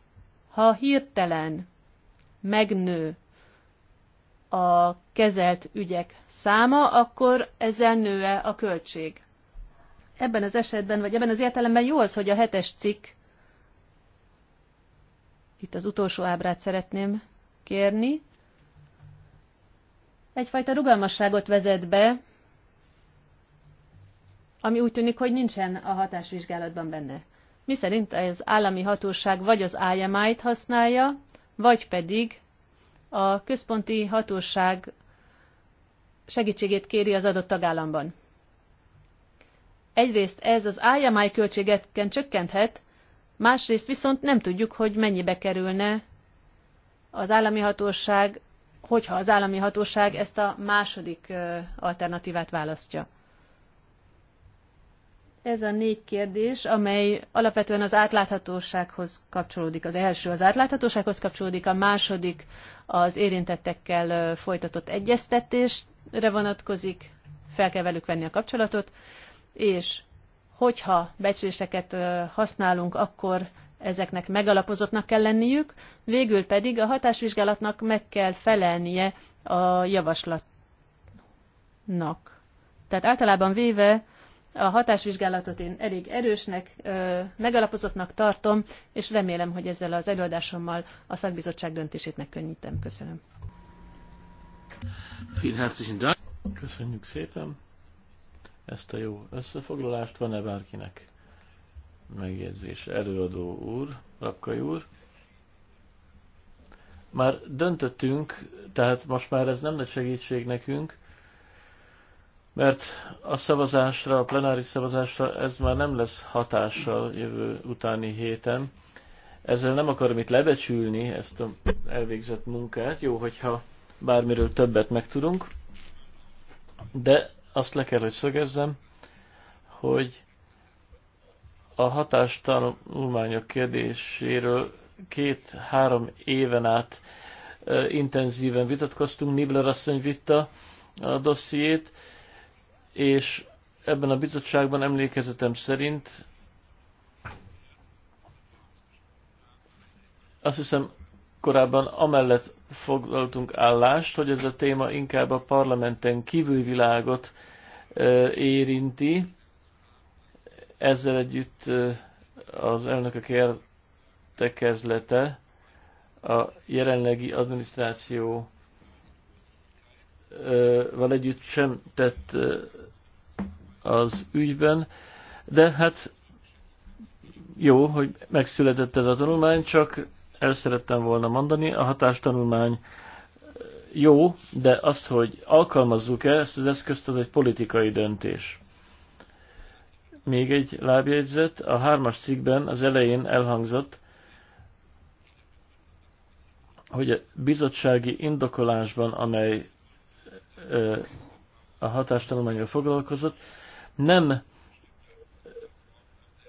ha hirtelen megnő a kezelt ügyek száma, akkor ezzel nő-e a költség. Ebben az esetben, vagy ebben az értelemben jó az, hogy a hetes cikk, itt az utolsó ábrát szeretném kérni, egyfajta rugalmasságot vezet be, ami úgy tűnik, hogy nincsen a hatásvizsgálatban benne. Mi szerint az állami hatóság vagy az IMI-t használja, vagy pedig a központi hatóság segítségét kéri az adott tagállamban. Egyrészt ez az IMI költségeken csökkenthet, másrészt viszont nem tudjuk, hogy mennyibe kerülne az állami hatóság, hogyha az állami hatóság ezt a második alternatívát választja. Ez a négy kérdés, amely alapvetően az átláthatósághoz kapcsolódik. Az első az átláthatósághoz kapcsolódik, a második az érintettekkel folytatott egyeztetést re vonatkozik, fel kell velük venni a kapcsolatot, és hogyha becsléseket használunk, akkor ezeknek megalapozottnak kell lenniük, végül pedig a hatásvizsgálatnak meg kell felelnie a javaslatnak. Tehát általában véve a hatásvizsgálatot én elég erősnek, megalapozottnak tartom, és remélem, hogy ezzel az előadásommal a szakbizottság döntését megkönnyítem. Köszönöm. Köszönjük szépen ezt a jó összefoglalást. Van-e bárkinek megjegyzés? Előadó úr, Rakkai úr. Már döntöttünk, tehát most már ez nem nagy segítség nekünk, mert a szavazásra, a plenáris szavazásra ez már nem lesz hatással jövő utáni héten. Ezzel nem akarom itt lebecsülni ezt a elvégzett munkát. Jó, hogyha bármiről többet megtudunk, de azt le kell, hogy szögezzem, hogy a hatástanulmányok kérdéséről két-három éven át intenzíven vitatkoztunk, Nibler asszony vitta a dossziét, és ebben a bizottságban emlékezetem szerint azt hiszem korábban amellett foglaltunk állást, hogy ez a téma inkább a parlamenten kívülvilágot érinti. Ezzel együtt az elnökök értekezlete a jelenlegi adminisztráció val együtt sem tett az ügyben, de hát jó, hogy megszületett ez a tanulmány, csak el szerettem volna mondani. A hatástanulmány jó, de azt, hogy alkalmazzuk-e ezt az eszközt, az egy politikai döntés. Még egy lábjegyzet. A hármas cikkben az elején elhangzott, hogy a bizottsági indokolásban, amely a hatástanulmányról foglalkozott, nem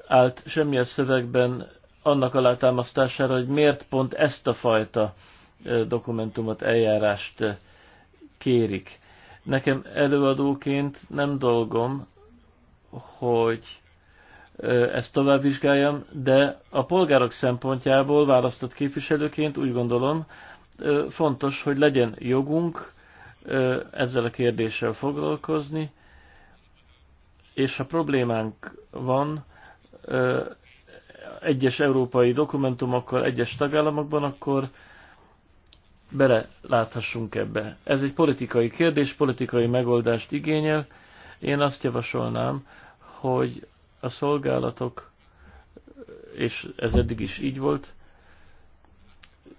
állt semmilyen szövegben annak alátámasztására, hogy miért pont ezt a fajta dokumentumot, eljárást kérik. Nekem előadóként nem dolgom, hogy ezt tovább vizsgáljam, de a polgárok szempontjából választott képviselőként úgy gondolom, fontos, hogy legyen jogunk ezzel a kérdéssel foglalkozni, és ha problémánk van, egyes európai dokumentumokkal egyes tagállamokban, akkor beleláthassunk ebbe. Ez egy politikai kérdés, politikai megoldást igényel. Én azt javasolnám, hogy a szolgálatok, és ez eddig is így volt,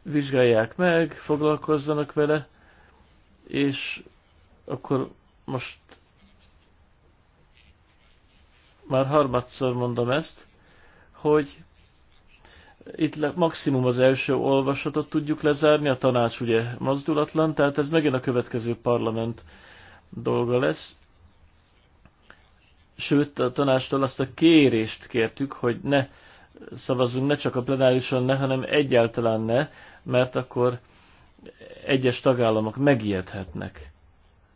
vizsgálják meg, foglalkozzanak vele, és akkor most már harmadszor mondom ezt, hogy itt maximum az első olvasatot tudjuk lezárni, a tanács ugye mozdulatlan, tehát ez megint a következő parlament dolga lesz. Sőt, a tanástól azt a kérést kértük, hogy ne szavazzunk, ne csak a plenárison ne, hanem egyáltalán ne, mert akkor egyes tagállamok megijedhetnek.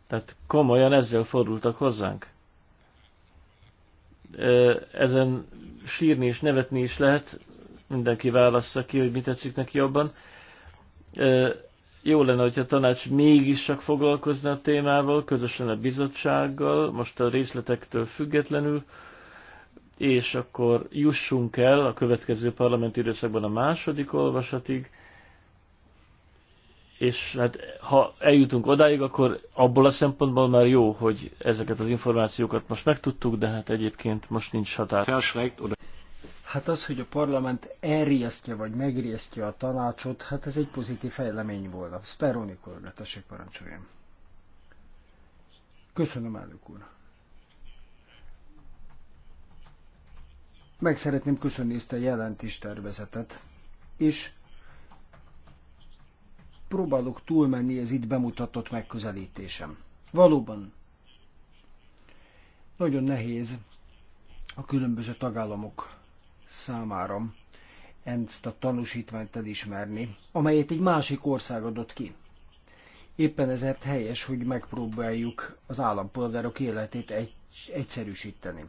Tehát komolyan ezzel fordultak hozzánk. Ezen sírni és nevetni is lehet, mindenki válassza ki, hogy mi tetszik neki jobban. Jó lenne, hogyha a tanács mégis csak foglalkozna a témával, közösen a bizottsággal, most a részletektől függetlenül, és akkor jussunk el a következő parlamenti időszakban a második olvasatig, és hát ha eljutunk odáig, akkor abból a szempontból már jó, hogy ezeket az információkat most megtudtuk, de hát egyébként most nincs határ. Hát az, hogy a parlament elriasztja vagy megriasztja a tanácsot, hát ez egy pozitív fejlemény volna. Speroni kollega, tessék parancsoljon. Köszönöm, elnök úr. Meg szeretném köszönni ezt a tervezetet, és próbálok túlmenni az itt bemutatott megközelítésem. Valóban nagyon nehéz a különböző tagállamok számára ezt a tanúsítványt elismerni, amelyet egy másik ország adott ki. Éppen ezért helyes, hogy megpróbáljuk az állampolgárok életét egy, egyszerűsíteni.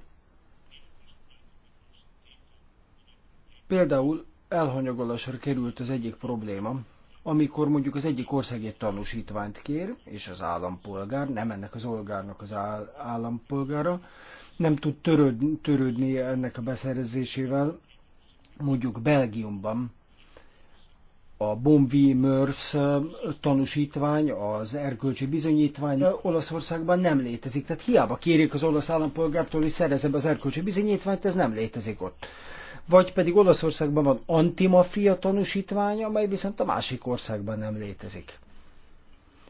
Például elhanyagolásra került az egyik probléma, amikor mondjuk az egyik ország egy tanúsítványt kér, és az állampolgár, nem ennek az olgárnak az áll, állampolgára, nem tud törőd, törődni ennek a beszerzésével. Mondjuk Belgiumban a Bombi Mörsz tanúsítvány, az erkölcsi bizonyítvány Olaszországban nem létezik. Tehát hiába kérjük az olasz állampolgártól, hogy szerezze be az erkölcsi bizonyítványt, ez nem létezik ott. Vagy pedig Olaszországban van antimafia tanúsítvány, amely viszont a másik országban nem létezik.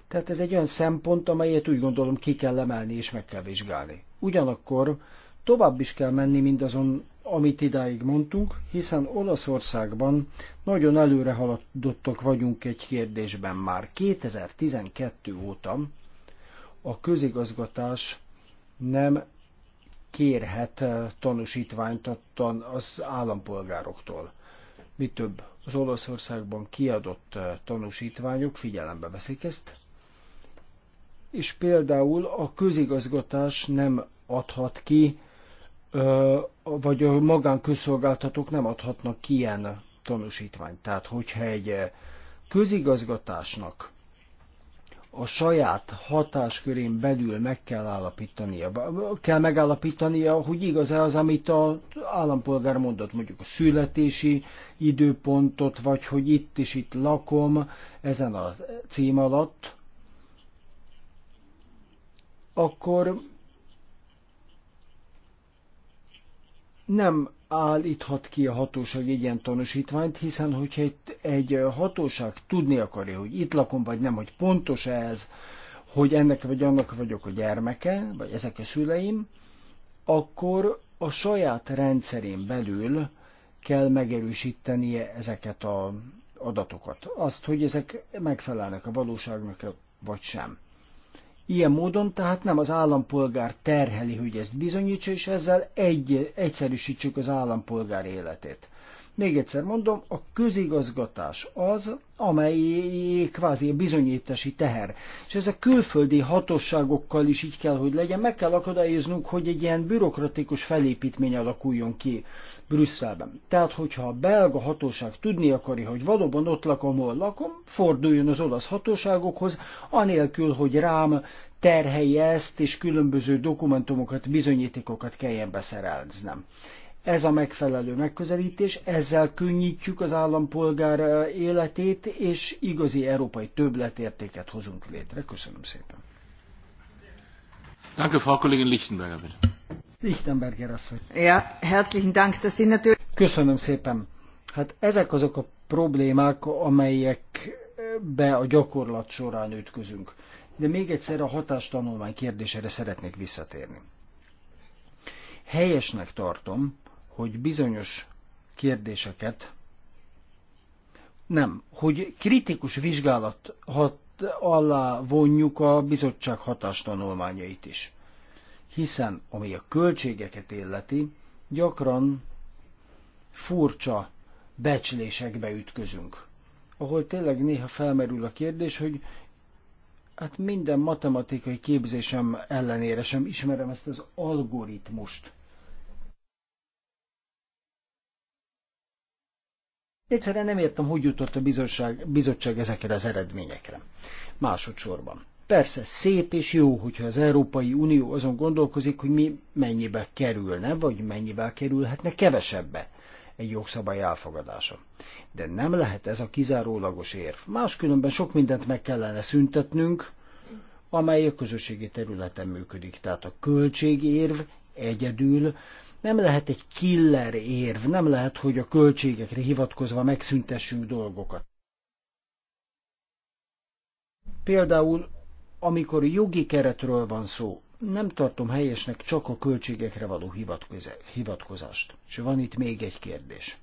Tehát ez egy olyan szempont, amelyet úgy gondolom ki kell emelni és meg kell vizsgálni. Ugyanakkor tovább is kell menni mindazon, amit idáig mondtunk, hiszen Olaszországban nagyon előre haladottak vagyunk egy kérdésben már. 2012 óta a közigazgatás nem kérhet eh, tanúsítványt az állampolgároktól. Mi több, az Olaszországban kiadott eh, tanúsítványok figyelembe veszik ezt, és például a közigazgatás nem adhat ki, vagy a magánközszolgáltatók nem adhatnak ki ilyen tanúsítványt. Tehát, hogyha egy közigazgatásnak a saját hatáskörén belül meg kell állapítania, kell megállapítania, hogy igaz-e az, amit az állampolgár mondott, mondjuk a születési időpontot, vagy hogy itt is itt lakom ezen a cím alatt, akkor nem állíthat ki a hatóság egy ilyen tanúsítványt, hiszen hogyha egy, egy hatóság tudni akarja, hogy itt lakom, vagy nem, hogy pontos ez, hogy ennek vagy annak vagyok a gyermeke, vagy ezek a szüleim, akkor a saját rendszerén belül kell megerősítenie ezeket a adatokat. Azt, hogy ezek megfelelnek a valóságnak, vagy sem. Ilyen módon tehát nem az állampolgár terheli, hogy ezt bizonyítsa, és ezzel egy, egyszerűsítsük az állampolgár életét. Még egyszer mondom, a közigazgatás az, amely kvázi a bizonyítási teher. És ez a külföldi hatóságokkal is így kell, hogy legyen. Meg kell akadályoznunk, hogy egy ilyen bürokratikus felépítmény alakuljon ki Brüsszelben. Tehát, hogyha a belga hatóság tudni akarja, hogy valóban ott lakom, hol lakom, forduljon az olasz hatóságokhoz, anélkül, hogy rám terhelje ezt, és különböző dokumentumokat, bizonyítékokat kelljen beszerelznem. Ez a megfelelő megközelítés, ezzel könnyítjük az állampolgár életét, és igazi európai többletértéket hozunk létre. Köszönöm szépen. Danke, Frau Kollegin Lichtenberger, bitte. Lichtenberger asszony. Ja, herzlichen Dank, dass Sie natürlich... Köszönöm szépen. Hát ezek azok a problémák, amelyekbe a gyakorlat során ütközünk. De még egyszer a hatástanulmány kérdésére szeretnék visszatérni. Helyesnek tartom, hogy bizonyos kérdéseket nem, hogy kritikus vizsgálat hat, alá vonjuk a bizottság hatástanulmányait is. Hiszen, ami a költségeket illeti, gyakran furcsa becslésekbe ütközünk, ahol tényleg néha felmerül a kérdés, hogy hát minden matematikai képzésem ellenére sem ismerem ezt az algoritmust, Egyszerűen nem értem, hogy jutott a bizottság, bizottság ezekre az eredményekre. Másodszorban. Persze szép és jó, hogyha az Európai Unió azon gondolkozik, hogy mi mennyibe kerülne, vagy mennyivel kerülhetne kevesebbe egy jogszabály elfogadása. De nem lehet ez a kizárólagos érv. Máskülönben sok mindent meg kellene szüntetnünk, amely a közösségi területen működik. Tehát a költségérv egyedül nem lehet egy killer érv, nem lehet, hogy a költségekre hivatkozva megszüntessünk dolgokat. Például, amikor jogi keretről van szó, nem tartom helyesnek csak a költségekre való hivatkozást. És van itt még egy kérdés.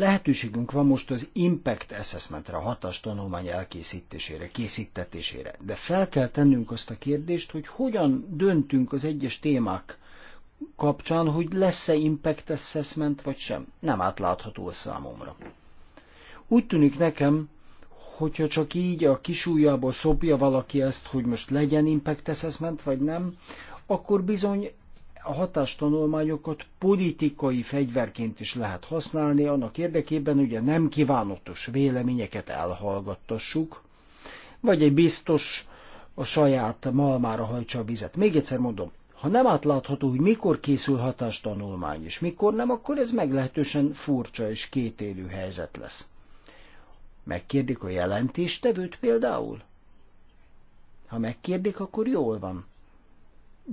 Lehetőségünk van most az impact Assessment-re, a tanulmány elkészítésére, készítetésére. De fel kell tennünk azt a kérdést, hogy hogyan döntünk az egyes témák kapcsán, hogy lesz-e impact assessment vagy sem. Nem átlátható a számomra. Úgy tűnik nekem, hogyha csak így a kisújjából szopja valaki ezt, hogy most legyen impact assessment, vagy nem, akkor bizony a hatástanulmányokat politikai fegyverként is lehet használni, annak érdekében, hogy a nem kívánatos véleményeket elhallgattassuk, vagy egy biztos a saját malmára hajtsa a vizet. Még egyszer mondom, ha nem átlátható, hogy mikor készül hatástanulmány, és mikor nem, akkor ez meglehetősen furcsa és kétélű helyzet lesz. Megkérdik a jelentéstevőt például? Ha megkérdik, akkor jól van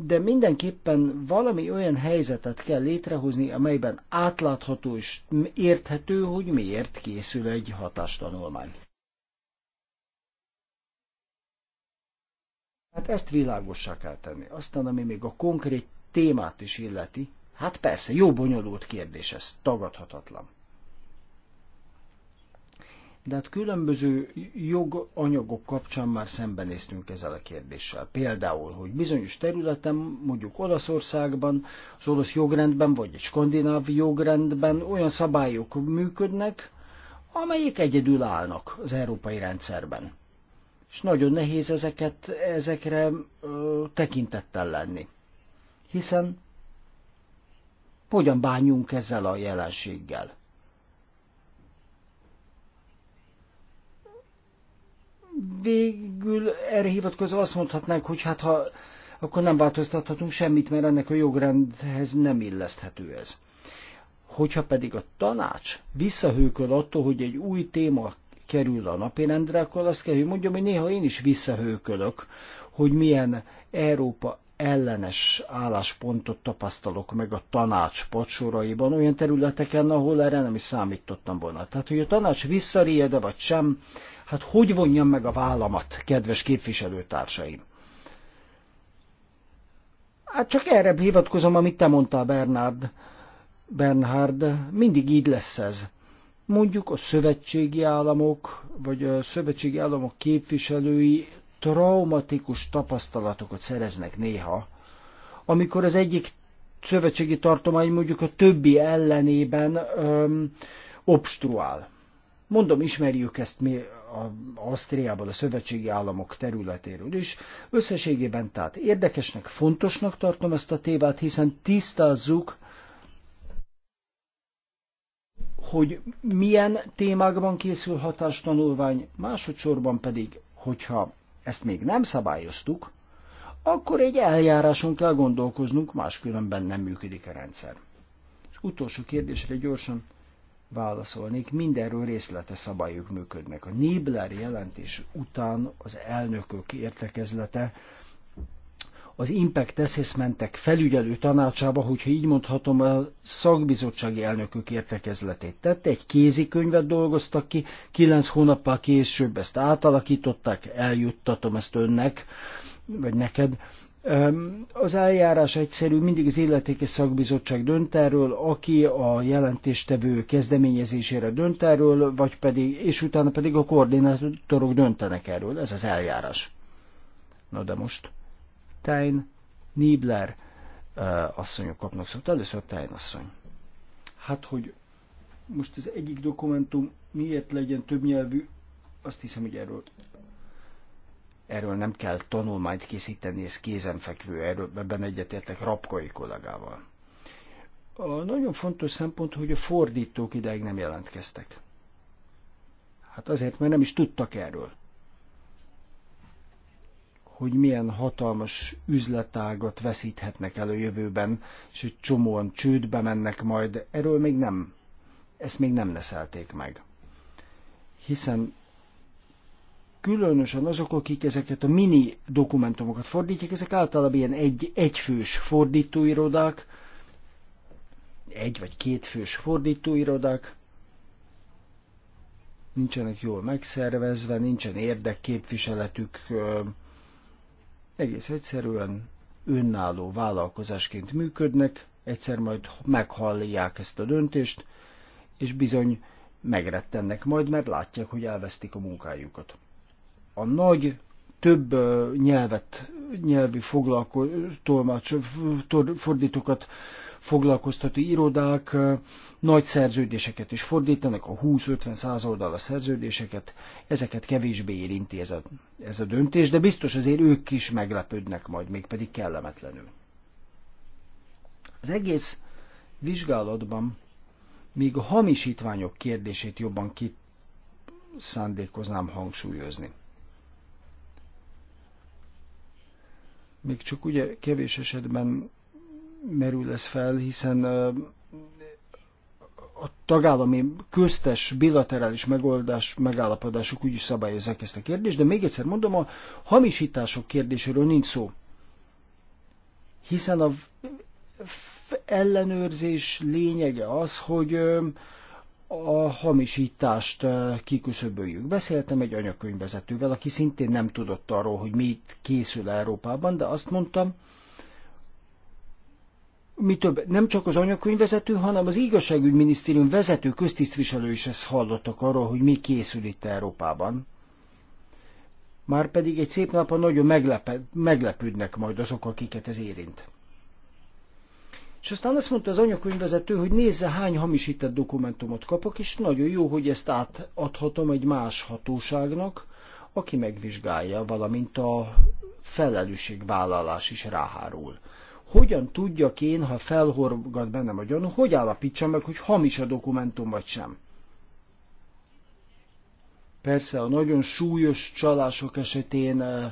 de mindenképpen valami olyan helyzetet kell létrehozni, amelyben átlátható és érthető, hogy miért készül egy hatástanulmány. Hát ezt világossá kell tenni. Aztán, ami még a konkrét témát is illeti, hát persze, jó bonyolult kérdés, ez tagadhatatlan. De hát különböző joganyagok kapcsán már szembenéztünk ezzel a kérdéssel. Például, hogy bizonyos területen, mondjuk Olaszországban, az olasz jogrendben, vagy egy skandináv jogrendben olyan szabályok működnek, amelyek egyedül állnak az európai rendszerben. És nagyon nehéz ezeket, ezekre ö, tekintettel lenni. Hiszen hogyan bánjunk ezzel a jelenséggel? végül erre hivatkozva azt mondhatnánk, hogy hát ha akkor nem változtathatunk semmit, mert ennek a jogrendhez nem illeszthető ez. Hogyha pedig a tanács visszahőköl attól, hogy egy új téma kerül a napirendre, akkor azt kell, hogy mondjam, hogy néha én is visszahőkölök, hogy milyen Európa ellenes álláspontot tapasztalok meg a tanács pacsoraiban olyan területeken, ahol erre nem is számítottam volna. Tehát, hogy a tanács visszariede vagy sem, Hát hogy vonjam meg a vállamat, kedves képviselőtársaim? Hát csak erre hivatkozom, amit te mondtál, Bernard. Bernhard, mindig így lesz ez. Mondjuk a szövetségi államok, vagy a szövetségi államok képviselői traumatikus tapasztalatokat szereznek néha, amikor az egyik szövetségi tartomány mondjuk a többi ellenében öm, obstruál. Mondom, ismerjük ezt mi a Ausztriából, a szövetségi államok területéről is. Összességében tehát érdekesnek, fontosnak tartom ezt a tévát, hiszen tisztázzuk, hogy milyen témákban készül hatástanulvány, másodszorban pedig, hogyha ezt még nem szabályoztuk, akkor egy eljáráson kell gondolkoznunk, máskülönben nem működik a rendszer. utolsó kérdésre gyorsan válaszolnék. Mindenről részlete szabályok működnek. A Nibler jelentés után az elnökök értekezlete az Impact Assessmentek felügyelő tanácsába, hogyha így mondhatom, a szakbizottsági elnökök értekezletét tette, egy kézikönyvet dolgoztak ki, kilenc hónappal később ezt átalakították, eljuttatom ezt önnek, vagy neked, az eljárás egyszerű, mindig az illetékes szakbizottság dönt erről, aki a jelentéstevő kezdeményezésére dönt erről, vagy pedig, és utána pedig a koordinátorok döntenek erről. Ez az eljárás. Na de most. Tein, Niebler asszonyok kapnak szót. Először Tein asszony. Hát, hogy most az egyik dokumentum miért legyen többnyelvű, azt hiszem, hogy erről erről nem kell tanulmányt készíteni, ez kézenfekvő, erről ebben egyetértek Rapkai kollégával. A nagyon fontos szempont, hogy a fordítók ideig nem jelentkeztek. Hát azért, mert nem is tudtak erről. Hogy milyen hatalmas üzletágat veszíthetnek elő jövőben, és hogy csomóan csődbe mennek majd, erről még nem, ezt még nem leszelték meg. Hiszen különösen azok, akik ezeket a mini dokumentumokat fordítják, ezek általában ilyen egy, egyfős fordítóirodák, egy vagy kétfős fordítóirodák, nincsenek jól megszervezve, nincsen érdekképviseletük, egész egyszerűen önálló vállalkozásként működnek, egyszer majd meghallják ezt a döntést, és bizony megrettennek majd, mert látják, hogy elvesztik a munkájukat a nagy több nyelvet, nyelvi foglalko, tolmács, fordítókat foglalkoztató irodák nagy szerződéseket is fordítanak, a 20-50 száz oldal szerződéseket, ezeket kevésbé érinti ez a, ez a döntés, de biztos azért ők is meglepődnek majd, mégpedig kellemetlenül. Az egész vizsgálatban még a hamisítványok kérdését jobban kiszándékoznám szándékoznám hangsúlyozni. még csak ugye kevés esetben merül ez fel, hiszen a tagállami köztes bilaterális megoldás, megállapodások úgyis szabályozzák ezt a kérdést, de még egyszer mondom, a hamisítások kérdéséről nincs szó. Hiszen a ellenőrzés lényege az, hogy a hamisítást eh, kiküszöböljük. Beszéltem egy anyakönyvvezetővel, aki szintén nem tudott arról, hogy mit készül Európában, de azt mondtam, mi több, nem csak az anyakönyvvezető, hanem az igazságügyminisztérium vezető köztisztviselő is ezt hallottak arról, hogy mi készül itt Európában. Márpedig egy szép napon nagyon meglepe, meglepődnek majd azok, akiket ez érint. És aztán azt mondta az anyakönyvvezető, hogy nézze, hány hamisített dokumentumot kapok, és nagyon jó, hogy ezt átadhatom egy más hatóságnak, aki megvizsgálja, valamint a felelősségvállalás is ráhárul. Hogyan tudjak én, ha felhorgat bennem a gyanú, hogy állapítsam meg, hogy hamis a dokumentum vagy sem? Persze a nagyon súlyos csalások esetén eh,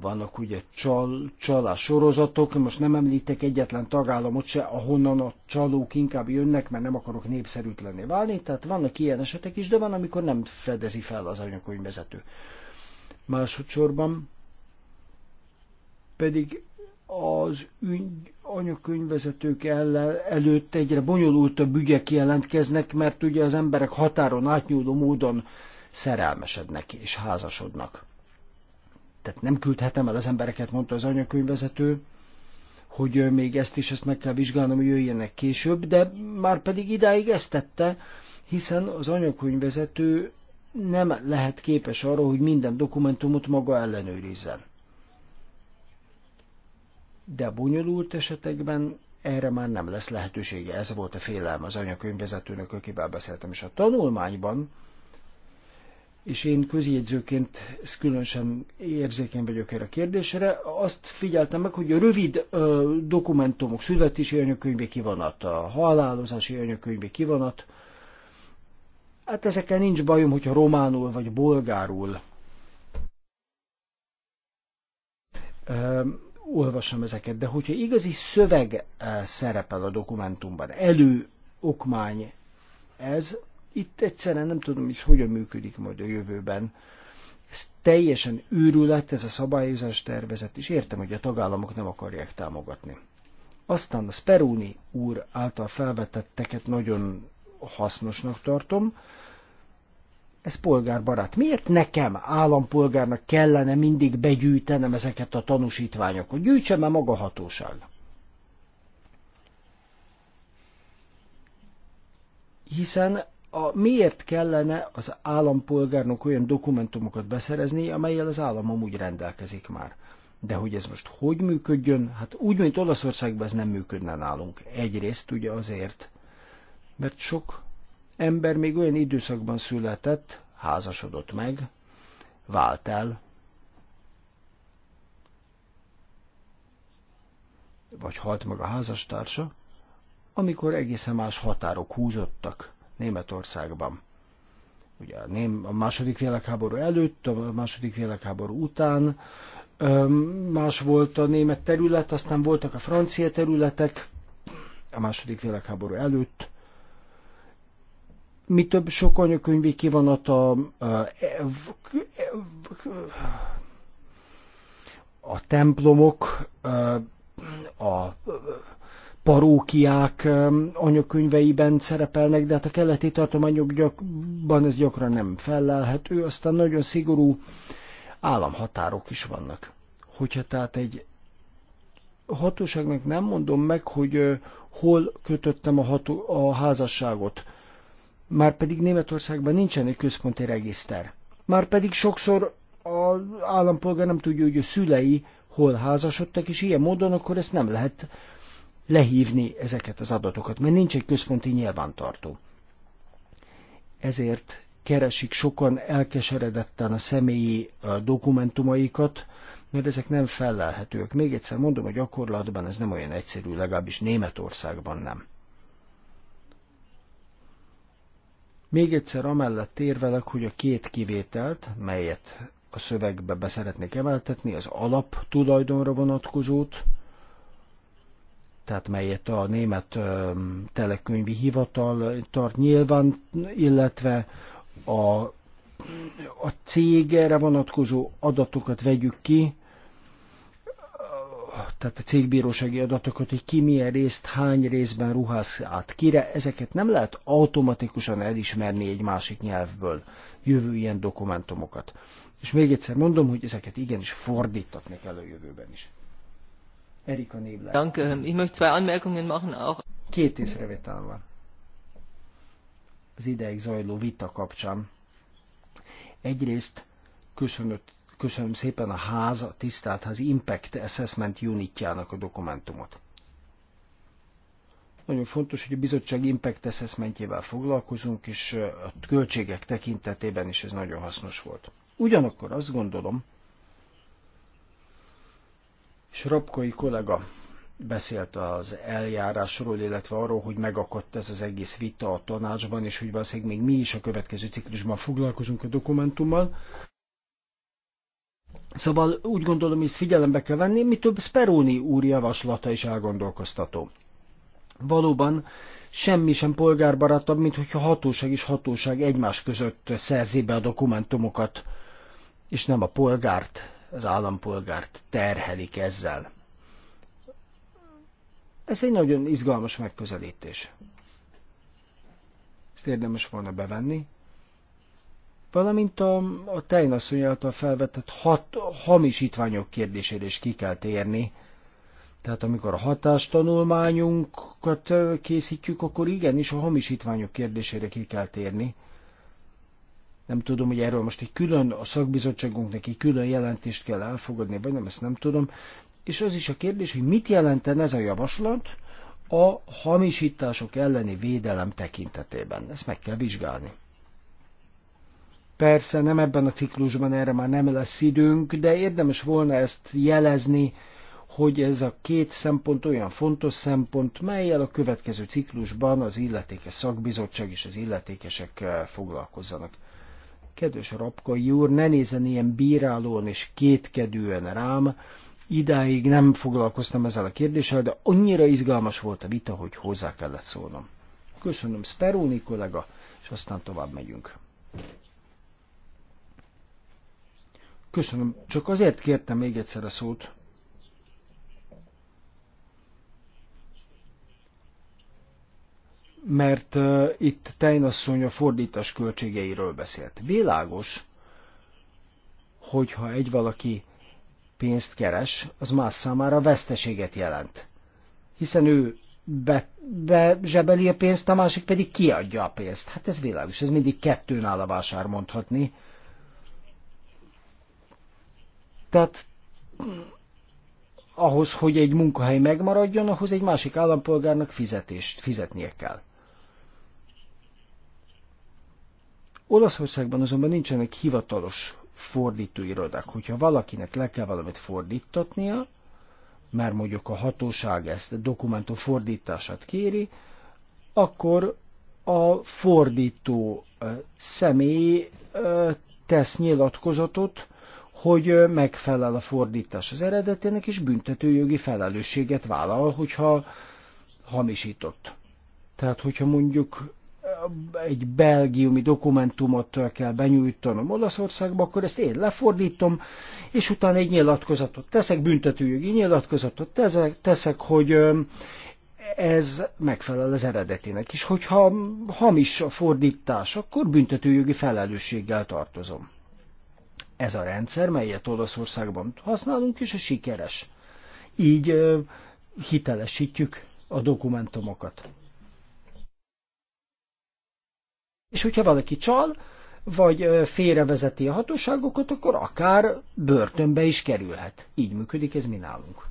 vannak ugye csal, csalás sorozatok, most nem említek egyetlen tagállamot se, ahonnan a csalók inkább jönnek, mert nem akarok népszerűtlenné válni, tehát vannak ilyen esetek is, de van, amikor nem fedezi fel az anyakönyvvezető. Másodszorban pedig az ügy, anyakönyvvezetők előtt egyre bonyolultabb ügyek jelentkeznek, mert ugye az emberek határon átnyúló módon szerelmesednek és házasodnak tehát nem küldhetem el az embereket, mondta az anyakönyvvezető, hogy még ezt is ezt meg kell vizsgálnom, hogy jöjjenek később, de már pedig idáig ezt tette, hiszen az anyakönyvvezető nem lehet képes arra, hogy minden dokumentumot maga ellenőrizzen. De bonyolult esetekben erre már nem lesz lehetősége. Ez volt a félelme az anyakönyvvezetőnök, akivel beszéltem, és a tanulmányban és én közjegyzőként különösen érzékeny vagyok erre a kérdésre, azt figyeltem meg, hogy a rövid ö, dokumentumok, születési anyakönyvé kivonat, a halálozási anyakönyvé kivonat, hát ezekkel nincs bajom, hogyha románul vagy bolgárul ö, olvasom ezeket, de hogyha igazi szöveg szerepel a dokumentumban, előokmány ez, itt egyszerűen nem tudom is, hogyan működik majd a jövőben. Ez teljesen őrület, ez a szabályozás tervezet, és értem, hogy a tagállamok nem akarják támogatni. Aztán a Speroni úr által felvetetteket nagyon hasznosnak tartom. Ez polgárbarát. Miért nekem, állampolgárnak kellene mindig begyűjtenem ezeket a tanúsítványokat? Gyűjtse már maga hatóság. Hiszen a, miért kellene az állampolgárnak olyan dokumentumokat beszerezni, amelyel az állam amúgy rendelkezik már. De hogy ez most hogy működjön, hát úgy, mint Olaszországban ez nem működne nálunk. Egyrészt ugye azért, mert sok ember még olyan időszakban született, házasodott meg, vált el, vagy halt meg a házastársa, amikor egészen más határok húzottak Németországban. Ugye a, a második világháború előtt, a második világháború után más volt a német terület, aztán voltak a francia területek a második világháború előtt, mi több sok anyakönyvi kivonata e, e, a templomok, a parókiák anyakönyveiben szerepelnek, de hát a keleti tartományokban ez gyakran nem felelhető, aztán nagyon szigorú államhatárok is vannak. Hogyha tehát egy hatóságnak nem mondom meg, hogy hol kötöttem a, ható, a házasságot, már pedig Németországban nincsen egy központi regiszter. Már pedig sokszor az állampolgár nem tudja, hogy a szülei hol házasodtak, és ilyen módon akkor ezt nem lehet lehívni ezeket az adatokat, mert nincs egy központi nyilvántartó. Ezért keresik sokan elkeseredetten a személyi dokumentumaikat, mert ezek nem fellelhetőek. Még egyszer mondom, hogy gyakorlatban ez nem olyan egyszerű, legalábbis Németországban nem. Még egyszer amellett érvelek, hogy a két kivételt, melyet a szövegbe beszeretnék emeltetni, az alaptulajdonra vonatkozót, tehát melyet a német telekönyvi hivatal tart nyilván, illetve a, a cég erre vonatkozó adatokat vegyük ki, tehát a cégbírósági adatokat, hogy ki milyen részt, hány részben ruház át kire, ezeket nem lehet automatikusan elismerni egy másik nyelvből jövő ilyen dokumentumokat. És még egyszer mondom, hogy ezeket igenis fordítatni kell a jövőben is. Erika Nébler. Danke. Ähm, ich möchte zwei Anmerkungen machen auch. Két észrevétel van. Az ideig zajló vita kapcsán. Egyrészt köszönöm, köszönöm szépen a ház, a tisztelt ház Impact Assessment Unitjának a dokumentumot. Nagyon fontos, hogy a bizottság impact assessmentjével foglalkozunk, és a költségek tekintetében is ez nagyon hasznos volt. Ugyanakkor azt gondolom, és Rabkai kollega beszélt az eljárásról, illetve arról, hogy megakadt ez az egész vita a tanácsban, és hogy valószínűleg még mi is a következő ciklusban foglalkozunk a dokumentummal. Szóval úgy gondolom, hogy ezt figyelembe kell venni, mi több Speroni úr javaslata is elgondolkoztató. Valóban semmi sem polgárbarátabb, mint hogyha hatóság és hatóság egymás között szerzi be a dokumentumokat, és nem a polgárt az állampolgárt terhelik ezzel. Ez egy nagyon izgalmas megközelítés. Ezt érdemes volna bevenni. Valamint a, a tejnasszony által felvetett hat, hamisítványok kérdésére is ki kell térni. Tehát amikor a hatástanulmányunkat készítjük, akkor igenis a hamisítványok kérdésére ki kell térni. Nem tudom, hogy erről most egy külön, a szakbizottságunk egy külön jelentést kell elfogadni, vagy nem, ezt nem tudom. És az is a kérdés, hogy mit jelenten ez a javaslat a hamisítások elleni védelem tekintetében. Ezt meg kell vizsgálni. Persze nem ebben a ciklusban erre már nem lesz időnk, de érdemes volna ezt jelezni, hogy ez a két szempont olyan fontos szempont, melyel a következő ciklusban az illetékes szakbizottság és az illetékesek eh, foglalkozzanak. Kedves rabkai úr, ne nézen ilyen bírálón és kétkedően rám, idáig nem foglalkoztam ezzel a kérdéssel, de annyira izgalmas volt a vita, hogy hozzá kellett szólnom. Köszönöm, Speróni kollega, és aztán tovább megyünk. Köszönöm, csak azért kértem még egyszer a szót, mert uh, itt Tejnasszony a fordítás költségeiről beszélt. Világos, hogyha egy valaki pénzt keres, az más számára veszteséget jelent. Hiszen ő be, be zsebeli a pénzt, a másik pedig kiadja a pénzt. Hát ez világos, ez mindig kettőn áll a vásár mondhatni. Tehát ahhoz, hogy egy munkahely megmaradjon, ahhoz egy másik állampolgárnak fizetést fizetnie kell. Olaszországban azonban nincsenek hivatalos fordítóirodák. Hogyha valakinek le kell valamit fordítatnia, mert mondjuk a hatóság ezt a dokumentum fordítását kéri, akkor a fordító személy tesz nyilatkozatot, hogy megfelel a fordítás az eredetének, és büntetőjogi felelősséget vállal, hogyha hamisított. Tehát, hogyha mondjuk egy belgiumi dokumentumot kell benyújtanom Olaszországba, akkor ezt én lefordítom, és utána egy nyilatkozatot teszek, büntetőjogi nyilatkozatot teszek, hogy ez megfelel az eredetének is. Hogyha hamis a fordítás, akkor büntetőjogi felelősséggel tartozom. Ez a rendszer, melyet Olaszországban használunk, és a sikeres. Így hitelesítjük a dokumentumokat. És hogyha valaki csal, vagy félrevezeti a hatóságokat, akkor akár börtönbe is kerülhet. Így működik ez mi nálunk.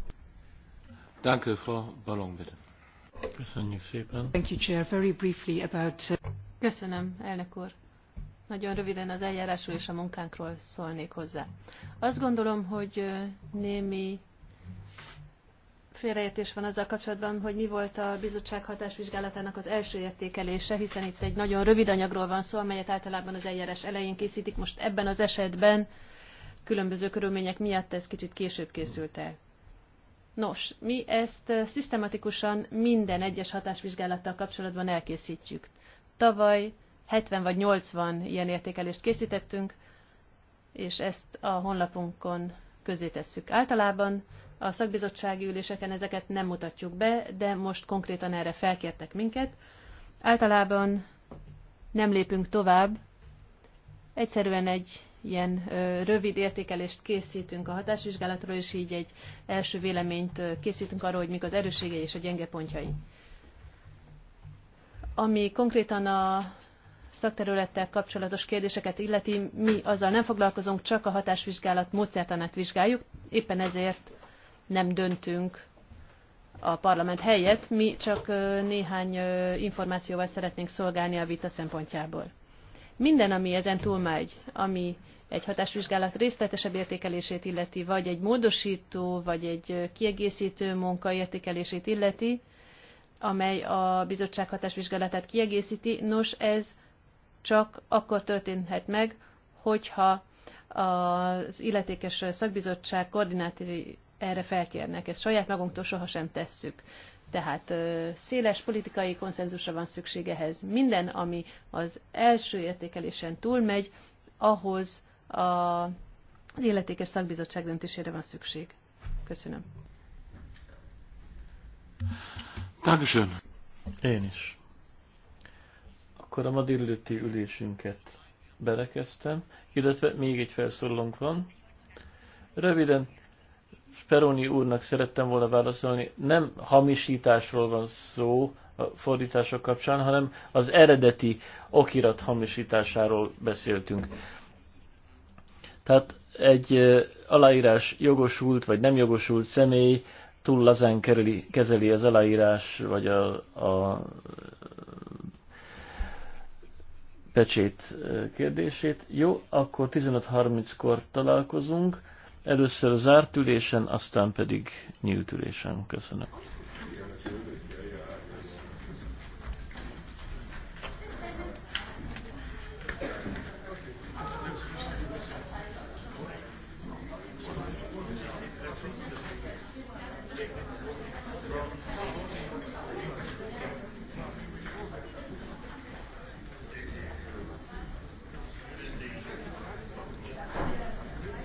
Köszönjük szépen. Thank you, Chair. Very briefly about... Uh, Köszönöm, elnök úr. Nagyon röviden az eljárásról és a munkánkról szólnék hozzá. Azt gondolom, hogy némi félreértés van azzal kapcsolatban, hogy mi volt a bizottság hatásvizsgálatának az első értékelése, hiszen itt egy nagyon rövid anyagról van szó, amelyet általában az eljárás elején készítik. Most ebben az esetben különböző körülmények miatt ez kicsit később készült el. Nos, mi ezt eh, szisztematikusan minden egyes hatásvizsgálattal kapcsolatban elkészítjük. Tavaly 70 vagy 80 ilyen értékelést készítettünk, és ezt a honlapunkon közé tesszük. Általában a szakbizottsági üléseken ezeket nem mutatjuk be, de most konkrétan erre felkértek minket. Általában nem lépünk tovább, egyszerűen egy ilyen rövid értékelést készítünk a hatásvizsgálatról, és így egy első véleményt készítünk arról, hogy mik az erősségei és a gyenge pontjai. Ami konkrétan a szakterülettel kapcsolatos kérdéseket illeti, mi azzal nem foglalkozunk, csak a hatásvizsgálat módszertanát vizsgáljuk, éppen ezért nem döntünk a parlament helyett, mi csak néhány információval szeretnénk szolgálni a vita szempontjából. Minden, ami ezen túlmegy, ami egy hatásvizsgálat részletesebb értékelését illeti, vagy egy módosító, vagy egy kiegészítő munka értékelését illeti, amely a bizottság hatásvizsgálatát kiegészíti, nos ez csak akkor történhet meg, hogyha az illetékes szakbizottság koordinátori erre felkérnek. Ezt saját magunktól sohasem tesszük. Tehát széles politikai konszenzusra van szükség ehhez. Minden, ami az első értékelésen túlmegy, ahhoz a, az illetékes szakbizottság döntésére van szükség. Köszönöm. Köszönöm. Én is. Akkor a ma délőtti ülésünket berekeztem, illetve még egy felszólalónk van. Röviden Speroni úrnak szerettem volna válaszolni, nem hamisításról van szó a fordítások kapcsán, hanem az eredeti okirat hamisításáról beszéltünk. Tehát egy aláírás jogosult vagy nem jogosult személy túl lazán kerüli, kezeli az aláírás vagy a, a pecsét kérdését. Jó, akkor 15.30-kor találkozunk Először a zárt ülésen, aztán pedig nyílt ülésen. Köszönöm.